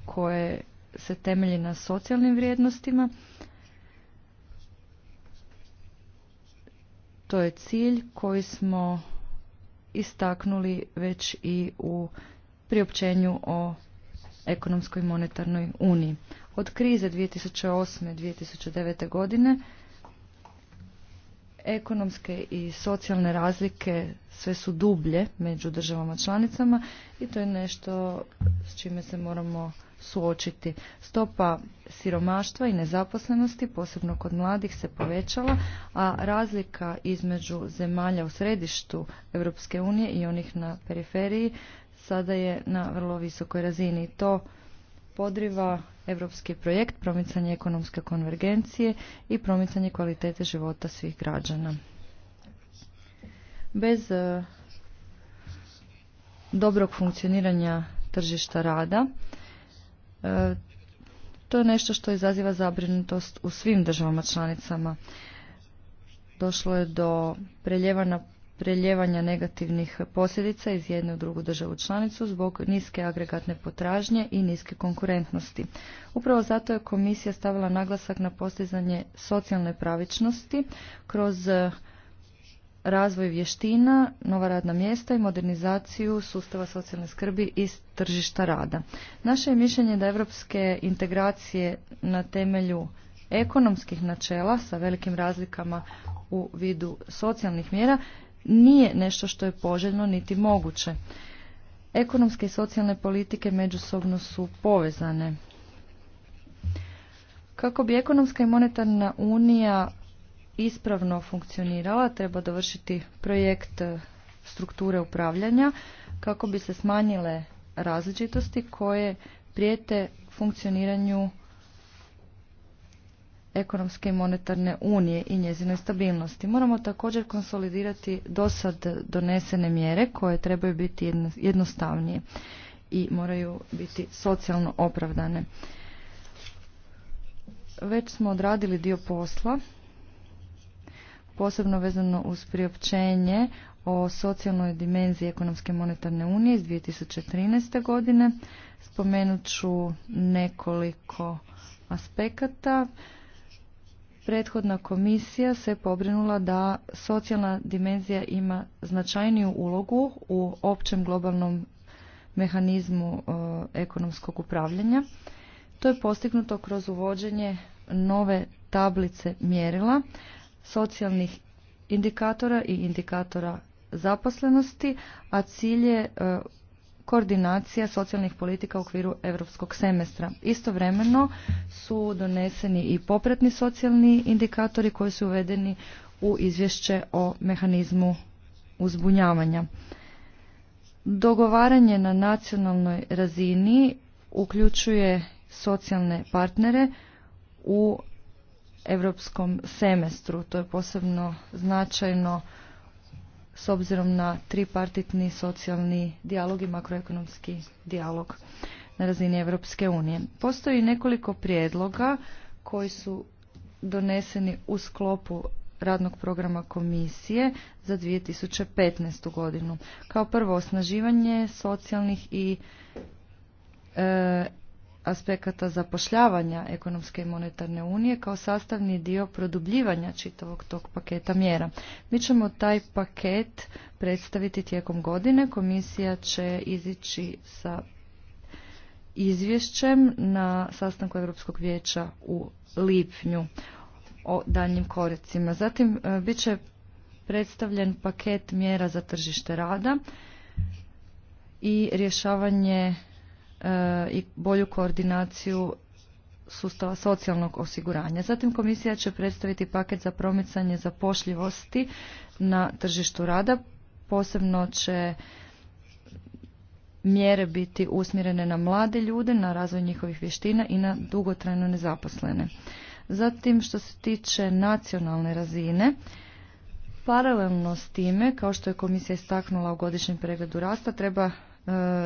koje se temelji na socijalnim vrijednostima, To je cilj koji smo istaknuli već i u priopćenju o ekonomskoj i monetarnoj uniji. Od krize 2008. 2009. godine ekonomske i socijalne razlike sve su dublje među državama članicama i to je nešto s čime se moramo suočiti. Stopa siromaštva i nezaposlenosti, posebno kod mladih, se povećala, a razlika između zemalja u središtu Europske unije i onih na periferiji sada je na vrlo visokoj razini. To podriva europski projekt promicanje ekonomske konvergencije i promicanje kvalitete života svih građana. Bez eh, dobrog funkcioniranja tržišta rada E, to je nešto što izaziva zabrinutost u svim državama članicama. Došlo je do preljevana preljevanja negativnih posljedica iz jedne u drugu državu članicu zbog niske agregatne potražnje i niske konkurentnosti. Upravo zato je komisija stavila naglasak na postizanje socijalne pravičnosti kroz razvoj vještina, nova radna mjesta i modernizaciju sustava socijalne skrbi i tržišta rada. Naše je mišljenje da evropske integracije na temelju ekonomskih načela sa velikim razlikama u vidu socijalnih mjera nije nešto što je poželjno niti moguće. Ekonomske i socijalne politike međusobno su povezane. Kako bi ekonomska i monetarna unija ispravno funkcionirala treba dovršiti projekt e, strukture upravljanja kako bi se smanjile različitosti koje prijete funkcioniranju ekonomske i monetarne unije i njezinoj stabilnosti. Moramo također konsolidirati dosad donesene mjere koje trebaju biti jednostavnije i moraju biti socijalno opravdane. Već smo odradili dio posla posebno vezano uz priopćenje o socijalnoj dimenziji ekonomske monetarne unije iz 2013. godine. Spomenut ću nekoliko aspekata. Prethodna komisija se pobrinula da socijalna dimenzija ima značajniju ulogu u općem globalnom mehanizmu e, ekonomskog upravljanja. To je postignuto kroz uvođenje nove tablice mjerila socijalnih indikatora i indikatora zaposlenosti, a cilj je e, koordinacija socijalnih politika u okviru europskog semestra. Istovremeno su doneseni i popretni socijalni indikatori koji su uvedeni u izvješće o mehanizmu uzbunjavanja. Dogovaranje na nacionalnoj razini uključuje socijalne partnere u europskom semestru. To je posebno značajno s obzirom na tripartitni socijalni dijalog i makroekonomski dijalog na razini Europske unije. Postoji nekoliko prijedloga koji su doneseni u sklopu radnog programa komisije za 2015. godinu. Kao prvo osnaživanje socijalnih i e, aspekata zapošljavanja ekonomske i monetarne unije kao sastavni dio produbljivanja čitavog tog paketa mjera. Mi ćemo taj paket predstaviti tijekom godine. Komisija će izići sa izvješćem na sastanku Europskog vijeća u lipnju o daljnjim korecima. Zatim e, bit će predstavljen paket mjera za tržište rada i rješavanje E, i bolju koordinaciju sustava socijalnog osiguranja. Zatim komisija će predstaviti paket za promicanje zapošljivosti na tržištu rada. Posebno će mjere biti usmjerene na mlade ljude, na razvoj njihovih vještina i na dugotrajno nezaposlene. Zatim što se tiče nacionalne razine, paralelno s time, kao što je komisija istaknula u godišnjem pregledu rasta, treba e,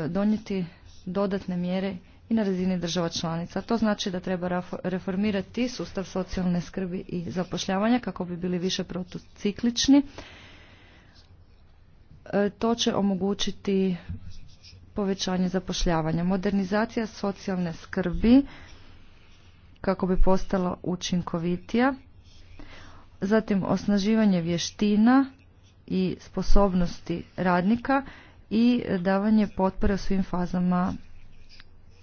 donijeti dodatne mjere i na razini država članica. To znači da treba reformirati sustav socijalne skrbi i zapošljavanja kako bi bili više protociklični. E, to će omogućiti povećanje zapošljavanja. Modernizacija socijalne skrbi kako bi postala učinkovitija. Zatim osnaživanje vještina i sposobnosti radnika i davanje potpore u svim fazama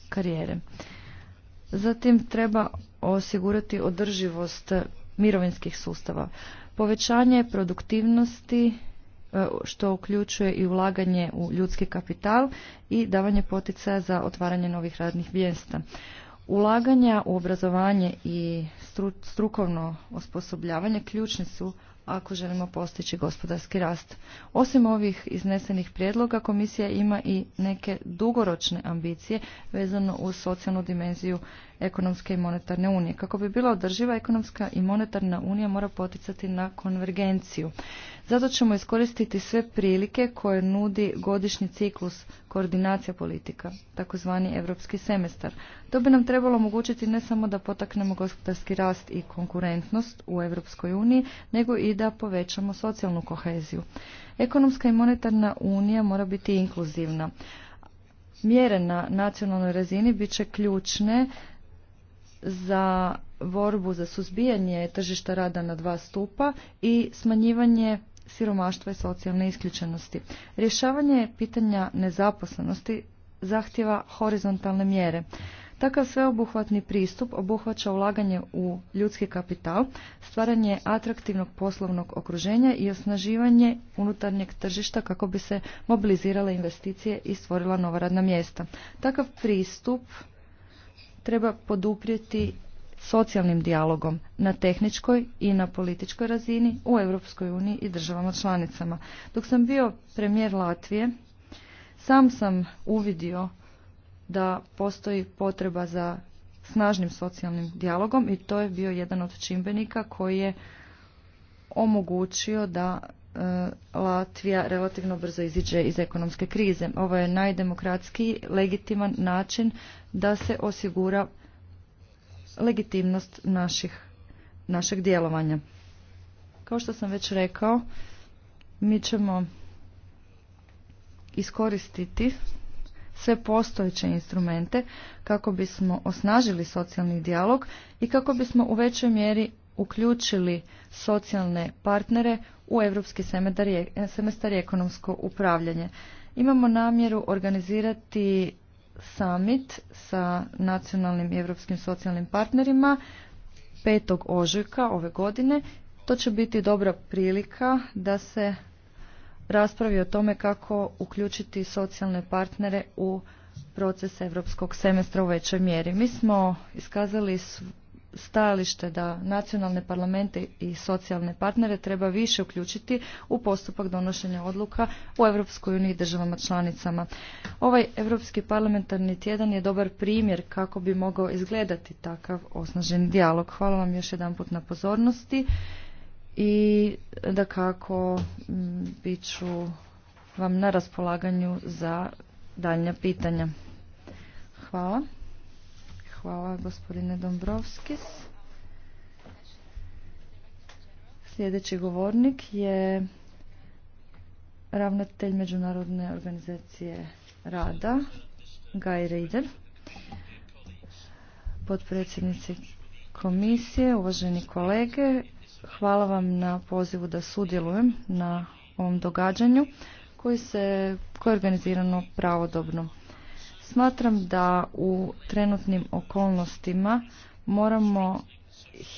karijere. Zatim treba osigurati održivost mirovinskih sustava. Povećanje produktivnosti e, što uključuje i ulaganje u ljudski kapital i davanje poticaja za otvaranje novih radnih mjesta. Ulaganja u obrazovanje i strukovno osposobljavanje ključni su ako želimo postići gospodarski rast. Osim ovih iznesenih prijedloga, komisija ima i neke dugoročne ambicije vezano uz socijalnu dimenziju ekonomske i monetarne unije. Kako bi bila održiva, ekonomska i monetarna unija mora poticati na konvergenciju. Zato ćemo iskoristiti sve prilike koje nudi godišnji ciklus koordinacija politika, takozvani europski semestar. To bi nam trebalo omogućiti ne samo da potaknemo gospodarski rast i konkurentnost u Europskoj uniji, nego i da povećamo socijalnu koheziju. Ekonomska i monetarna unija mora biti inkluzivna. Mjere na nacionalnoj razini bit će ključne za borbu za suzbijanje tržišta rada na dva stupa i smanjivanje siromaštva i socijalne isključenosti. Rješavanje pitanja nezaposlenosti zahtjeva horizontalne mjere. Takav sveobuhvatni pristup obuhvaća ulaganje u ljudski kapital, stvaranje atraktivnog poslovnog okruženja i osnaživanje unutarnjeg tržišta kako bi se mobilizirale investicije i stvorila nova radna mjesta. Takav pristup treba poduprijeti socijalnim dijalogom na tehničkoj i na političkoj razini u Europskoj uniji i državama članicama. Dok sam bio premijer Latvije, sam sam uvidio da postoji potreba za snažnim socijalnim dijalogom i to je bio jedan od čimbenika koji je omogućio da E, Latvija relativno brzo iziđe iz ekonomske krize. Ovo je najdemokratski legitiman način da se osigura legitimnost naših, našeg djelovanja. Kao što sam već rekao, mi ćemo iskoristiti sve postojeće instrumente kako bismo osnažili socijalni dijalog i kako bismo u većoj mjeri uključili socijalne partnere u Europski semestar i ekonomsko upravljanje. Imamo namjeru organizirati summit sa nacionalnim i europskim socijalnim partnerima 5. ožujka ove godine. To će biti dobra prilika da se raspravi o tome kako uključiti socijalne partnere u proces europskog semestra u većoj mjeri. Mi smo iskazali stajalište da nacionalne parlamente i socijalne partnere treba više uključiti u postupak donošenja odluka u Europskoj uniji državama članicama. Ovaj Europski parlamentarni tjedan je dobar primjer kako bi mogao izgledati takav osnažen dijalog. Hvala vam još jedanput na pozornosti i da kako mm, bit ću vam na raspolaganju za daljnja pitanja. Hvala. Hvala gospodine Dombrovskis. Sljedeći govornik je ravnatelj Međunarodne organizacije rada, Guy Reider, potpredsjednici komisije, uvaženi kolege. Hvala vam na pozivu da sudjelujem na ovom događanju koji se, koje je organizirano pravodobno. Smatram da u trenutnim okolnostima moramo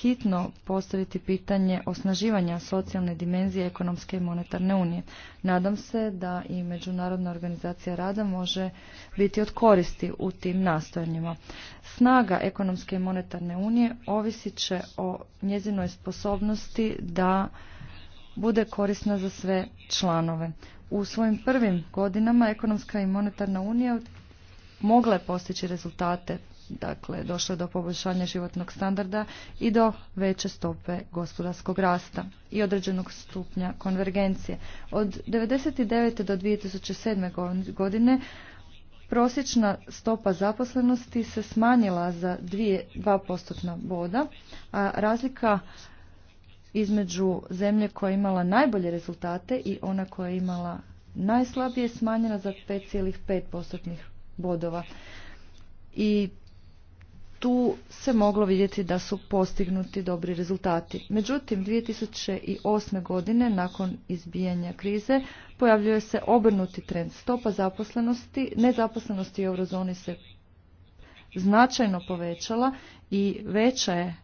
hitno postaviti pitanje osnaživanja socijalne dimenzije ekonomske i monetarne unije. Nadam se da i Međunarodna organizacija rada može biti od koristi u tim nastojanjima. Snaga ekonomske i monetarne unije ovisit će o njezinoj sposobnosti da bude korisna za sve članove. U svojim prvim godinama ekonomska i monetarna unija mogle postići rezultate, dakle došlo je do poboljšanja životnog standarda i do veće stope gospodarskog rasta i određenog stupnja konvergencije. Od 1999. do 2007. godine prosječna stopa zaposlenosti se smanjila za 2, 2 postotna boda, a razlika između zemlje koja je imala najbolje rezultate i ona koja je imala najslabije smanjena za 5,5 postotnih bodova. I tu se moglo vidjeti da su postignuti dobri rezultati. Međutim, 2008. godine, nakon izbijanja krize, pojavljuje se obrnuti trend. Stopa zaposlenosti, nezaposlenosti u eurozoni se značajno povećala i veća je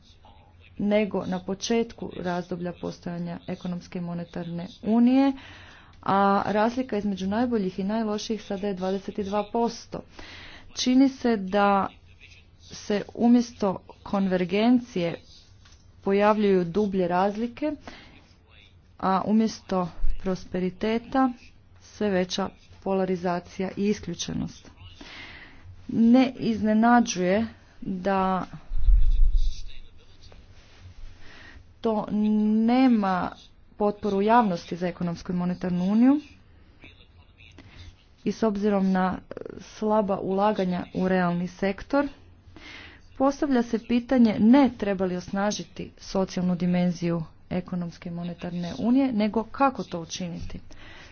nego na početku razdoblja postojanja ekonomske i monetarne unije a razlika između najboljih i najloših sada je 22%. Čini se da se umjesto konvergencije pojavljuju dublje razlike, a umjesto prosperiteta sve veća polarizacija i isključenost. Ne iznenađuje da to nema potporu javnosti za ekonomsku i monetarnu uniju i s obzirom na slaba ulaganja u realni sektor, postavlja se pitanje ne treba li osnažiti socijalnu dimenziju ekonomske i monetarne unije, nego kako to učiniti.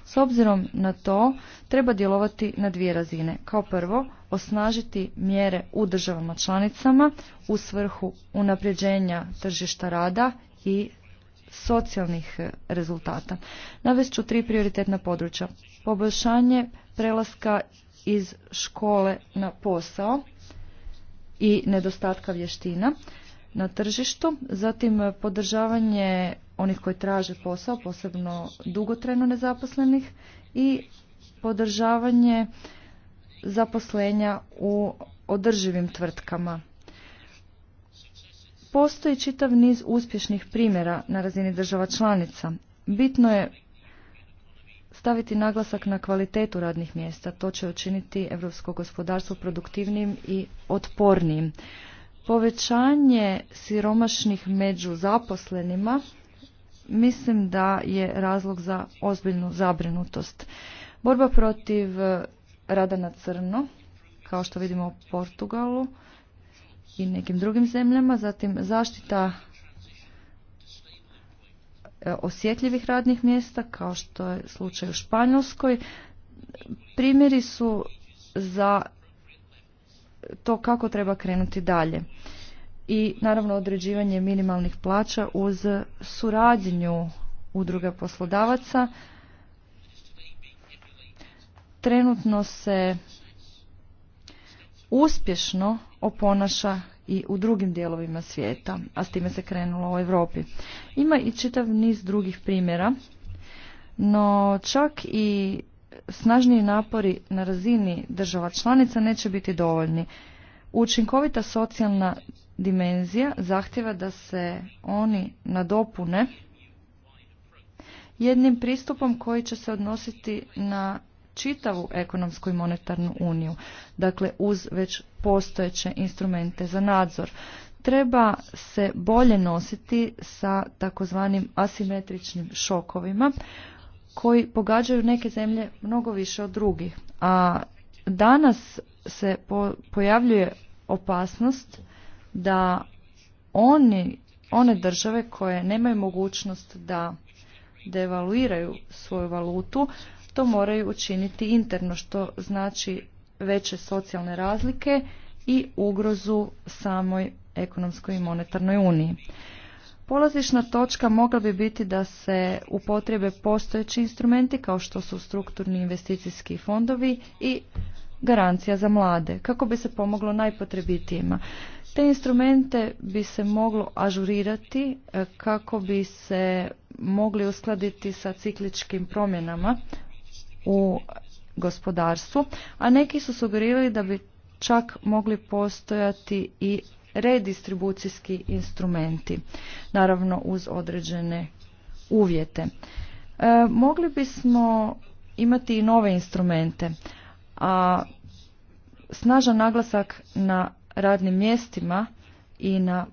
S obzirom na to treba djelovati na dvije razine. Kao prvo, osnažiti mjere u državama članicama u svrhu unapređenja tržišta rada i socijalnih e, rezultata. Navest ću tri prioritetna područja. Poboljšanje prelaska iz škole na posao i nedostatka vještina na tržištu, zatim e, podržavanje onih koji traže posao, posebno dugotrajno nezaposlenih i podržavanje zaposlenja u održivim tvrtkama. Postoji čitav niz uspješnih primjera na razini država članica. Bitno je staviti naglasak na kvalitetu radnih mjesta. To će učiniti europsko gospodarstvo produktivnim i otpornijim. Povećanje siromašnih među zaposlenima mislim da je razlog za ozbiljnu zabrinutost. Borba protiv rada na crno, kao što vidimo u Portugalu, i nekim drugim zemljama, zatim zaštita e, osjetljivih radnih mjesta kao što je slučaj u Španjolskoj. Primjeri su za to kako treba krenuti dalje. I naravno određivanje minimalnih plaća uz suradnju udruga poslodavaca. Trenutno se uspješno oponaša i u drugim dijelovima svijeta, a s time se krenulo u Europi. Ima i čitav niz drugih primjera, no čak i snažniji napori na razini država članica neće biti dovoljni. Učinkovita socijalna dimenzija zahtjeva da se oni nadopune jednim pristupom koji će se odnositi na čitavu ekonomsku i monetarnu uniju, dakle uz već postojeće instrumente za nadzor. Treba se bolje nositi sa takozvanim asimetričnim šokovima koji pogađaju neke zemlje mnogo više od drugih. A danas se pojavljuje opasnost da oni, one države koje nemaju mogućnost da devaluiraju svoju valutu to moraju učiniti interno, što znači veće socijalne razlike i ugrozu samoj ekonomskoj i monetarnoj uniji. Polazišna točka mogla bi biti da se upotrebe postojeći instrumenti kao što su strukturni investicijski fondovi i garancija za mlade, kako bi se pomoglo najpotrebitijima. Te instrumente bi se moglo ažurirati e, kako bi se mogli uskladiti sa cikličkim promjenama u gospodarstvu, a neki su sugerirali da bi čak mogli postojati i redistribucijski instrumenti, naravno uz određene uvjete. E, mogli bismo imati i nove instrumente, a snažan naglasak na radnim mjestima i na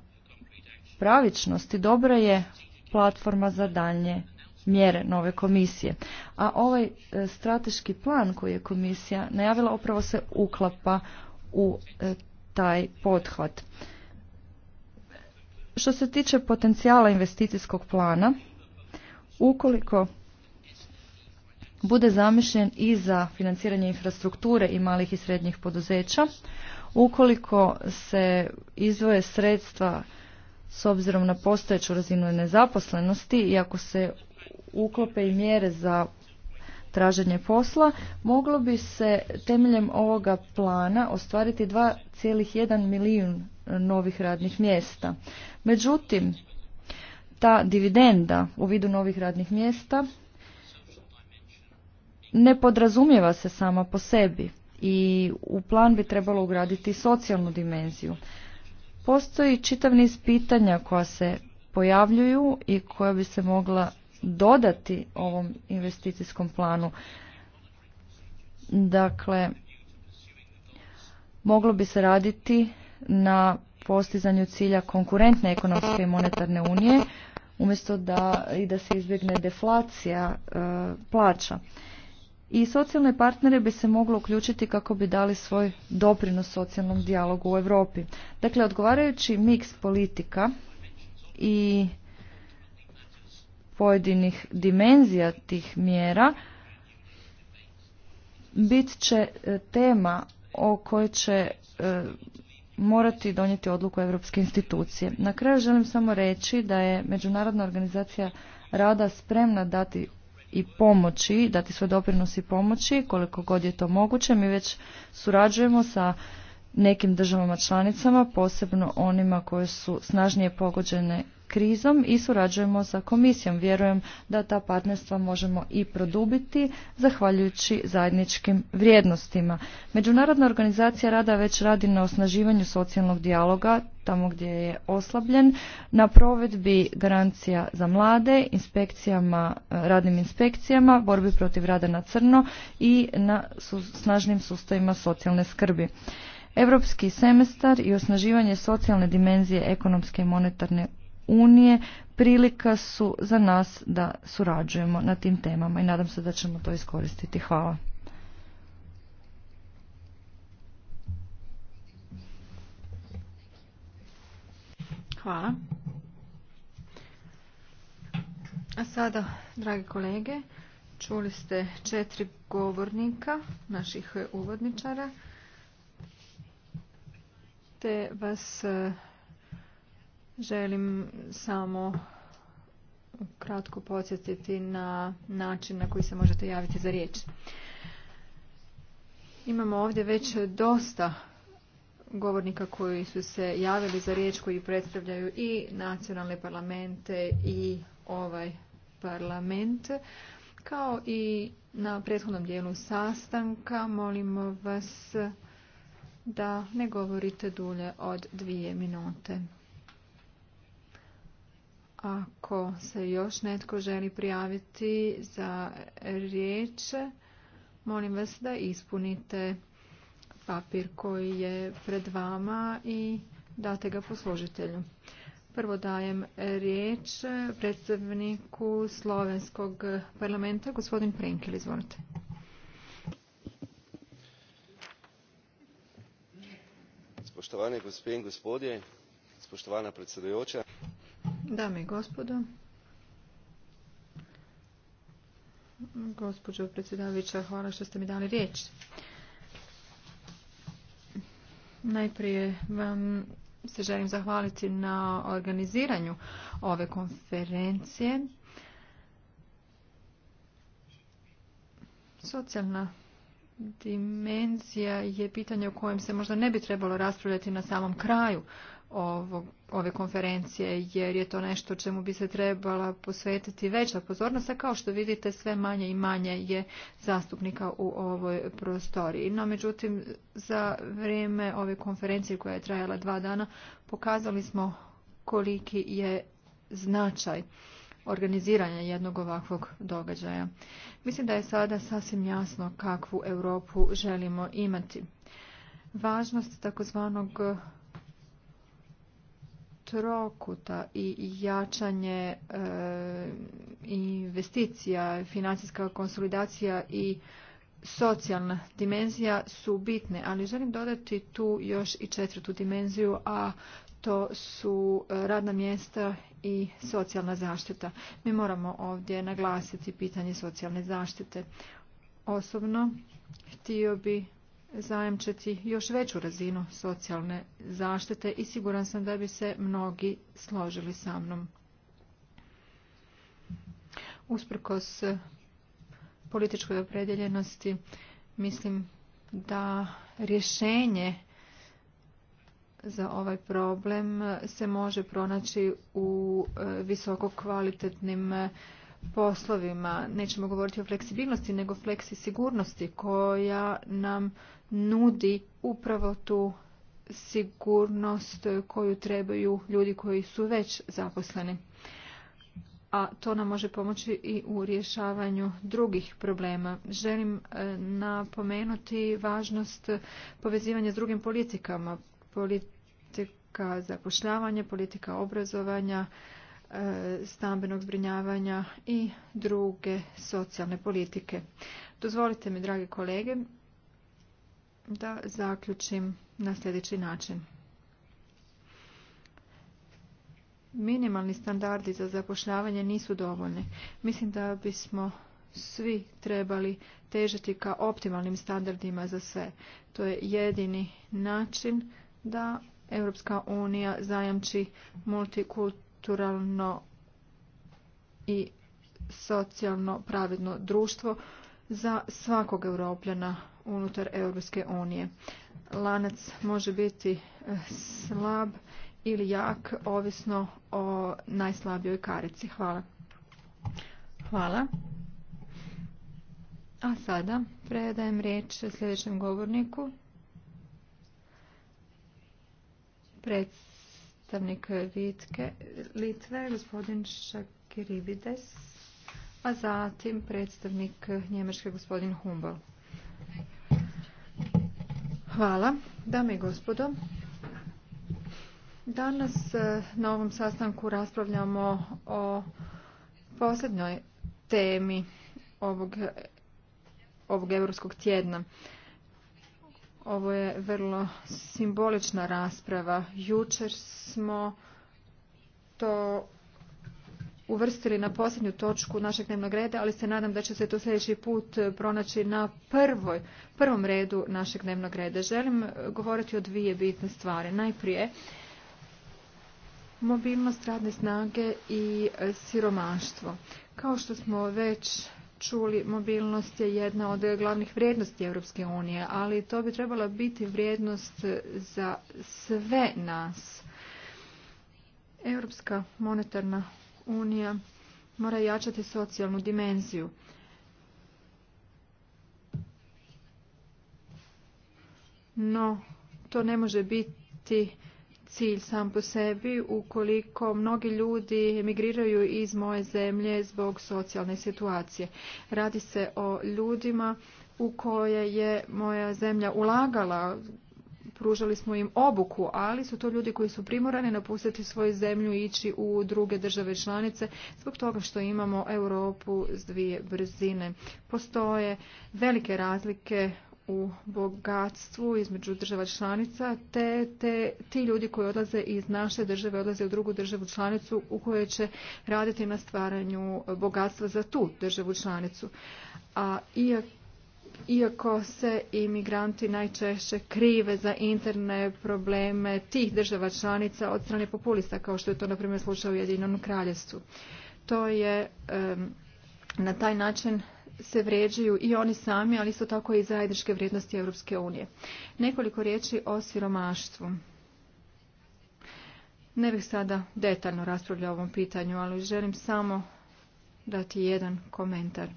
pravičnosti dobra je platforma za daljnje mjere nove komisije. A ovaj e, strateški plan koji je komisija najavila upravo se uklapa u e, taj pothvat. Što se tiče potencijala investicijskog plana, ukoliko bude zamišljen i za financiranje infrastrukture i malih i srednjih poduzeća, ukoliko se izvoje sredstva s obzirom na postojeću razinu nezaposlenosti i ako se uklope i mjere za traženje posla, moglo bi se temeljem ovoga plana ostvariti 2,1 milijun novih radnih mjesta. Međutim, ta dividenda u vidu novih radnih mjesta ne podrazumijeva se sama po sebi i u plan bi trebalo ugraditi socijalnu dimenziju. Postoji čitav niz pitanja koja se pojavljuju i koja bi se mogla dodati ovom investicijskom planu. Dakle, moglo bi se raditi na postizanju cilja konkurentne ekonomske i monetarne unije, umjesto da i da se izbjegne deflacija e, plaća. I socijalne partnere bi se moglo uključiti kako bi dali svoj doprinos socijalnom dijalogu u Europi. Dakle, odgovarajući miks politika i pojedinih dimenzija tih mjera bit će e, tema o kojoj će e, morati donijeti odluku europske institucije. Na kraju želim samo reći da je Međunarodna organizacija rada spremna dati i pomoći, dati svoj doprinos i pomoći koliko god je to moguće. Mi već surađujemo sa nekim državama članicama, posebno onima koje su snažnije pogođene krizom i surađujemo sa komisijom. Vjerujem da ta partnerstva možemo i produbiti zahvaljujući zajedničkim vrijednostima. Međunarodna organizacija rada već radi na osnaživanju socijalnog dijaloga tamo gdje je oslabljen, na provedbi garancija za mlade, inspekcijama, radnim inspekcijama, borbi protiv rada na crno i na snažnim sustavima socijalne skrbi. Europski semestar i osnaživanje socijalne dimenzije ekonomske i monetarne unije prilika su za nas da surađujemo na tim temama i nadam se da ćemo to iskoristiti. Hvala. Hvala. A sada, dragi kolege, čuli ste četiri govornika, naših uvodničara, te vas Želim samo kratko podsjetiti na način na koji se možete javiti za riječ. Imamo ovdje već dosta govornika koji su se javili za riječ, koji predstavljaju i nacionalne parlamente i ovaj parlament. Kao i na prethodnom dijelu sastanka, molimo vas da ne govorite dulje od dvije minute. Ako se još netko želi prijaviti za riječ, molim vas da ispunite papir koji je pred vama i date ga poslužitelju. Prvo dajem riječ predstavniku Slovenskog parlamenta, gospodin Prenkel, izvolite. Spoštovane gospe gospodje, spoštovana predsedujoča. Dame i gospodo, gospođo predsjedavajuća, hvala što ste mi dali riječ. Najprije vam se želim zahvaliti na organiziranju ove konferencije. Socijalna dimenzija je pitanje o kojem se možda ne bi trebalo raspravljati na samom kraju ovog ove konferencije jer je to nešto čemu bi se trebala posvetiti veća pozornost, a kao što vidite sve manje i manje je zastupnika u ovoj prostoriji. No, međutim, za vrijeme ove konferencije koja je trajala dva dana pokazali smo koliki je značaj organiziranja jednog ovakvog događaja. Mislim da je sada sasvim jasno kakvu Europu želimo imati. Važnost takozvanog trokuta i jačanje e, investicija, financijska konsolidacija i socijalna dimenzija su bitne, ali želim dodati tu još i četvrtu dimenziju, a to su e, radna mjesta i socijalna zaštita. Mi moramo ovdje naglasiti pitanje socijalne zaštite. Osobno htio bi zajamčiti još veću razinu socijalne zaštite i siguran sam da bi se mnogi složili sa mnom. Usprkos političkoj opredjeljenosti mislim da rješenje za ovaj problem se može pronaći u e, visoko kvalitetnim e, poslovima. Nećemo govoriti o fleksibilnosti, nego sigurnosti koja nam nudi upravo tu sigurnost koju trebaju ljudi koji su već zaposleni. A to nam može pomoći i u rješavanju drugih problema. Želim e, napomenuti važnost povezivanja s drugim politikama. Politika zapošljavanja, politika obrazovanja, e, stambenog zbrinjavanja i druge socijalne politike. Dozvolite mi, dragi kolege, da zaključim na sljedeći način. Minimalni standardi za zapošljavanje nisu dovoljni. Mislim da bismo svi trebali težiti ka optimalnim standardima za sve. To je jedini način da Europska unija zajamči multikulturalno i socijalno pravedno društvo za svakog europljana unutar Europske unije. Lanac može biti eh, slab ili jak, ovisno o najslabijoj karici. Hvala. Hvala. A sada predajem riječ sljedećem govorniku. Predstavnik Litve, gospodin Šakiribides a zatim predstavnik Njemačke gospodin Humbal. Hvala. Dame i gospodo, danas e, na ovom sastanku raspravljamo o posljednjoj temi ovog, ovog europskog tjedna. Ovo je vrlo simbolična rasprava. Jučer smo to uvrstili na posljednju točku našeg dnevnog reda, ali se nadam da će se to sljedeći put eh, pronaći na prvoj, prvom redu našeg dnevnog reda. Želim eh, govoriti o dvije bitne stvari. Najprije, mobilnost radne snage i eh, siromaštvo. Kao što smo već čuli, mobilnost je jedna od glavnih vrijednosti Europske unije, ali to bi trebala biti vrijednost za sve nas. Europska monetarna unija mora jačati socijalnu dimenziju. No, to ne može biti cilj sam po sebi ukoliko mnogi ljudi emigriraju iz moje zemlje zbog socijalne situacije. Radi se o ljudima u koje je moja zemlja ulagala pružali smo im obuku, ali su to ljudi koji su primorani napustiti svoju zemlju i ići u druge države članice zbog toga što imamo Europu s dvije brzine. Postoje velike razlike u bogatstvu između država članica, te, te ti ljudi koji odlaze iz naše države odlaze u drugu državu članicu u kojoj će raditi na stvaranju bogatstva za tu državu članicu. A iako iako se imigranti najčešće krive za interne probleme tih država članica od strane populista kao što je to na primjer slučaj u Jedinom kraljevstvu. To je na taj način se vređuju i oni sami, ali isto tako i zajedničke vrijednosti Europske unije. Nekoliko riječi o siromaštvu. Ne bih sada detaljno raspravljao o ovom pitanju, ali želim samo dati jedan komentar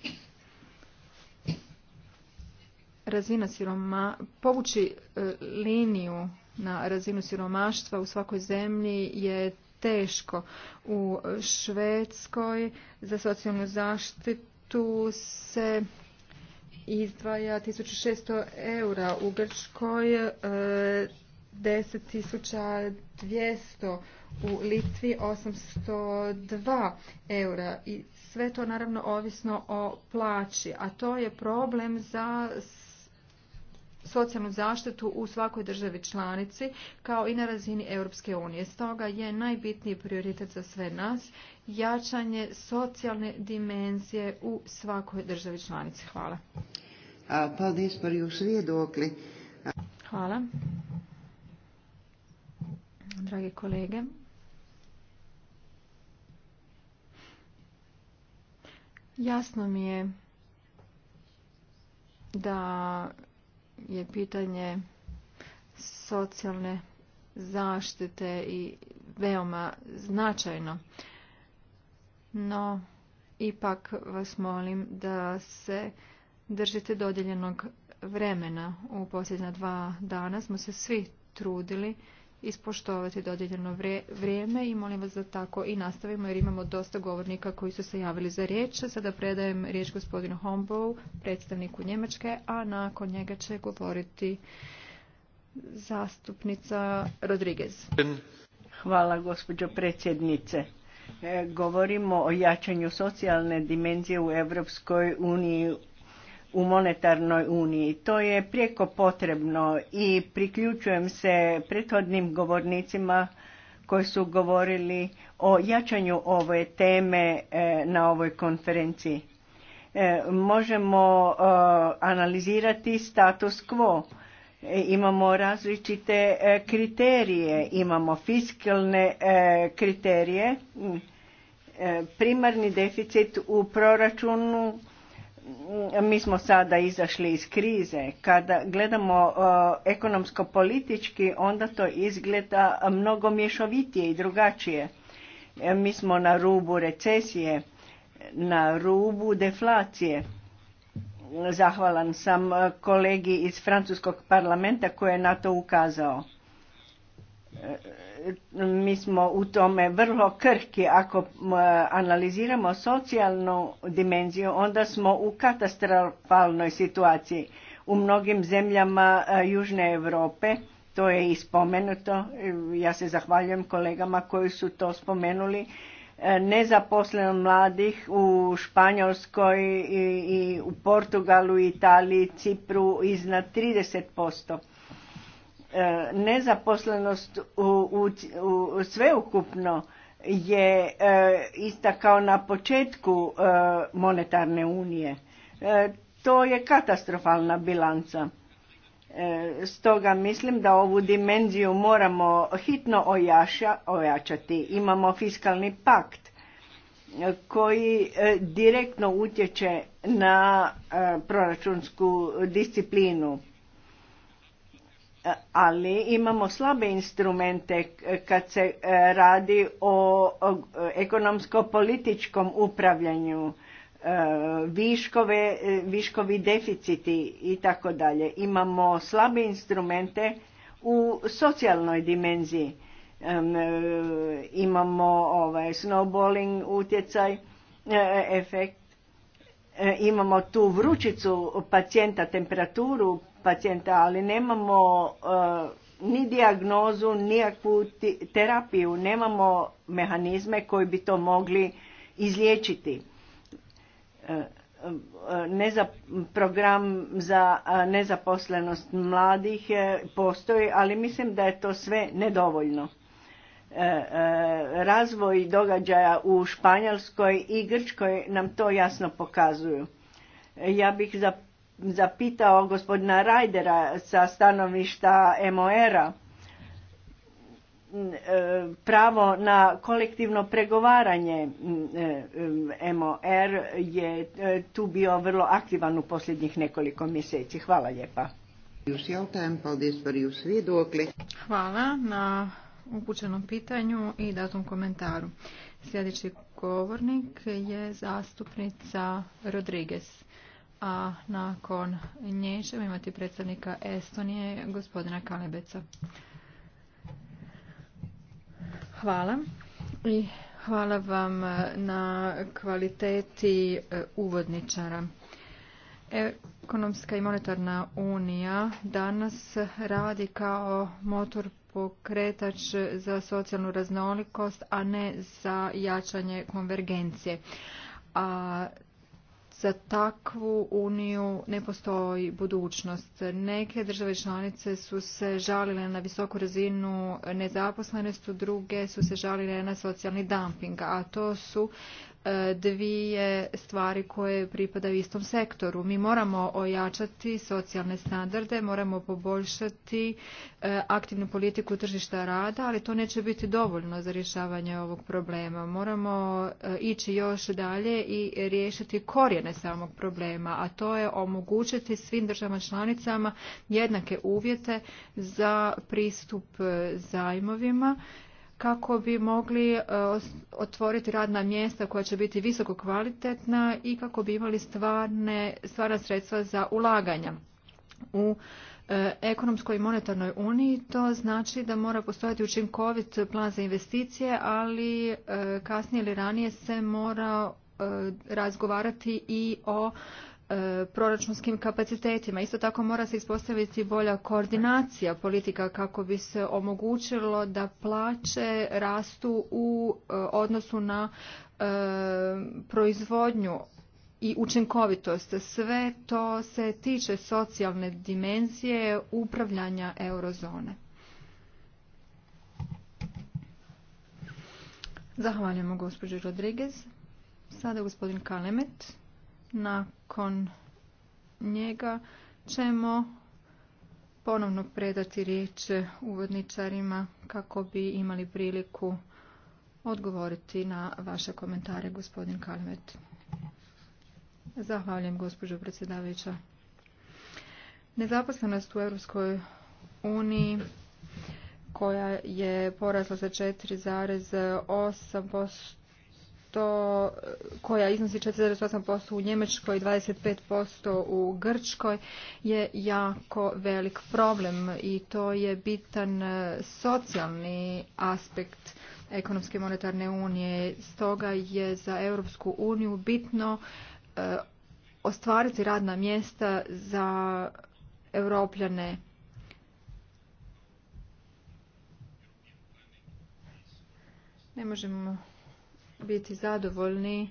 razina siroma, povući e, liniju na razinu siromaštva u svakoj zemlji je teško. U Švedskoj za socijalnu zaštitu se izdvaja 1600 eura, u Grčkoj 10.200, e, u Litvi 802 eura i sve to naravno ovisno o plaći, a to je problem za socijalnu zaštitu u svakoj državi članici kao i na razini Europske unije. Stoga je najbitniji prioritet za sve nas jačanje socijalne dimenzije u svakoj državi članici. Hvala. Pa, Hvala. Dragi kolege. Jasno mi je da je pitanje socijalne zaštite i veoma značajno. No, ipak vas molim da se držite dodijeljenog vremena. U posljednja dva dana smo se svi trudili ispoštovati dodijeljeno vrijeme i molim vas da tako i nastavimo jer imamo dosta govornika koji su se javili za riječ. Sada predajem riječ gospodinu Hombou, predstavniku Njemačke, a nakon njega će govoriti zastupnica Rodriguez. Hvala gospođo predsjednice. E, govorimo o jačanju socijalne dimenzije u Europskoj uniji u monetarnoj uniji. To je prijeko potrebno i priključujem se prethodnim govornicima koji su govorili o jačanju ove teme e, na ovoj konferenciji. E, možemo e, analizirati status quo. Imamo različite kriterije, imamo fiskalne kriterije, primarni deficit u proračunu Mm, mi smo sada izašli iz krize. Kada gledamo uh, ekonomsko-politički, onda to izgleda mnogo mješovitije i drugačije. E, mi smo na rubu recesije, na rubu deflacije. Zahvalan sam uh, kolegi iz Francuskog parlamenta koji je na to ukazao e, mi smo u tome vrlo krhki. Ako e, analiziramo socijalnu dimenziju, onda smo u katastrofalnoj situaciji. U mnogim zemljama e, Južne Europe, to je i spomenuto, e, ja se zahvaljujem kolegama koji su to spomenuli, nezaposleno mladih u Španjolskoj i u Portugalu, Italiji, Cipru iznad 30%. E, nezaposlenost u, sveukupno je e, ista kao na početku e, monetarne unije. To je katastrofalna bilanca. Stoga mislim da ovu dimenziju moramo hitno ojačati. Imamo fiskalni pakt koji direktno utječe na proračunsku disciplinu ali imamo slabe instrumente kad se e, radi o ekonomsko-političkom upravljanju, e, viškove, e, viškovi deficiti i tako dalje. Imamo slabe instrumente u socijalnoj dimenziji. Imamo ovaj snowballing utjecaj, efekt. Imamo tu vrućicu pacijenta, temperaturu pacijenta, ali nemamo e, ni dijagnozu, nijakvu terapiju, nemamo mehanizme koji bi to mogli izliječiti. E, e, ne za program za nezaposlenost mladih postoji, ali mislim da je to sve nedovoljno. Razvoj događaja u Španjolskoj i Grčkoj nam to jasno pokazuju. Ja bih za zapitao gospodina Rajdera sa stanovišta MOR-a e, pravo na kolektivno pregovaranje e, MOR je e, tu bio vrlo aktivan u posljednjih nekoliko mjeseci. Hvala lijepa. Hvala na upućenom pitanju i datom komentaru. Sljedeći govornik je zastupnica Rodriguez a nakon nje ćemo imati predstavnika Estonije, gospodina Kalebeca. Hvala i hvala vam na kvaliteti e, uvodničara. Ekonomska i monetarna unija danas radi kao motor pokretač za socijalnu raznolikost, a ne za jačanje konvergencije. A za takvu uniju ne postoji budućnost. Neke države članice su se žalile na visoku razinu nezaposlenosti, druge su se žalile na socijalni dumping, a to su E, dvije stvari koje pripadaju istom sektoru. Mi moramo ojačati socijalne standarde, moramo poboljšati e, aktivnu politiku tržišta rada, ali to neće biti dovoljno za rješavanje ovog problema. Moramo e, ići još dalje i riješiti korijene samog problema, a to je omogućiti svim državama članicama jednake uvjete za pristup zajmovima kako bi mogli e, otvoriti radna mjesta koja će biti visoko kvalitetna i kako bi imali stvarne, stvarna sredstva za ulaganja. U e, ekonomskoj i monetarnoj uniji to znači da mora postojati učinkovit plan za investicije, ali e, kasnije ili ranije se mora razgovarati i o E, proračunskim kapacitetima. Isto tako mora se ispostaviti bolja koordinacija politika kako bi se omogućilo da plaće rastu u e, odnosu na e, proizvodnju i učinkovitost. Sve to se tiče socijalne dimenzije upravljanja eurozone. Zahvaljujemo gospođi Rodriguez. Sada gospodin Kalemet. Nakon njega ćemo ponovno predati riječ uvodničarima kako bi imali priliku odgovoriti na vaše komentare, gospodin Kalmet. Zahvaljujem, gospođo predsjedavajuća. Nezaposlenost u Europskoj uniji koja je porasla za 4,8% to koja iznosi 48% u Njemačkoj i 25% u Grčkoj je jako velik problem i to je bitan e, socijalni aspekt ekonomske monetarne unije. Stoga je za Europsku uniju bitno e, ostvariti radna mjesta za europljane ne možemo biti zadovoljni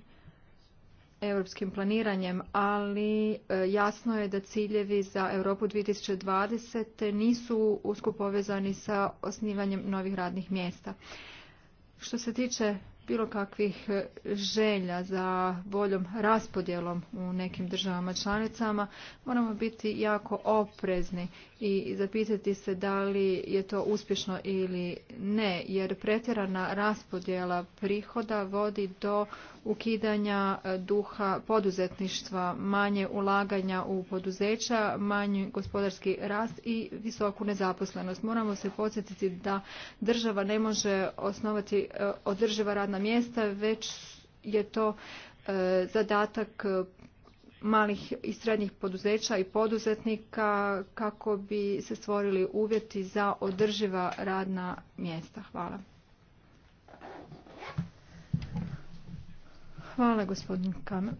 europskim planiranjem, ali e, jasno je da ciljevi za Europu 2020 nisu usko povezani sa osnivanjem novih radnih mjesta. Što se tiče bilo kakvih e, želja za boljom raspodjelom u nekim državama članicama, moramo biti jako oprezni i zapitati se da li je to uspješno ili ne, jer pretjerana raspodjela prihoda vodi do ukidanja e, duha poduzetništva, manje ulaganja u poduzeća, manji gospodarski rast i visoku nezaposlenost. Moramo se podsjetiti da država ne može osnovati e, održiva radna mjesta, već je to e, zadatak malih i srednjih poduzeća i poduzetnika kako bi se stvorili uvjeti za održiva radna mjesta. Hvala. Hvala gospodin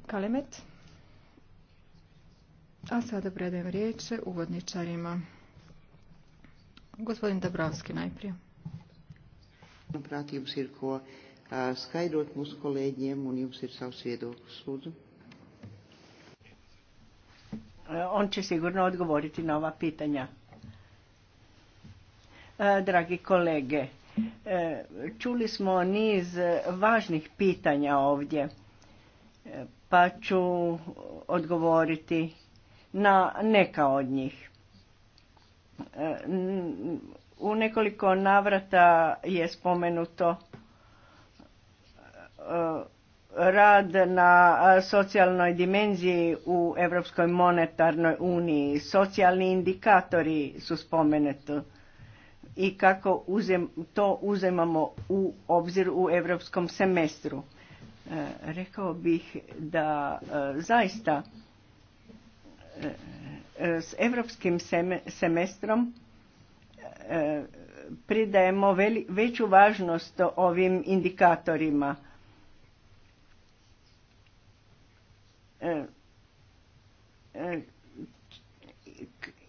Kalemet. A sada predajem riječ uvodničarima. Gospodin Dabrovski najprije. Pratim sirko skaidrot mus kolegijem, sudu. Eh, on će sigurno odgovoriti na ova pitanja. Eh, dragi kolege, eh, čuli smo niz važnih pitanja ovdje, pa ću odgovoriti na neka od njih. U nekoliko navrata je spomenuto rad na socijalnoj dimenziji u Europskoj monetarnoj uniji. Socijalni indikatori su spomenuti i kako uzem, to uzemamo u obzir u europskom semestru. E, rekao bih da e, zaista e, s europskim semestrom pridajemo veću važnost ovim indikatorima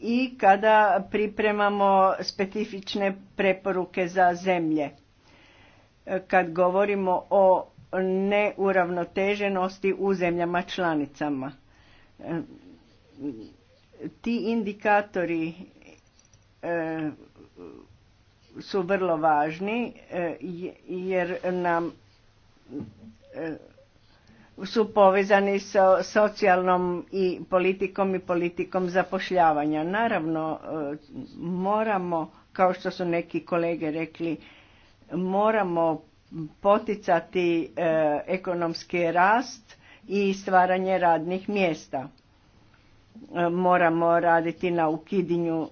i kada pripremamo specifične preporuke za zemlje. Kad govorimo o neuravnoteženosti u zemljama članicama. Ti indikatori e, su vrlo važni e, jer nam e, su povezani sa socijalnom i politikom i politikom zapošljavanja. Naravno, e, moramo, kao što su neki kolege rekli, moramo poticati e, ekonomski rast i stvaranje radnih mjesta. E, moramo raditi na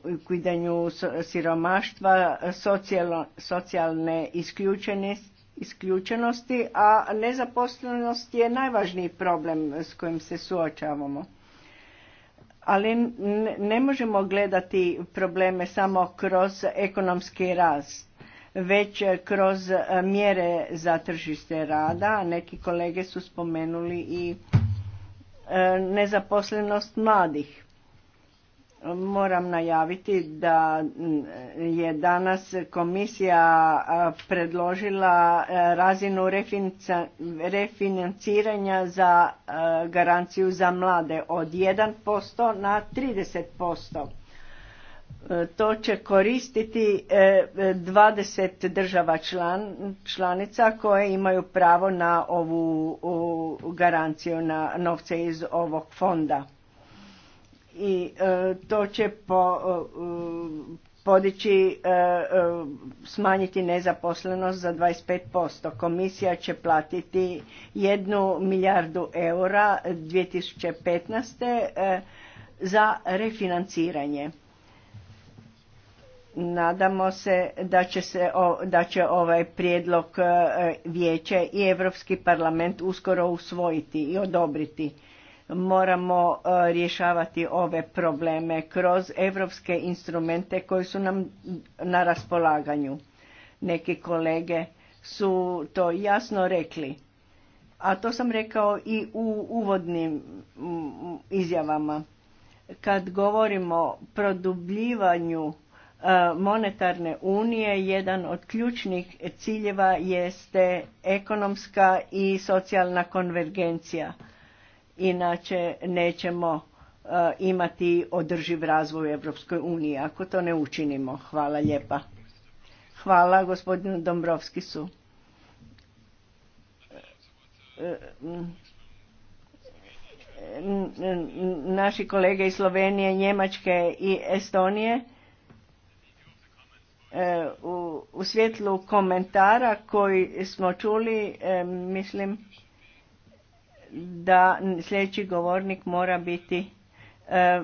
ukidanju siromaštva, socijalne isključenosti isključenosti, a nezaposlenost je najvažniji problem s kojim se suočavamo. Ali ne možemo gledati probleme samo kroz ekonomski rast, već kroz e, mjere za tržište rada. Neki kolege su spomenuli i e, nezaposlenost mladih. Moram najaviti da je danas komisija predložila razinu refinanciranja za garanciju za mlade od 1% na 30%. To će koristiti 20 e, država članica koje imaju pravo na ovu garanciju na novce iz ovog fonda i e, to će po, e, podići, e, smanjiti nezaposlenost za 25%. Komisija će platiti jednu milijardu eura 2015. za refinanciranje. Nadamo se da će, se, da će ovaj prijedlog vijeće i Europski parlament uskoro usvojiti i odobriti moramo e, rješavati ove probleme kroz europske instrumente koji su nam na raspolaganju. Neki kolege su to jasno rekli, a to sam rekao i u uvodnim izjavama. Kad govorimo o produbljivanju e, monetarne unije, jedan od ključnih ciljeva jeste ekonomska i socijalna konvergencija inače nećemo e, imati održiv razvoj u Europskoj uniji ako to ne učinimo. Hvala lijepa. Hvala gospodinu Dombrovskisu. Naši kolege iz Slovenije, Njemačke i Estonije e, u svjetlu komentara koji smo čuli, e, mislim da sljedeći govornik mora biti e,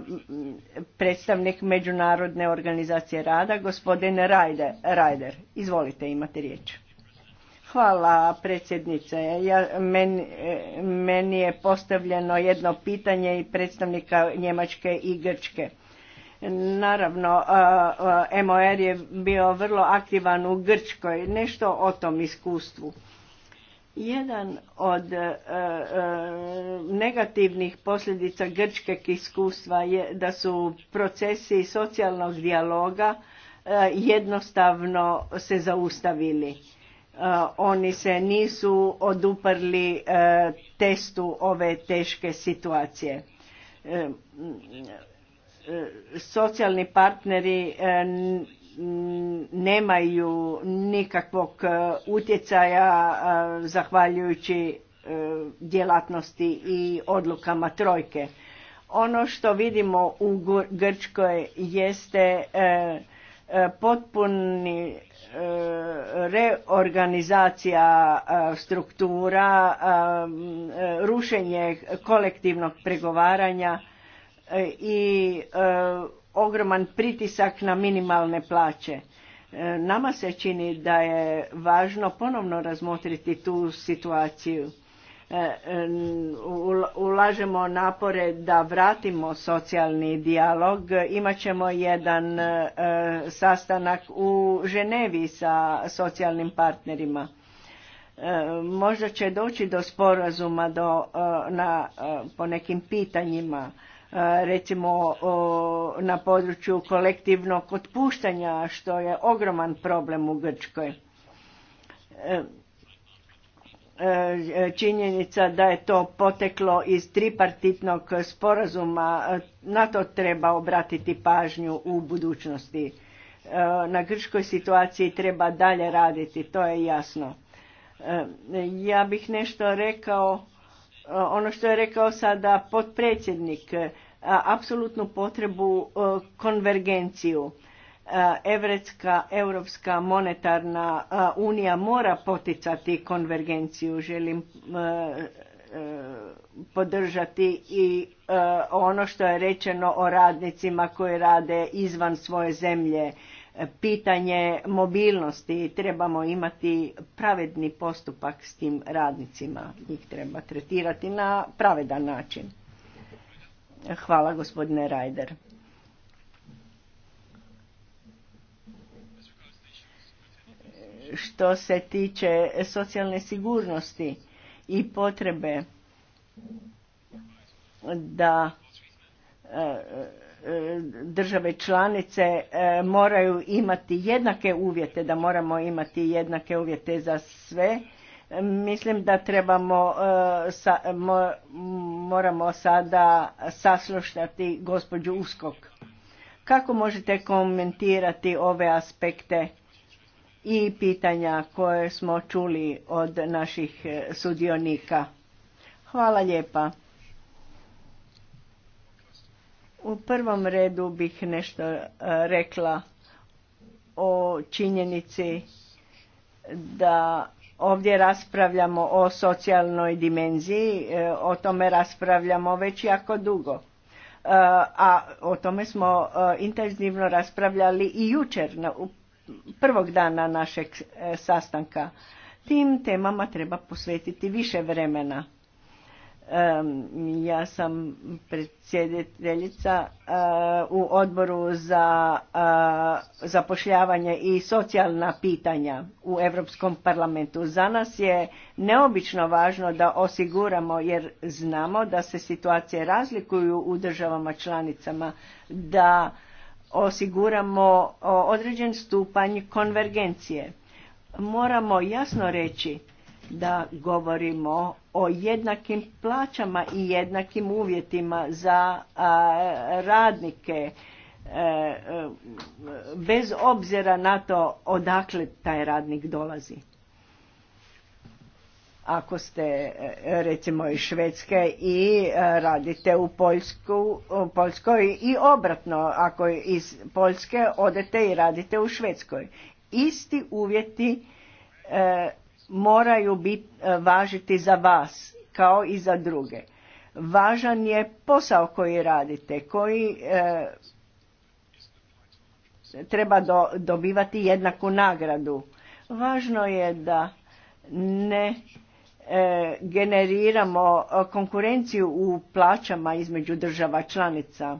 predstavnik Međunarodne organizacije rada, gospodin Rajder. Izvolite, imate riječ. Hvala predsjednice. Ja, meni, e, meni je postavljeno jedno pitanje i predstavnika Njemačke i Grčke. Naravno, MOR je bio vrlo aktivan u Grčkoj. Nešto o tom iskustvu. Jedan od e, e, negativnih posljedica grčkeg iskustva je da su procesi socijalnog dijaloga e, jednostavno se zaustavili. Oni se nisu oduprli testu ove teške situacije. Socijalni partneri Mm, nemaju nikakvog e, utjecaja e, zahvaljujući e, djelatnosti i odlukama trojke. Ono što vidimo u Grčkoj jeste potpuni reorganizacija struktura, rušenje kolektivnog pregovaranja i ogroman pritisak na minimalne plaće. E, nama se čini da je važno ponovno razmotriti tu situaciju. E, e, ulažemo napore da vratimo socijalni dijalog. Imaćemo jedan sastanak u Ženevi sa socijalnim partnerima. Možda će doći do sporazuma do, na, po nekim pitanjima recimo na području kolektivnog otpuštanja što je ogroman problem u Grčkoj. E, e, činjenica da je to poteklo iz tripartitnog sporazuma, na to treba obratiti pažnju u budućnosti. E, na grčkoj situaciji treba dalje raditi, to je jasno. Ja bih nešto rekao ono što je rekao sada potpredsjednik apsolutnu potrebu e, konvergenciju. E, Evretska, Europska monetarna e, unija mora poticati konvergenciju. Želim podržati i ono što je rečeno o radnicima koji rade izvan svoje zemlje. Pitanje mobilnosti trebamo imati pravedni postupak s tim radnicima. Ih treba tretirati na pravedan način. Hvala gospodine Rajder. Što se tiče socijalne sigurnosti i potrebe da e, e, države članice e, moraju imati jednake uvjete, da moramo imati jednake uvjete za sve, Mislim da trebamo, e, moramo sada saslušati gospođu Uskok. Kako možete komentirati ove aspekte i pitanja koje smo čuli od naših e, sudionika? Hvala lijepa. U prvom redu bih nešto e, rekla o činjenici da Ovdje raspravljamo o socijalnoj dimenziji, e, o tome raspravljamo već jako dugo. E, a o tome smo e, intenzivno raspravljali i jučer, prvog dana našeg sastanka. Tim temama treba posvetiti više vremena. Ja sam predsjediteljica e, u odboru za e, zapošljavanje i socijalna pitanja u Europskom parlamentu. Za nas je neobično važno da osiguramo jer znamo da se situacije razlikuju u državama članicama, da osiguramo određen stupanj konvergencije. Moramo jasno reći da govorimo o jednakim plaćama i jednakim uvjetima za radnike e, e, bez obzira na to odakle taj radnik dolazi. Ako ste e, recimo iz Švedske i radite u, u Poljskoj i obratno, ako iz Poljske odete i radite u Švedskoj. Isti uvjeti moraju biti e, važiti za vas kao i za druge. Važan je posao koji radite, koji e, treba dobivati jednaku nagradu. Važno je da ne e, generiramo konkurenciju u plaćama između država članica.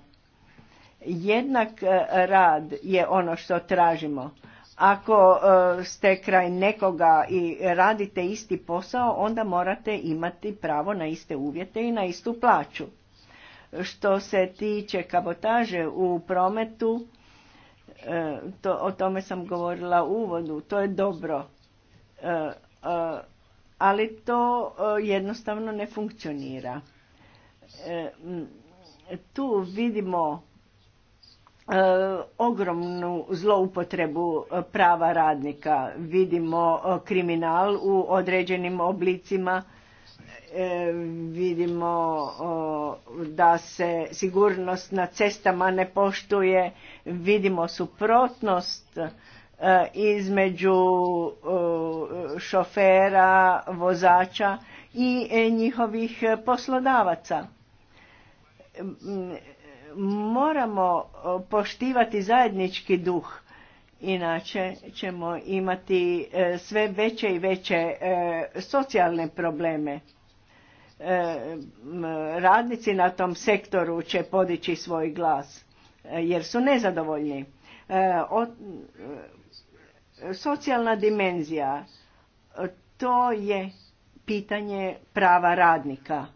Jednak rad je ono što tražimo ako e, ste kraj nekoga i radite isti posao, onda morate imati pravo na iste uvjete i na istu plaću. Što se tiče kabotaže u prometu, e, to, o tome sam govorila u uvodu, to je dobro, e, ali to jednostavno ne funkcionira. Tu vidimo E, ogromnu zloupotrebu e, prava radnika. Vidimo e, kriminal u određenim oblicima, vidimo da se sigurnost na cestama ne poštuje, vidimo suprotnost između šofera, vozača i njihovih poslodavaca moramo e, poštivati zajednički duh inače ćemo imati e, sve veće i veće e, socijalne probleme radnici na tom sektoru će podići svoj glas jer su nezadovoljni socijalna dimenzija to je pitanje prava radnika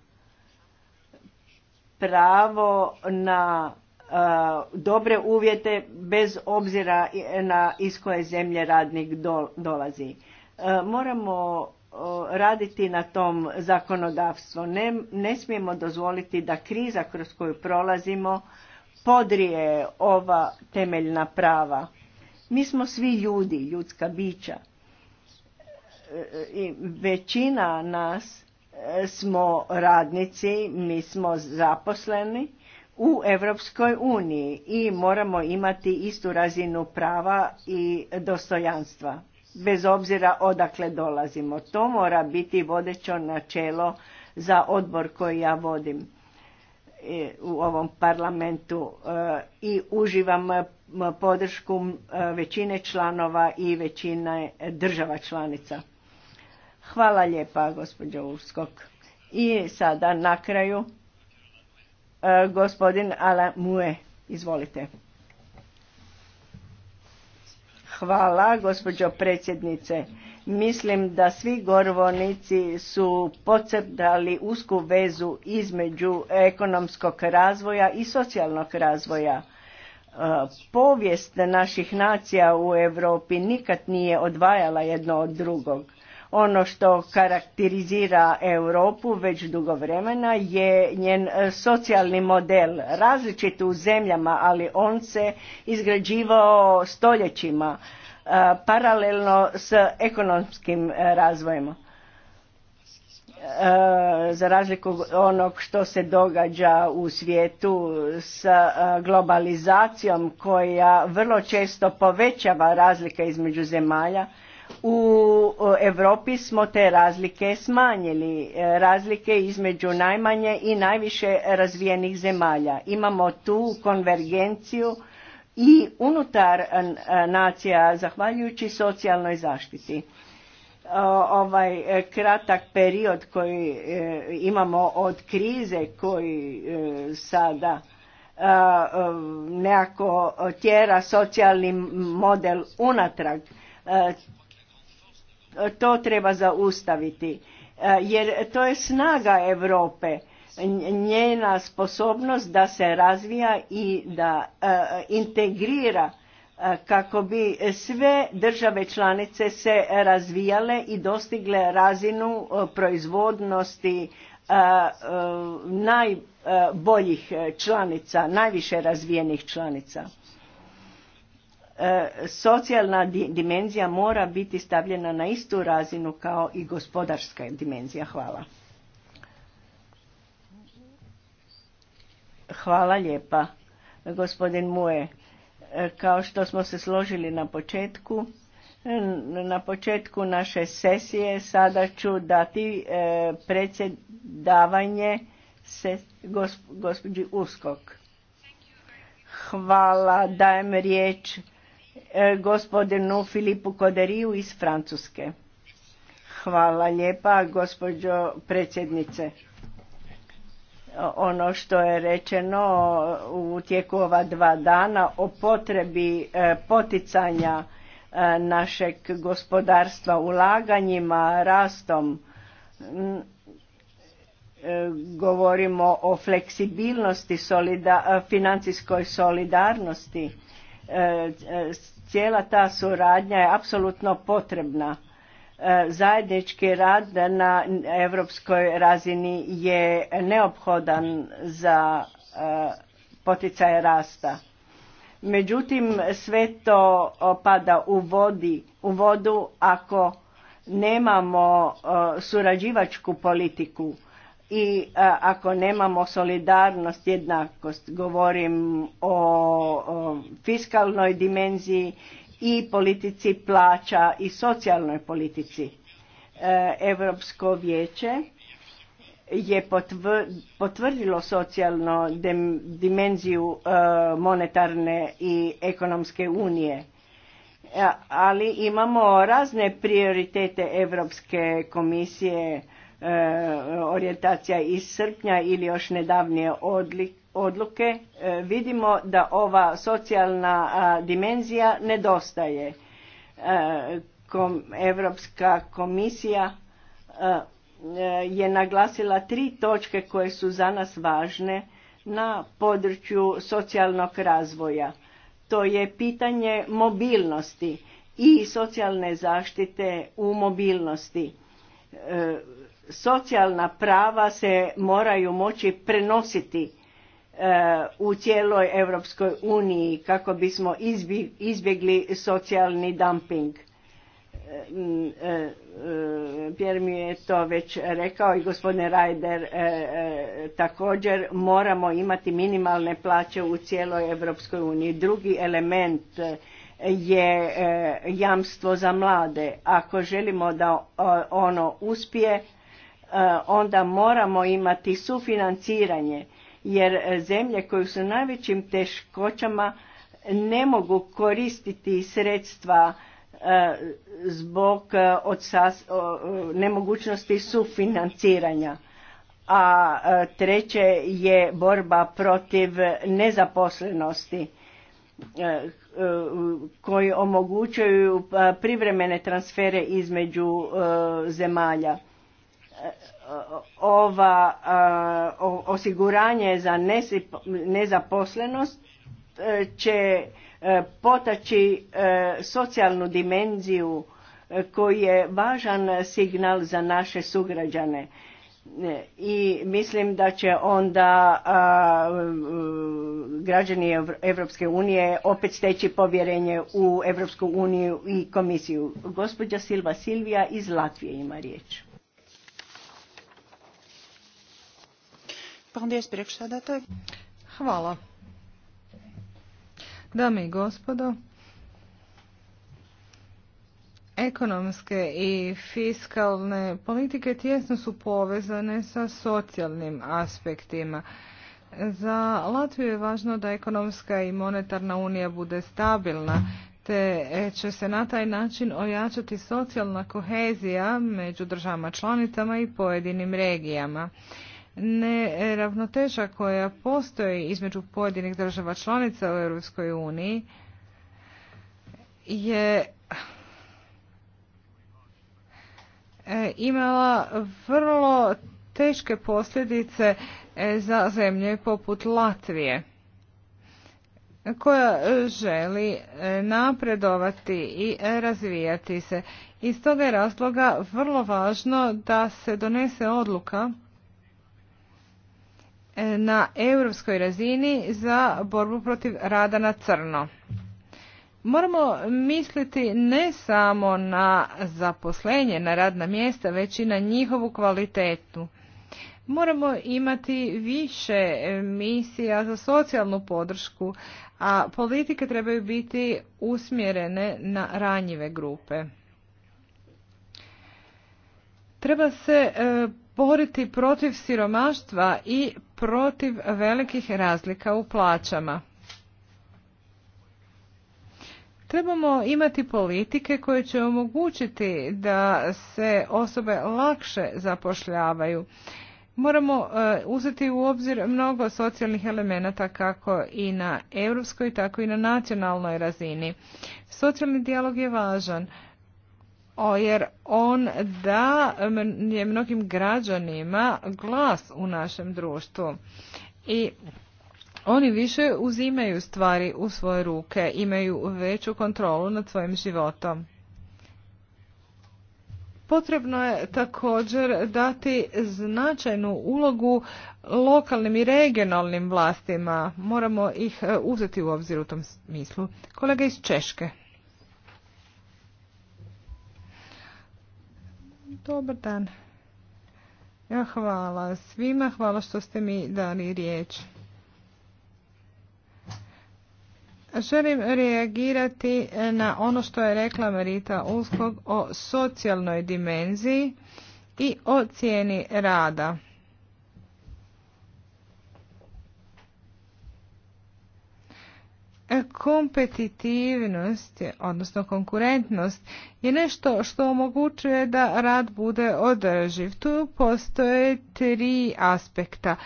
pravo na e, dobre uvjete bez obzira na iz koje zemlje radnik dolazi. E, moramo e, raditi na tom zakonodavstvu. Ne, ne smijemo dozvoliti da kriza kroz koju prolazimo podrije ova temeljna prava. Mi smo svi ljudi, ljudska bića. I većina nas smo radnici, mi smo zaposleni u Europskoj uniji i moramo imati istu razinu prava i dostojanstva. Bez obzira odakle dolazimo. To mora biti vodećo načelo za odbor koji ja vodim e, u ovom parlamentu e, i uživam e, podršku većine članova i većine država članica. Hvala lijepa, gospođo Uskok. I sada na kraju e, gospodin Ala Mue. Izvolite. Hvala, gospođo predsjednice. Mislim da svi govornici su pocrdali usku vezu između ekonomskog razvoja i socijalnog razvoja. E, povijest naših nacija u Europi nikad nije odvajala jedno od drugog ono što karakterizira Europu već dugo vremena je njen e, socijalni model, različit u zemljama, ali on se izgrađivao stoljećima e, paralelno s ekonomskim e, razvojem. Za razliku onog što se događa u svijetu s globalizacijom koja vrlo često povećava razlike između zemalja, u Europi smo te razlike smanjili, e, razlike između najmanje i najviše razvijenih zemalja. Imamo tu konvergenciju i unutar e, nacija zahvaljujući socijalnoj zaštiti. E, ovaj kratak period koji imamo od krize koji sada nekako tjera socijalni model unatrag to treba zaustaviti e, jer to je snaga Europe, njena sposobnost da se razvija i da e, integrira e, kako bi sve države članice se razvijale i dostigle razinu proizvodnosti najboljih članica, najviše razvijenih članica. E, socijalna dimenzija mora biti stavljena na istu razinu kao i gospodarska dimenzija. Hvala. Hvala lijepa, gospodin moje. E, kao što smo se složili na početku, na početku naše sesije sada ću dati e, predsjedavanje se, gospođi Uskok. Hvala, dajem riječ E, gospodinu Filipu Koderiju iz Francuske. Hvala lijepa, gospođo predsjednice. Ono što je rečeno u tijeku ova dva dana o potrebi e, poticanja e, našeg gospodarstva ulaganjima, rastom, govorimo o fleksibilnosti, financijskoj solidarnosti E, e, cijela ta suradnja je apsolutno potrebna. E, zajednički rad na europskoj razini je neophodan za poticaje rasta. Međutim, sve to pada u, vodi, u vodu ako nemamo surađivačku politiku i ako nemamo solidarnost, jednakost, govorim o, fiskalnoj dimenziji i politici plaća i socijalnoj politici. Europsko vijeće je potvrdilo socijalnu dimenziju e, monetarne i ekonomske unije. E, ali imamo razne prioritete Europske komisije E, orijentacija iz srpnja ili još nedavnije odluke, e, vidimo da ova socijalna dimenzija nedostaje. Europska komisija e, je naglasila tri točke koje su za nas važne na području socijalnog razvoja. To je pitanje mobilnosti i socijalne zaštite u mobilnosti socijalna prava se moraju moći prenositi e, u cijeloj Europskoj uniji kako bismo izbjegli socijalni dumping. E, e, Pjer mi je to već rekao i gospodin Rajder također moramo imati minimalne plaće u cijeloj Europskoj uniji. Drugi element je jamstvo za mlade. Ako želimo da ono uspije E, onda moramo imati sufinanciranje jer zemlje koje su najvećim teškoćama ne mogu koristiti sredstva e, zbog e, nemogućnosti sufinanciranja. A treće je borba protiv nezaposlenosti koji omogućuju privremene transfere između zemalja ova e, osiguranje za nezaposlenost e, će e, potaći socijalnu dimenziju koji je važan signal za naše sugrađane i mislim da će onda građani Evropske unije opet steći povjerenje u Evropsku uniju i komisiju. Gospođa Silva Silvija iz Latvije ima riječ. Gospodine Hvala. Dame i gospodo, ekonomske i fiskalne politike tjesno su povezane sa socijalnim aspektima. Za Latviju je važno da ekonomska i monetarna unija bude stabilna, te će se na taj način ojačati socijalna kohezija među državama članicama i pojedinim regijama neravnoteža koja postoji između pojedinih država članica u Europskoj uniji je e, imala vrlo teške posljedice e, za zemlje poput Latvije koja želi e, napredovati i razvijati se. Iz toga je razloga vrlo važno da se donese odluka E, na europskoj razini za borbu protiv rada na crno. Moramo misliti ne samo na zaposlenje, na radna mjesta, već i na njihovu kvalitetu. Moramo imati više misija za socijalnu podršku, a politike trebaju biti usmjerene na ranjive grupe. Treba se e, boriti protiv siromaštva i protiv velikih razlika u plaćama. Trebamo imati politike koje će omogućiti da se osobe lakše zapošljavaju. Moramo eh, uzeti u obzir mnogo socijalnih elemenata kako i na europskoj, tako i na nacionalnoj razini. Socijalni dijalog je važan jer on da je mnogim građanima glas u našem društvu. I oni više uzimaju stvari u svoje ruke, imaju veću kontrolu nad svojim životom. Potrebno je također dati značajnu ulogu lokalnim i regionalnim vlastima. Moramo ih e, uzeti u obzir u tom smislu. Kolega iz Češke. Dobar dan. Ja hvala svima, hvala što ste mi dali riječ. Želim reagirati na ono što je rekla Marita Uskog o socijalnoj dimenziji i o cijeni rada. kompetitivnost, odnosno konkurentnost, je nešto što omogućuje da rad bude održiv. Tu postoje tri aspekta.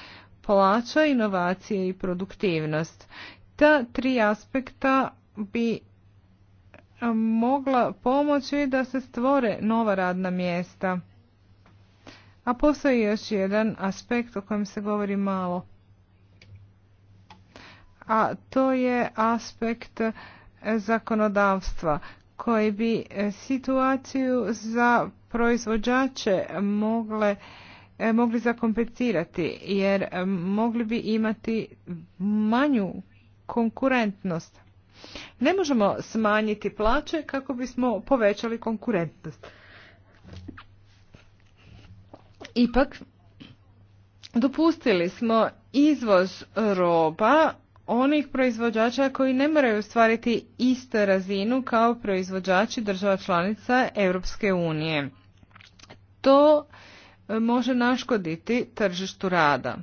Plaća, inovacije i produktivnost. Ta tri aspekta bi mogla pomoći da se stvore nova radna mjesta. A postoji još jedan aspekt o kojem se govori malo a to je aspekt e, zakonodavstva koji bi e, situaciju za proizvođače mogle e, mogli zakompetirati jer mogli bi imati manju konkurentnost. Ne možemo smanjiti plaće kako bismo povećali konkurentnost. Ipak, dopustili smo izvoz roba onih proizvođača koji ne moraju ostvariti istu razinu kao proizvođači država članica Europske unije. To e, može naškoditi tržištu rada.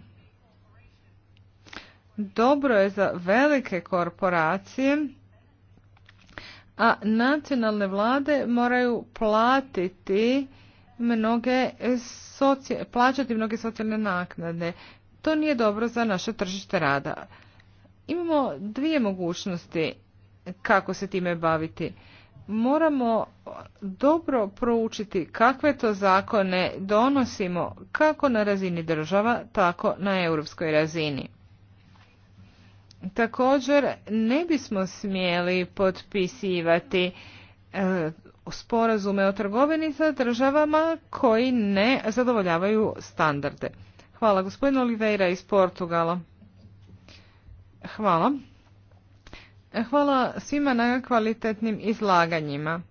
Dobro je za velike korporacije, a nacionalne vlade moraju platiti mnoge plaćati mnoge socijalne naknade. To nije dobro za naše tržište rada. Imamo dvije mogućnosti kako se time baviti. Moramo dobro proučiti kakve to zakone donosimo kako na razini država, tako na europskoj razini. Također ne bismo smjeli potpisivati e, sporazume o trgovini sa državama koji ne zadovoljavaju standarde. Hvala gospodin Oliveira iz Portugala. Hvala. Hvala svima na kvalitetnim izlaganjima.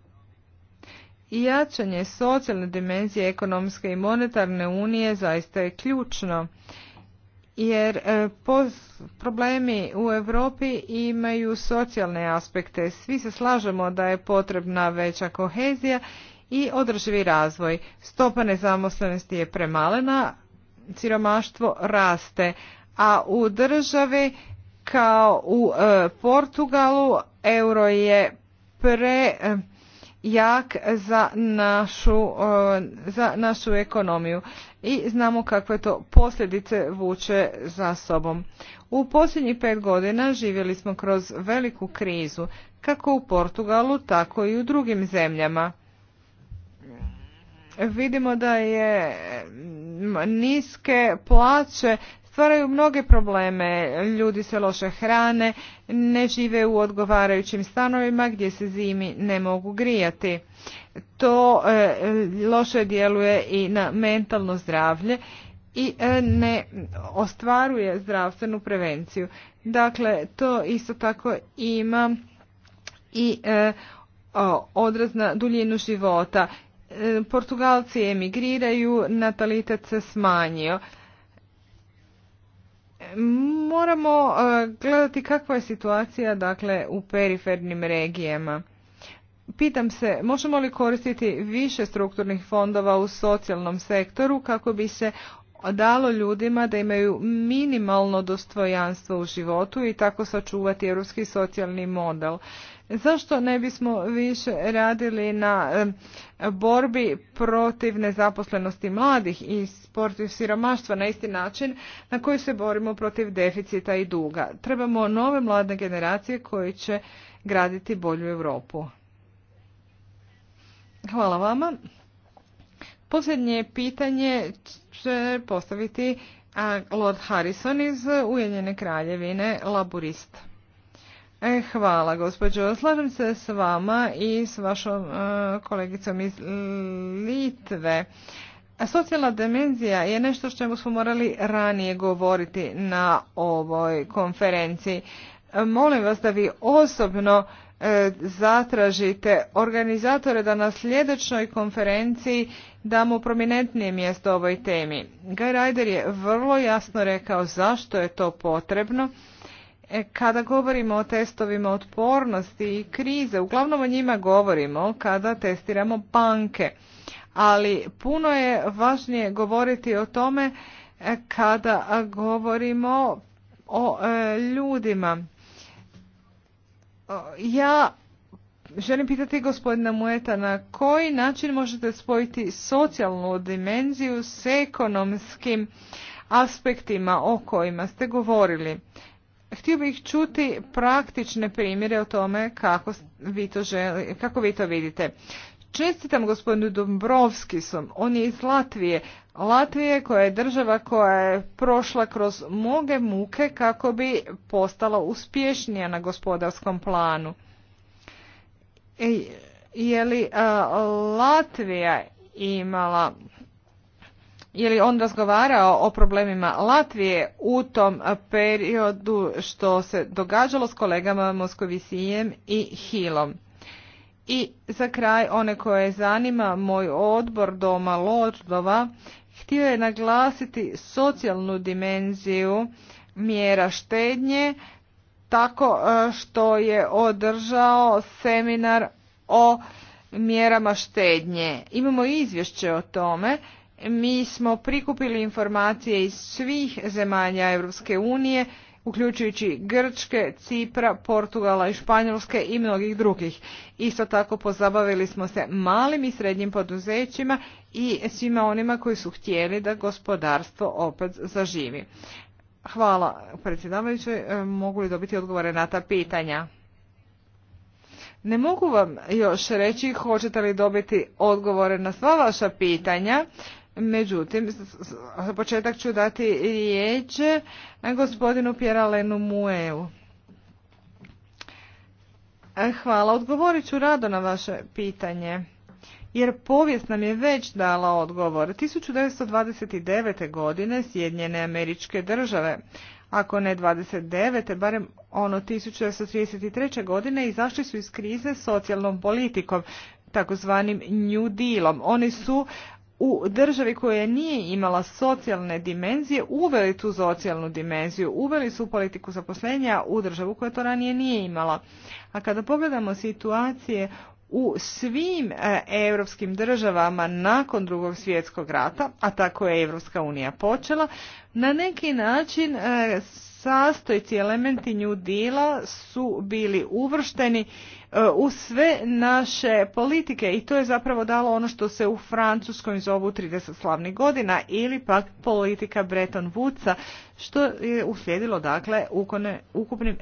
I jačanje socijalne dimenzije ekonomske i monetarne unije zaista je ključno, jer e, problemi u Europi imaju socijalne aspekte. Svi se slažemo da je potrebna veća kohezija i održivi razvoj. Stopa nezamoslenosti je premalena, siromaštvo raste, a u državi kao u e, Portugalu, euro je prejak e, za našu, e, za našu ekonomiju i znamo kakve to posljedice vuče za sobom. U posljednjih pet godina živjeli smo kroz veliku krizu, kako u Portugalu, tako i u drugim zemljama. Vidimo da je niske plaće stvaraju mnoge probleme. Ljudi se loše hrane, ne žive u odgovarajućim stanovima gdje se zimi ne mogu grijati. To e, loše djeluje i na mentalno zdravlje i e, ne ostvaruje zdravstvenu prevenciju. Dakle, to isto tako ima i e, odraz na duljinu života. Portugalci emigriraju, natalitet se smanjio moramo e, gledati kakva je situacija dakle u perifernim regijama. Pitam se, možemo li koristiti više strukturnih fondova u socijalnom sektoru kako bi se dalo ljudima da imaju minimalno dostojanstvo u životu i tako sačuvati europski socijalni model. Zašto ne bismo više radili na eh, borbi protiv nezaposlenosti mladih i protiv siromaštva na isti način na koji se borimo protiv deficita i duga? Trebamo nove mlade generacije koje će graditi bolju Europu. Hvala vama. Posljednje pitanje će postaviti eh, Lord Harrison iz Ujedinjene kraljevine, laburist. E, hvala gospođo. Slažem se s vama i s vašom e, kolegicom iz Litve. A socijalna demenzija je nešto što smo morali ranije govoriti na ovoj konferenciji. molim vas da vi osobno e, zatražite organizatore da na sljedećoj konferenciji damo prominentnije mjesto ovoj temi. Guy Ryder je vrlo jasno rekao zašto je to potrebno E, kada govorimo o testovima otpornosti i krize, uglavnom o njima govorimo kada testiramo banke, ali puno je važnije govoriti o tome e, kada govorimo o e, ljudima. Ja želim pitati gospodina Mueta na koji način možete spojiti socijalnu dimenziju s ekonomskim aspektima o kojima ste govorili. Htio bih čuti praktične primjere o tome kako vi to, želi, kako vi to vidite. Čestitam gospodinu Dombrovskisom, on je iz Latvije. Latvije koja je država koja je prošla kroz mnoge muke kako bi postala uspješnija na gospodarskom planu. E, je li Latvija imala je li on razgovarao o problemima Latvije u tom periodu što se događalo s kolegama Moskovisijem i Hilom. I za kraj, one koje zanima, moj odbor Doma Lordova htio je naglasiti socijalnu dimenziju mjera štednje tako e, što je održao seminar o mjerama štednje. Imamo izvješće o tome mi smo prikupili informacije iz svih zemalja Europske unije, uključujući Grčke, Cipra, Portugala i Španjolske i mnogih drugih. Isto tako pozabavili smo se malim i srednjim poduzećima i svima onima koji su htjeli da gospodarstvo opet zaživi. Hvala predsjedavajući, e, mogu li dobiti odgovore na ta pitanja? Ne mogu vam još reći hoćete li dobiti odgovore na sva vaša pitanja, Međutim, za početak ću dati riječ gospodinu Pjeralenu Mueu. E, hvala, odgovorit ću rado na vaše pitanje. Jer povijest nam je već dala odgovor. 1929. godine Sjedinjene američke države, ako ne 29. barem ono 1933. godine izašli su iz krize socijalnom politikom, takozvanim New Dealom. Oni su u državi koja nije imala socijalne dimenzije uveli tu socijalnu dimenziju, uveli su politiku zaposlenja u državu koja to ranije nije imala. A kada pogledamo situacije u svim evropskim europskim državama nakon drugog svjetskog rata, a tako je Europska unija počela, na neki način e, sastojci elementi nju dila su bili uvršteni E, u sve naše politike i to je zapravo dalo ono što se u Francuskoj zovu 30 slavnih godina ili pak politika Bretton Woodsa što je uslijedilo dakle ukupnim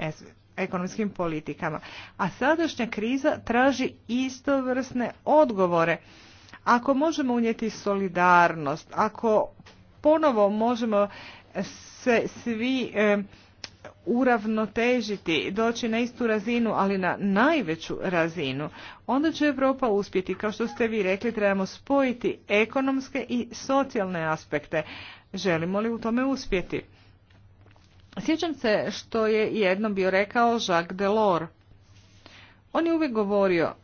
ekonomskim politikama. A sadašnja kriza traži istovrsne odgovore. Ako možemo unijeti solidarnost, ako ponovo možemo se svi uravnotežiti, doći na istu razinu, ali na najveću razinu, onda će Europa uspjeti. Kao što ste vi rekli, trebamo spojiti ekonomske i socijalne aspekte. Želimo li u tome uspjeti? Sjećam se što je jednom bio rekao Jacques Delors. On je uvijek govorio,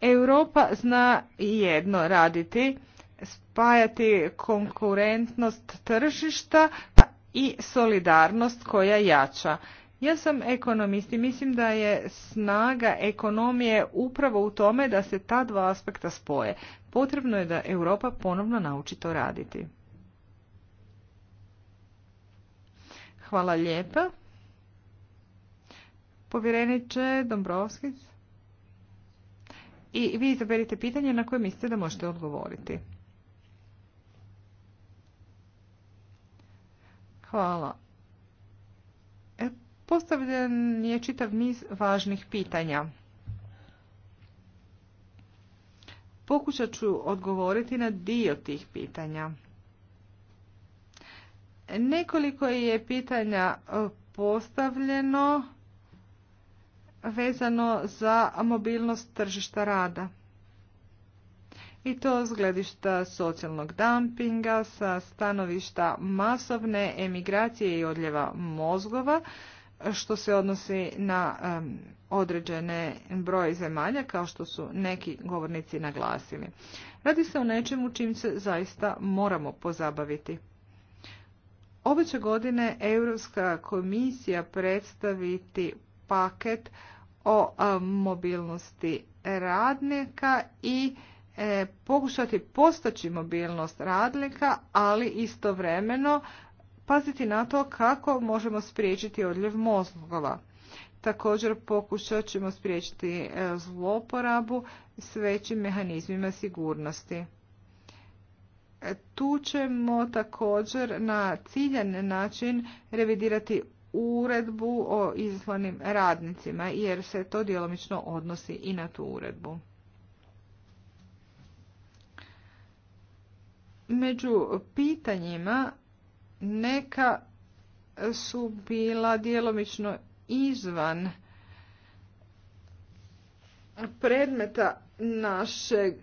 Europa zna jedno raditi, spajati konkurentnost tržišta pa i solidarnost koja jača. Ja sam ekonomist i mislim da je snaga ekonomije upravo u tome da se ta dva aspekta spoje. Potrebno je da Europa ponovno nauči to raditi. Hvala lijepa. Povjereniče Dombrovskis. I vi izaberite pitanje na koje mislite da možete odgovoriti. Hvala. E, postavljen je čitav niz važnih pitanja. Pokušat ću odgovoriti na dio tih pitanja. Nekoliko je pitanja e, postavljeno vezano za mobilnost tržišta rada i to s gledišta socijalnog dumpinga, sa stanovišta masovne emigracije i odljeva mozgova, što se odnosi na određene broje zemalja, kao što su neki govornici naglasili. Radi se o nečemu čim se zaista moramo pozabaviti. Ove će godine Europska komisija predstaviti paket o mobilnosti radnika i E, pokušati postaći mobilnost radnika, ali istovremeno paziti na to kako možemo spriječiti odljev mozgova. Također pokušat ćemo spriječiti e, zloporabu s većim mehanizmima sigurnosti. E, tu ćemo također na ciljan način revidirati uredbu o izlanim radnicima jer se to djelomično odnosi i na tu uredbu. Među pitanjima neka su bila djelomično izvan predmeta naše e,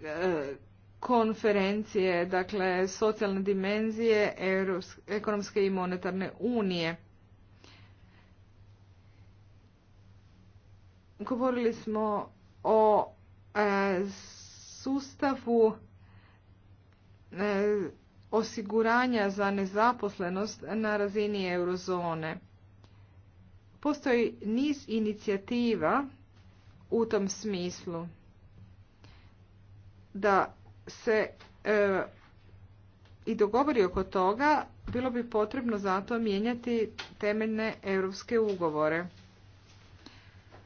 konferencije, dakle socijalne dimenzije ekonomske i monetarne unije. Govorili smo o e, sustavu E, osiguranja za nezaposlenost na razini eurozone. Postoji niz inicijativa u tom smislu da se e, i dogovori oko toga, bilo bi potrebno zato mijenjati temeljne europske ugovore.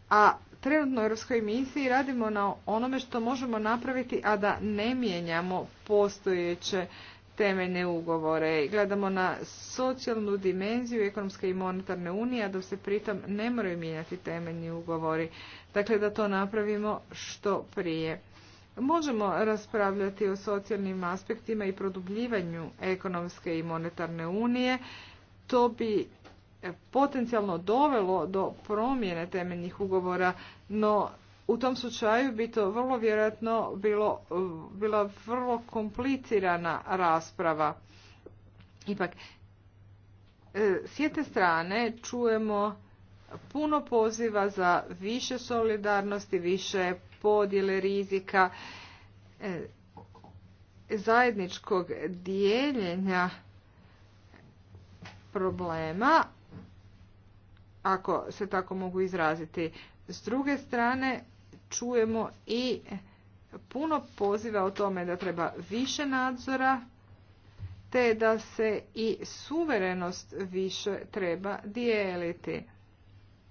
A trenutno u Europskoj misiji radimo na onome što možemo napraviti, a da ne mijenjamo postojeće temeljne ugovore. Gledamo na socijalnu dimenziju ekonomske i monetarne unije, a da se pritom ne moraju mijenjati temeljni ugovori. Dakle, da to napravimo što prije. Možemo raspravljati o socijalnim aspektima i produbljivanju ekonomske i monetarne unije. To bi potencijalno dovelo do promjene temeljnih ugovora, no u tom slučaju bi to vrlo vjerojatno bilo, bila vrlo komplicirana rasprava. Ipak, e, s jedne strane čujemo puno poziva za više solidarnosti, više podjele rizika, e, zajedničkog dijeljenja problema, ako se tako mogu izraziti. S druge strane, čujemo i puno poziva o tome da treba više nadzora, te da se i suverenost više treba dijeliti.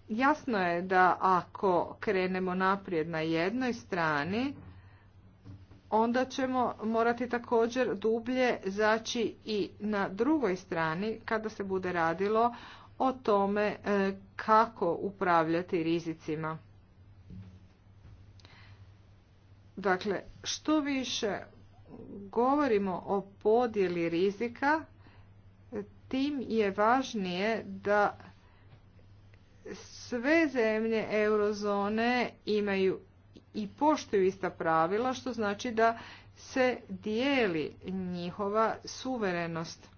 Jasno je da ako krenemo naprijed na jednoj strani, onda ćemo morati također dublje zaći i na drugoj strani kada se bude radilo o tome e, kako upravljati rizicima. Dakle, što više govorimo o podjeli rizika, tim je važnije da sve zemlje eurozone imaju i poštuju ista pravila, što znači da se dijeli njihova suverenost.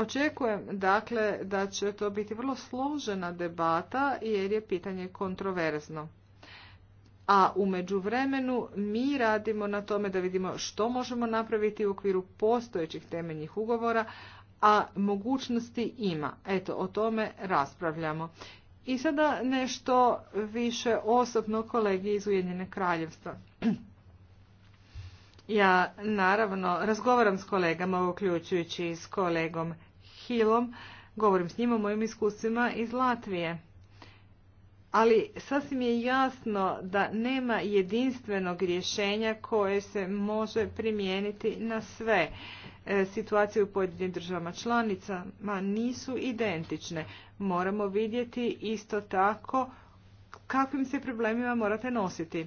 Očekujem dakle da će to biti vrlo složena debata jer je pitanje kontroverzno. A u međuvremenu mi radimo na tome da vidimo što možemo napraviti u okviru postojećih temeljnih ugovora, a mogućnosti ima. Eto, o tome raspravljamo. I sada nešto više osobno kolegi iz Ujedinjene kraljevstva. Ja naravno razgovaram s kolegama, uključujući s kolegom Kilom, govorim s njim o mojim iskustvima iz Latvije. Ali sasvim je jasno da nema jedinstvenog rješenja koje se može primijeniti na sve. E, situacije u pojedinim državama članicama nisu identične. Moramo vidjeti isto tako kakvim se problemima morate nositi.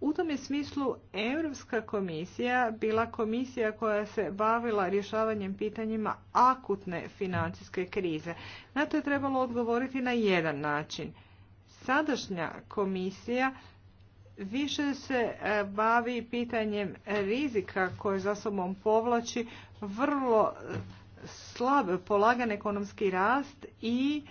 U tom je smislu Europska komisija bila komisija koja se bavila rješavanjem pitanjima akutne financijske krize. Na to je trebalo odgovoriti na jedan način. Sadašnja komisija više se e, bavi pitanjem rizika koje za sobom povlači vrlo e, slab, polagan ekonomski rast i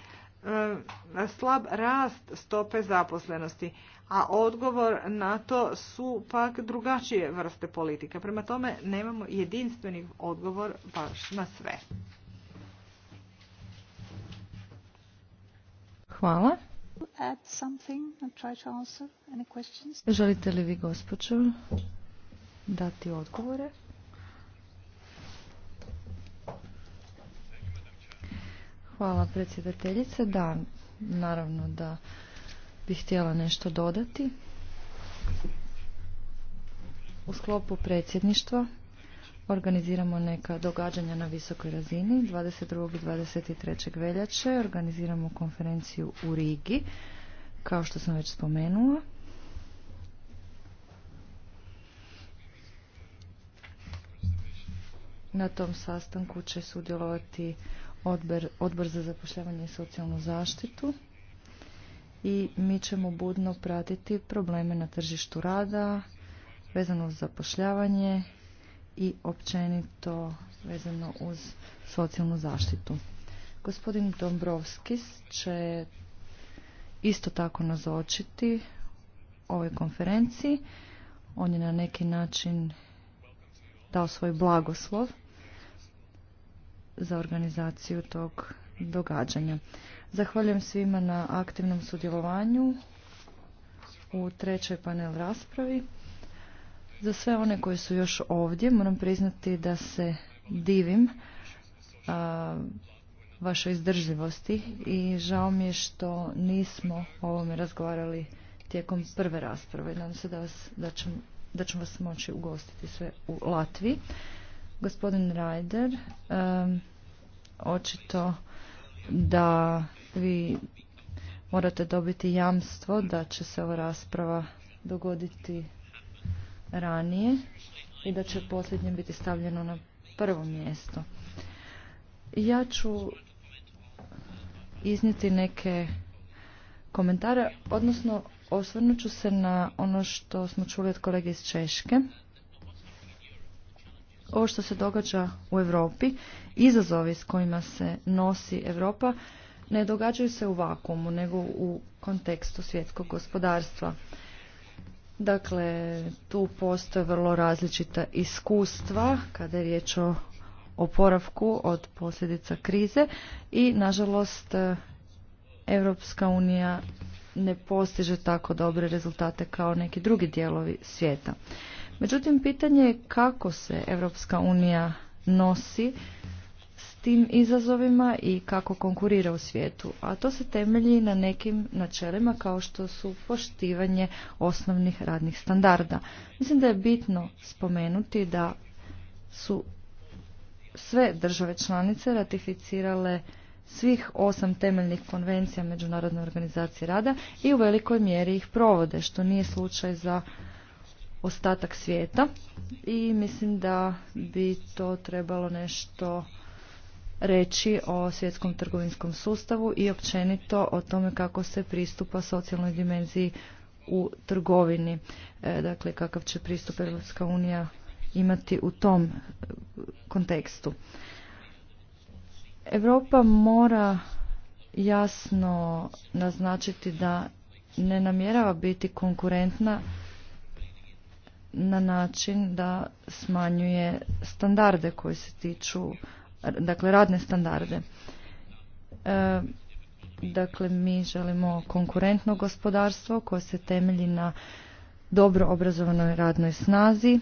E, slab rast stope zaposlenosti, a odgovor na to su pak drugačije vrste politika. Prema tome nemamo jedinstveni odgovor baš na sve. Hvala. Želite li vi gospođu dati odgovore? Hvala predsjedateljice. Da, naravno da bih htjela nešto dodati. U sklopu predsjedništva organiziramo neka događanja na visokoj razini. 22. i 23. veljače organiziramo konferenciju u Rigi, kao što sam već spomenula. Na tom sastanku će sudjelovati odbor, za zapošljavanje i socijalnu zaštitu i mi ćemo budno pratiti probleme na tržištu rada vezano uz zapošljavanje i općenito vezano uz socijalnu zaštitu. Gospodin Dombrovski će isto tako nazočiti ovoj konferenciji. On je na neki način dao svoj blagoslov za organizaciju tog događanja. Zahvaljujem svima na aktivnom sudjelovanju u trećoj panel raspravi. Za sve one koji su još ovdje moram priznati da se divim a, vašoj izdržljivosti i žao mi je što nismo o ovome razgovarali tijekom prve rasprave. Nadam se da, vas, da, da ću vas moći ugostiti sve u Latviji. Gospodin Rajder, očito da vi morate dobiti jamstvo da će se ova rasprava dogoditi ranije i da će posljednje biti stavljeno na prvo mjesto. Ja ću iznijeti neke komentare, odnosno osvrnut ću se na ono što smo čuli od kolege iz Češke ovo što se događa u Europi, izazovi s kojima se nosi Europa, ne događaju se u vakumu, nego u kontekstu svjetskog gospodarstva. Dakle, tu postoje vrlo različita iskustva kada je riječ o oporavku od posljedica krize i, nažalost, Europska unija ne postiže tako dobre rezultate kao neki drugi dijelovi svijeta. Međutim, pitanje je kako se Europska unija nosi s tim izazovima i kako konkurira u svijetu, a to se temelji na nekim načelima kao što su poštivanje osnovnih radnih standarda. Mislim da je bitno spomenuti da su sve države članice ratificirale svih osam temeljnih konvencija Međunarodne organizacije rada i u velikoj mjeri ih provode, što nije slučaj za ostatak svijeta i mislim da bi to trebalo nešto reći o svjetskom trgovinskom sustavu i općenito o tome kako se pristupa socijalnoj dimenziji u trgovini. E, dakle, kakav će pristup Europska unija imati u tom e, kontekstu. Europa mora jasno naznačiti da ne namjerava biti konkurentna na način da smanjuje standarde koji se tiču, dakle radne standarde. E, dakle, mi želimo konkurentno gospodarstvo koje se temelji na dobro obrazovanoj radnoj snazi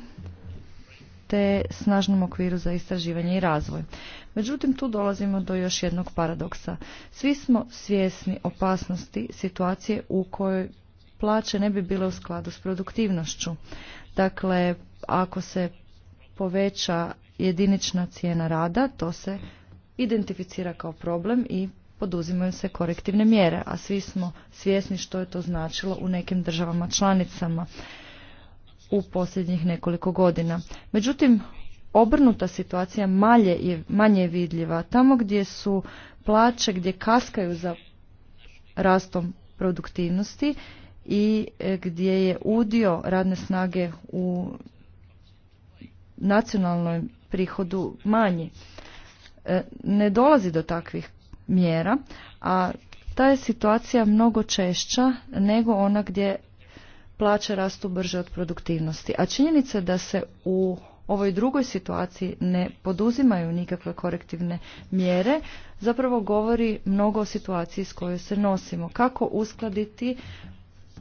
te snažnom okviru za istraživanje i razvoj. Međutim, tu dolazimo do još jednog paradoksa. Svi smo svjesni opasnosti situacije u kojoj plaće ne bi bile u skladu s produktivnošću. Dakle, ako se poveća jedinična cijena rada, to se identificira kao problem i poduzimaju se korektivne mjere, a svi smo svjesni što je to značilo u nekim državama članicama u posljednjih nekoliko godina. Međutim, obrnuta situacija manje je, manje vidljiva. Tamo gdje su plaće, gdje kaskaju za rastom produktivnosti i e, gdje je udio radne snage u nacionalnom prihodu manji. E, ne dolazi do takvih mjera, a ta je situacija mnogo češća nego ona gdje plaće rastu brže od produktivnosti. A činjenica da se u ovoj drugoj situaciji ne poduzimaju nikakve korektivne mjere, zapravo govori mnogo o situaciji s kojoj se nosimo. Kako uskladiti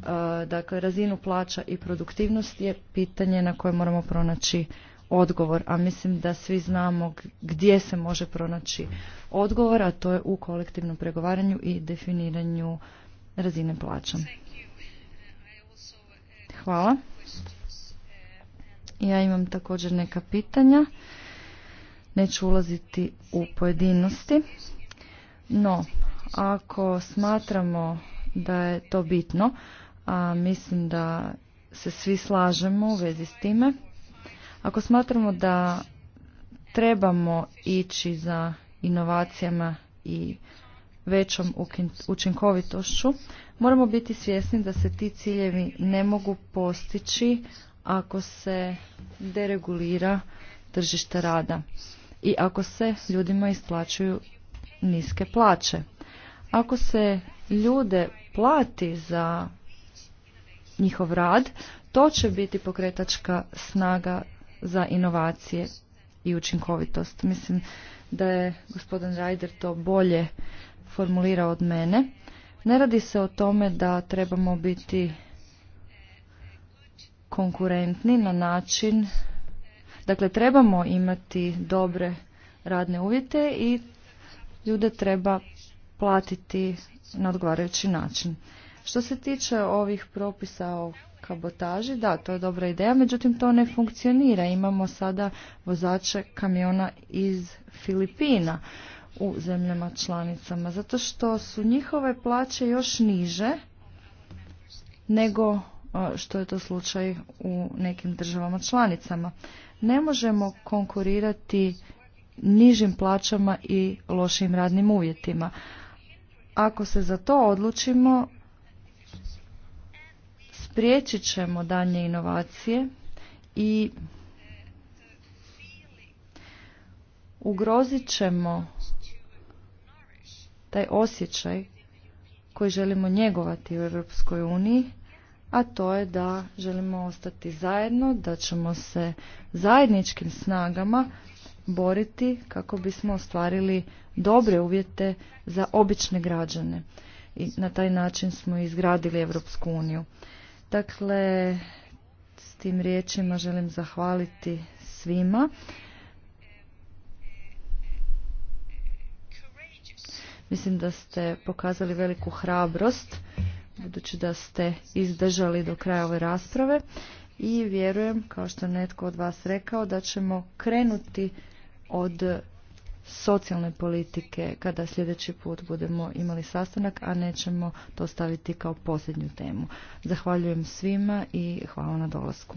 E, dakle razinu plaća i produktivnost je pitanje na koje moramo pronaći odgovor, a mislim da svi znamo gdje se može pronaći odgovor, a to je u kolektivnom pregovaranju i definiranju razine plaća. Hvala. Ja imam također neka pitanja. Neću ulaziti u pojedinosti. No, ako smatramo da je to bitno, a mislim da se svi slažemo u vezi s time. Ako smatramo da trebamo ići za inovacijama i većom učinkovitošću, moramo biti svjesni da se ti ciljevi ne mogu postići ako se deregulira tržište rada i ako se ljudima isplaćuju niske plaće. Ako se ljude plati za njihov rad, to će biti pokretačka snaga za inovacije i učinkovitost. Mislim da je gospodin Rajder to bolje formulirao od mene. Ne radi se o tome da trebamo biti konkurentni na način, dakle trebamo imati dobre radne uvjete i ljude treba platiti na odgovarajući način. Što se tiče ovih propisa o kabotaži, da, to je dobra ideja, međutim to ne funkcionira. Imamo sada vozače kamiona iz Filipina u zemljama članicama, zato što su njihove plaće još niže nego e, što je to slučaj u nekim državama članicama. Ne možemo konkurirati nižim plaćama i lošim radnim uvjetima. Ako se za to odlučimo, spriječit ćemo dalje inovacije i ugrozit ćemo taj osjećaj koji želimo njegovati u Europskoj uniji, a to je da želimo ostati zajedno, da ćemo se zajedničkim snagama boriti kako bismo ostvarili dobre uvjete za obične građane. I na taj način smo izgradili Europsku uniju. Dakle, s tim riječima želim zahvaliti svima. Mislim da ste pokazali veliku hrabrost, budući da ste izdržali do kraja ove rasprave i vjerujem, kao što je netko od vas rekao, da ćemo krenuti od socijalne politike kada sljedeći put budemo imali sastanak, a nećemo to staviti kao posljednju temu. Zahvaljujem svima i hvala na dolasku.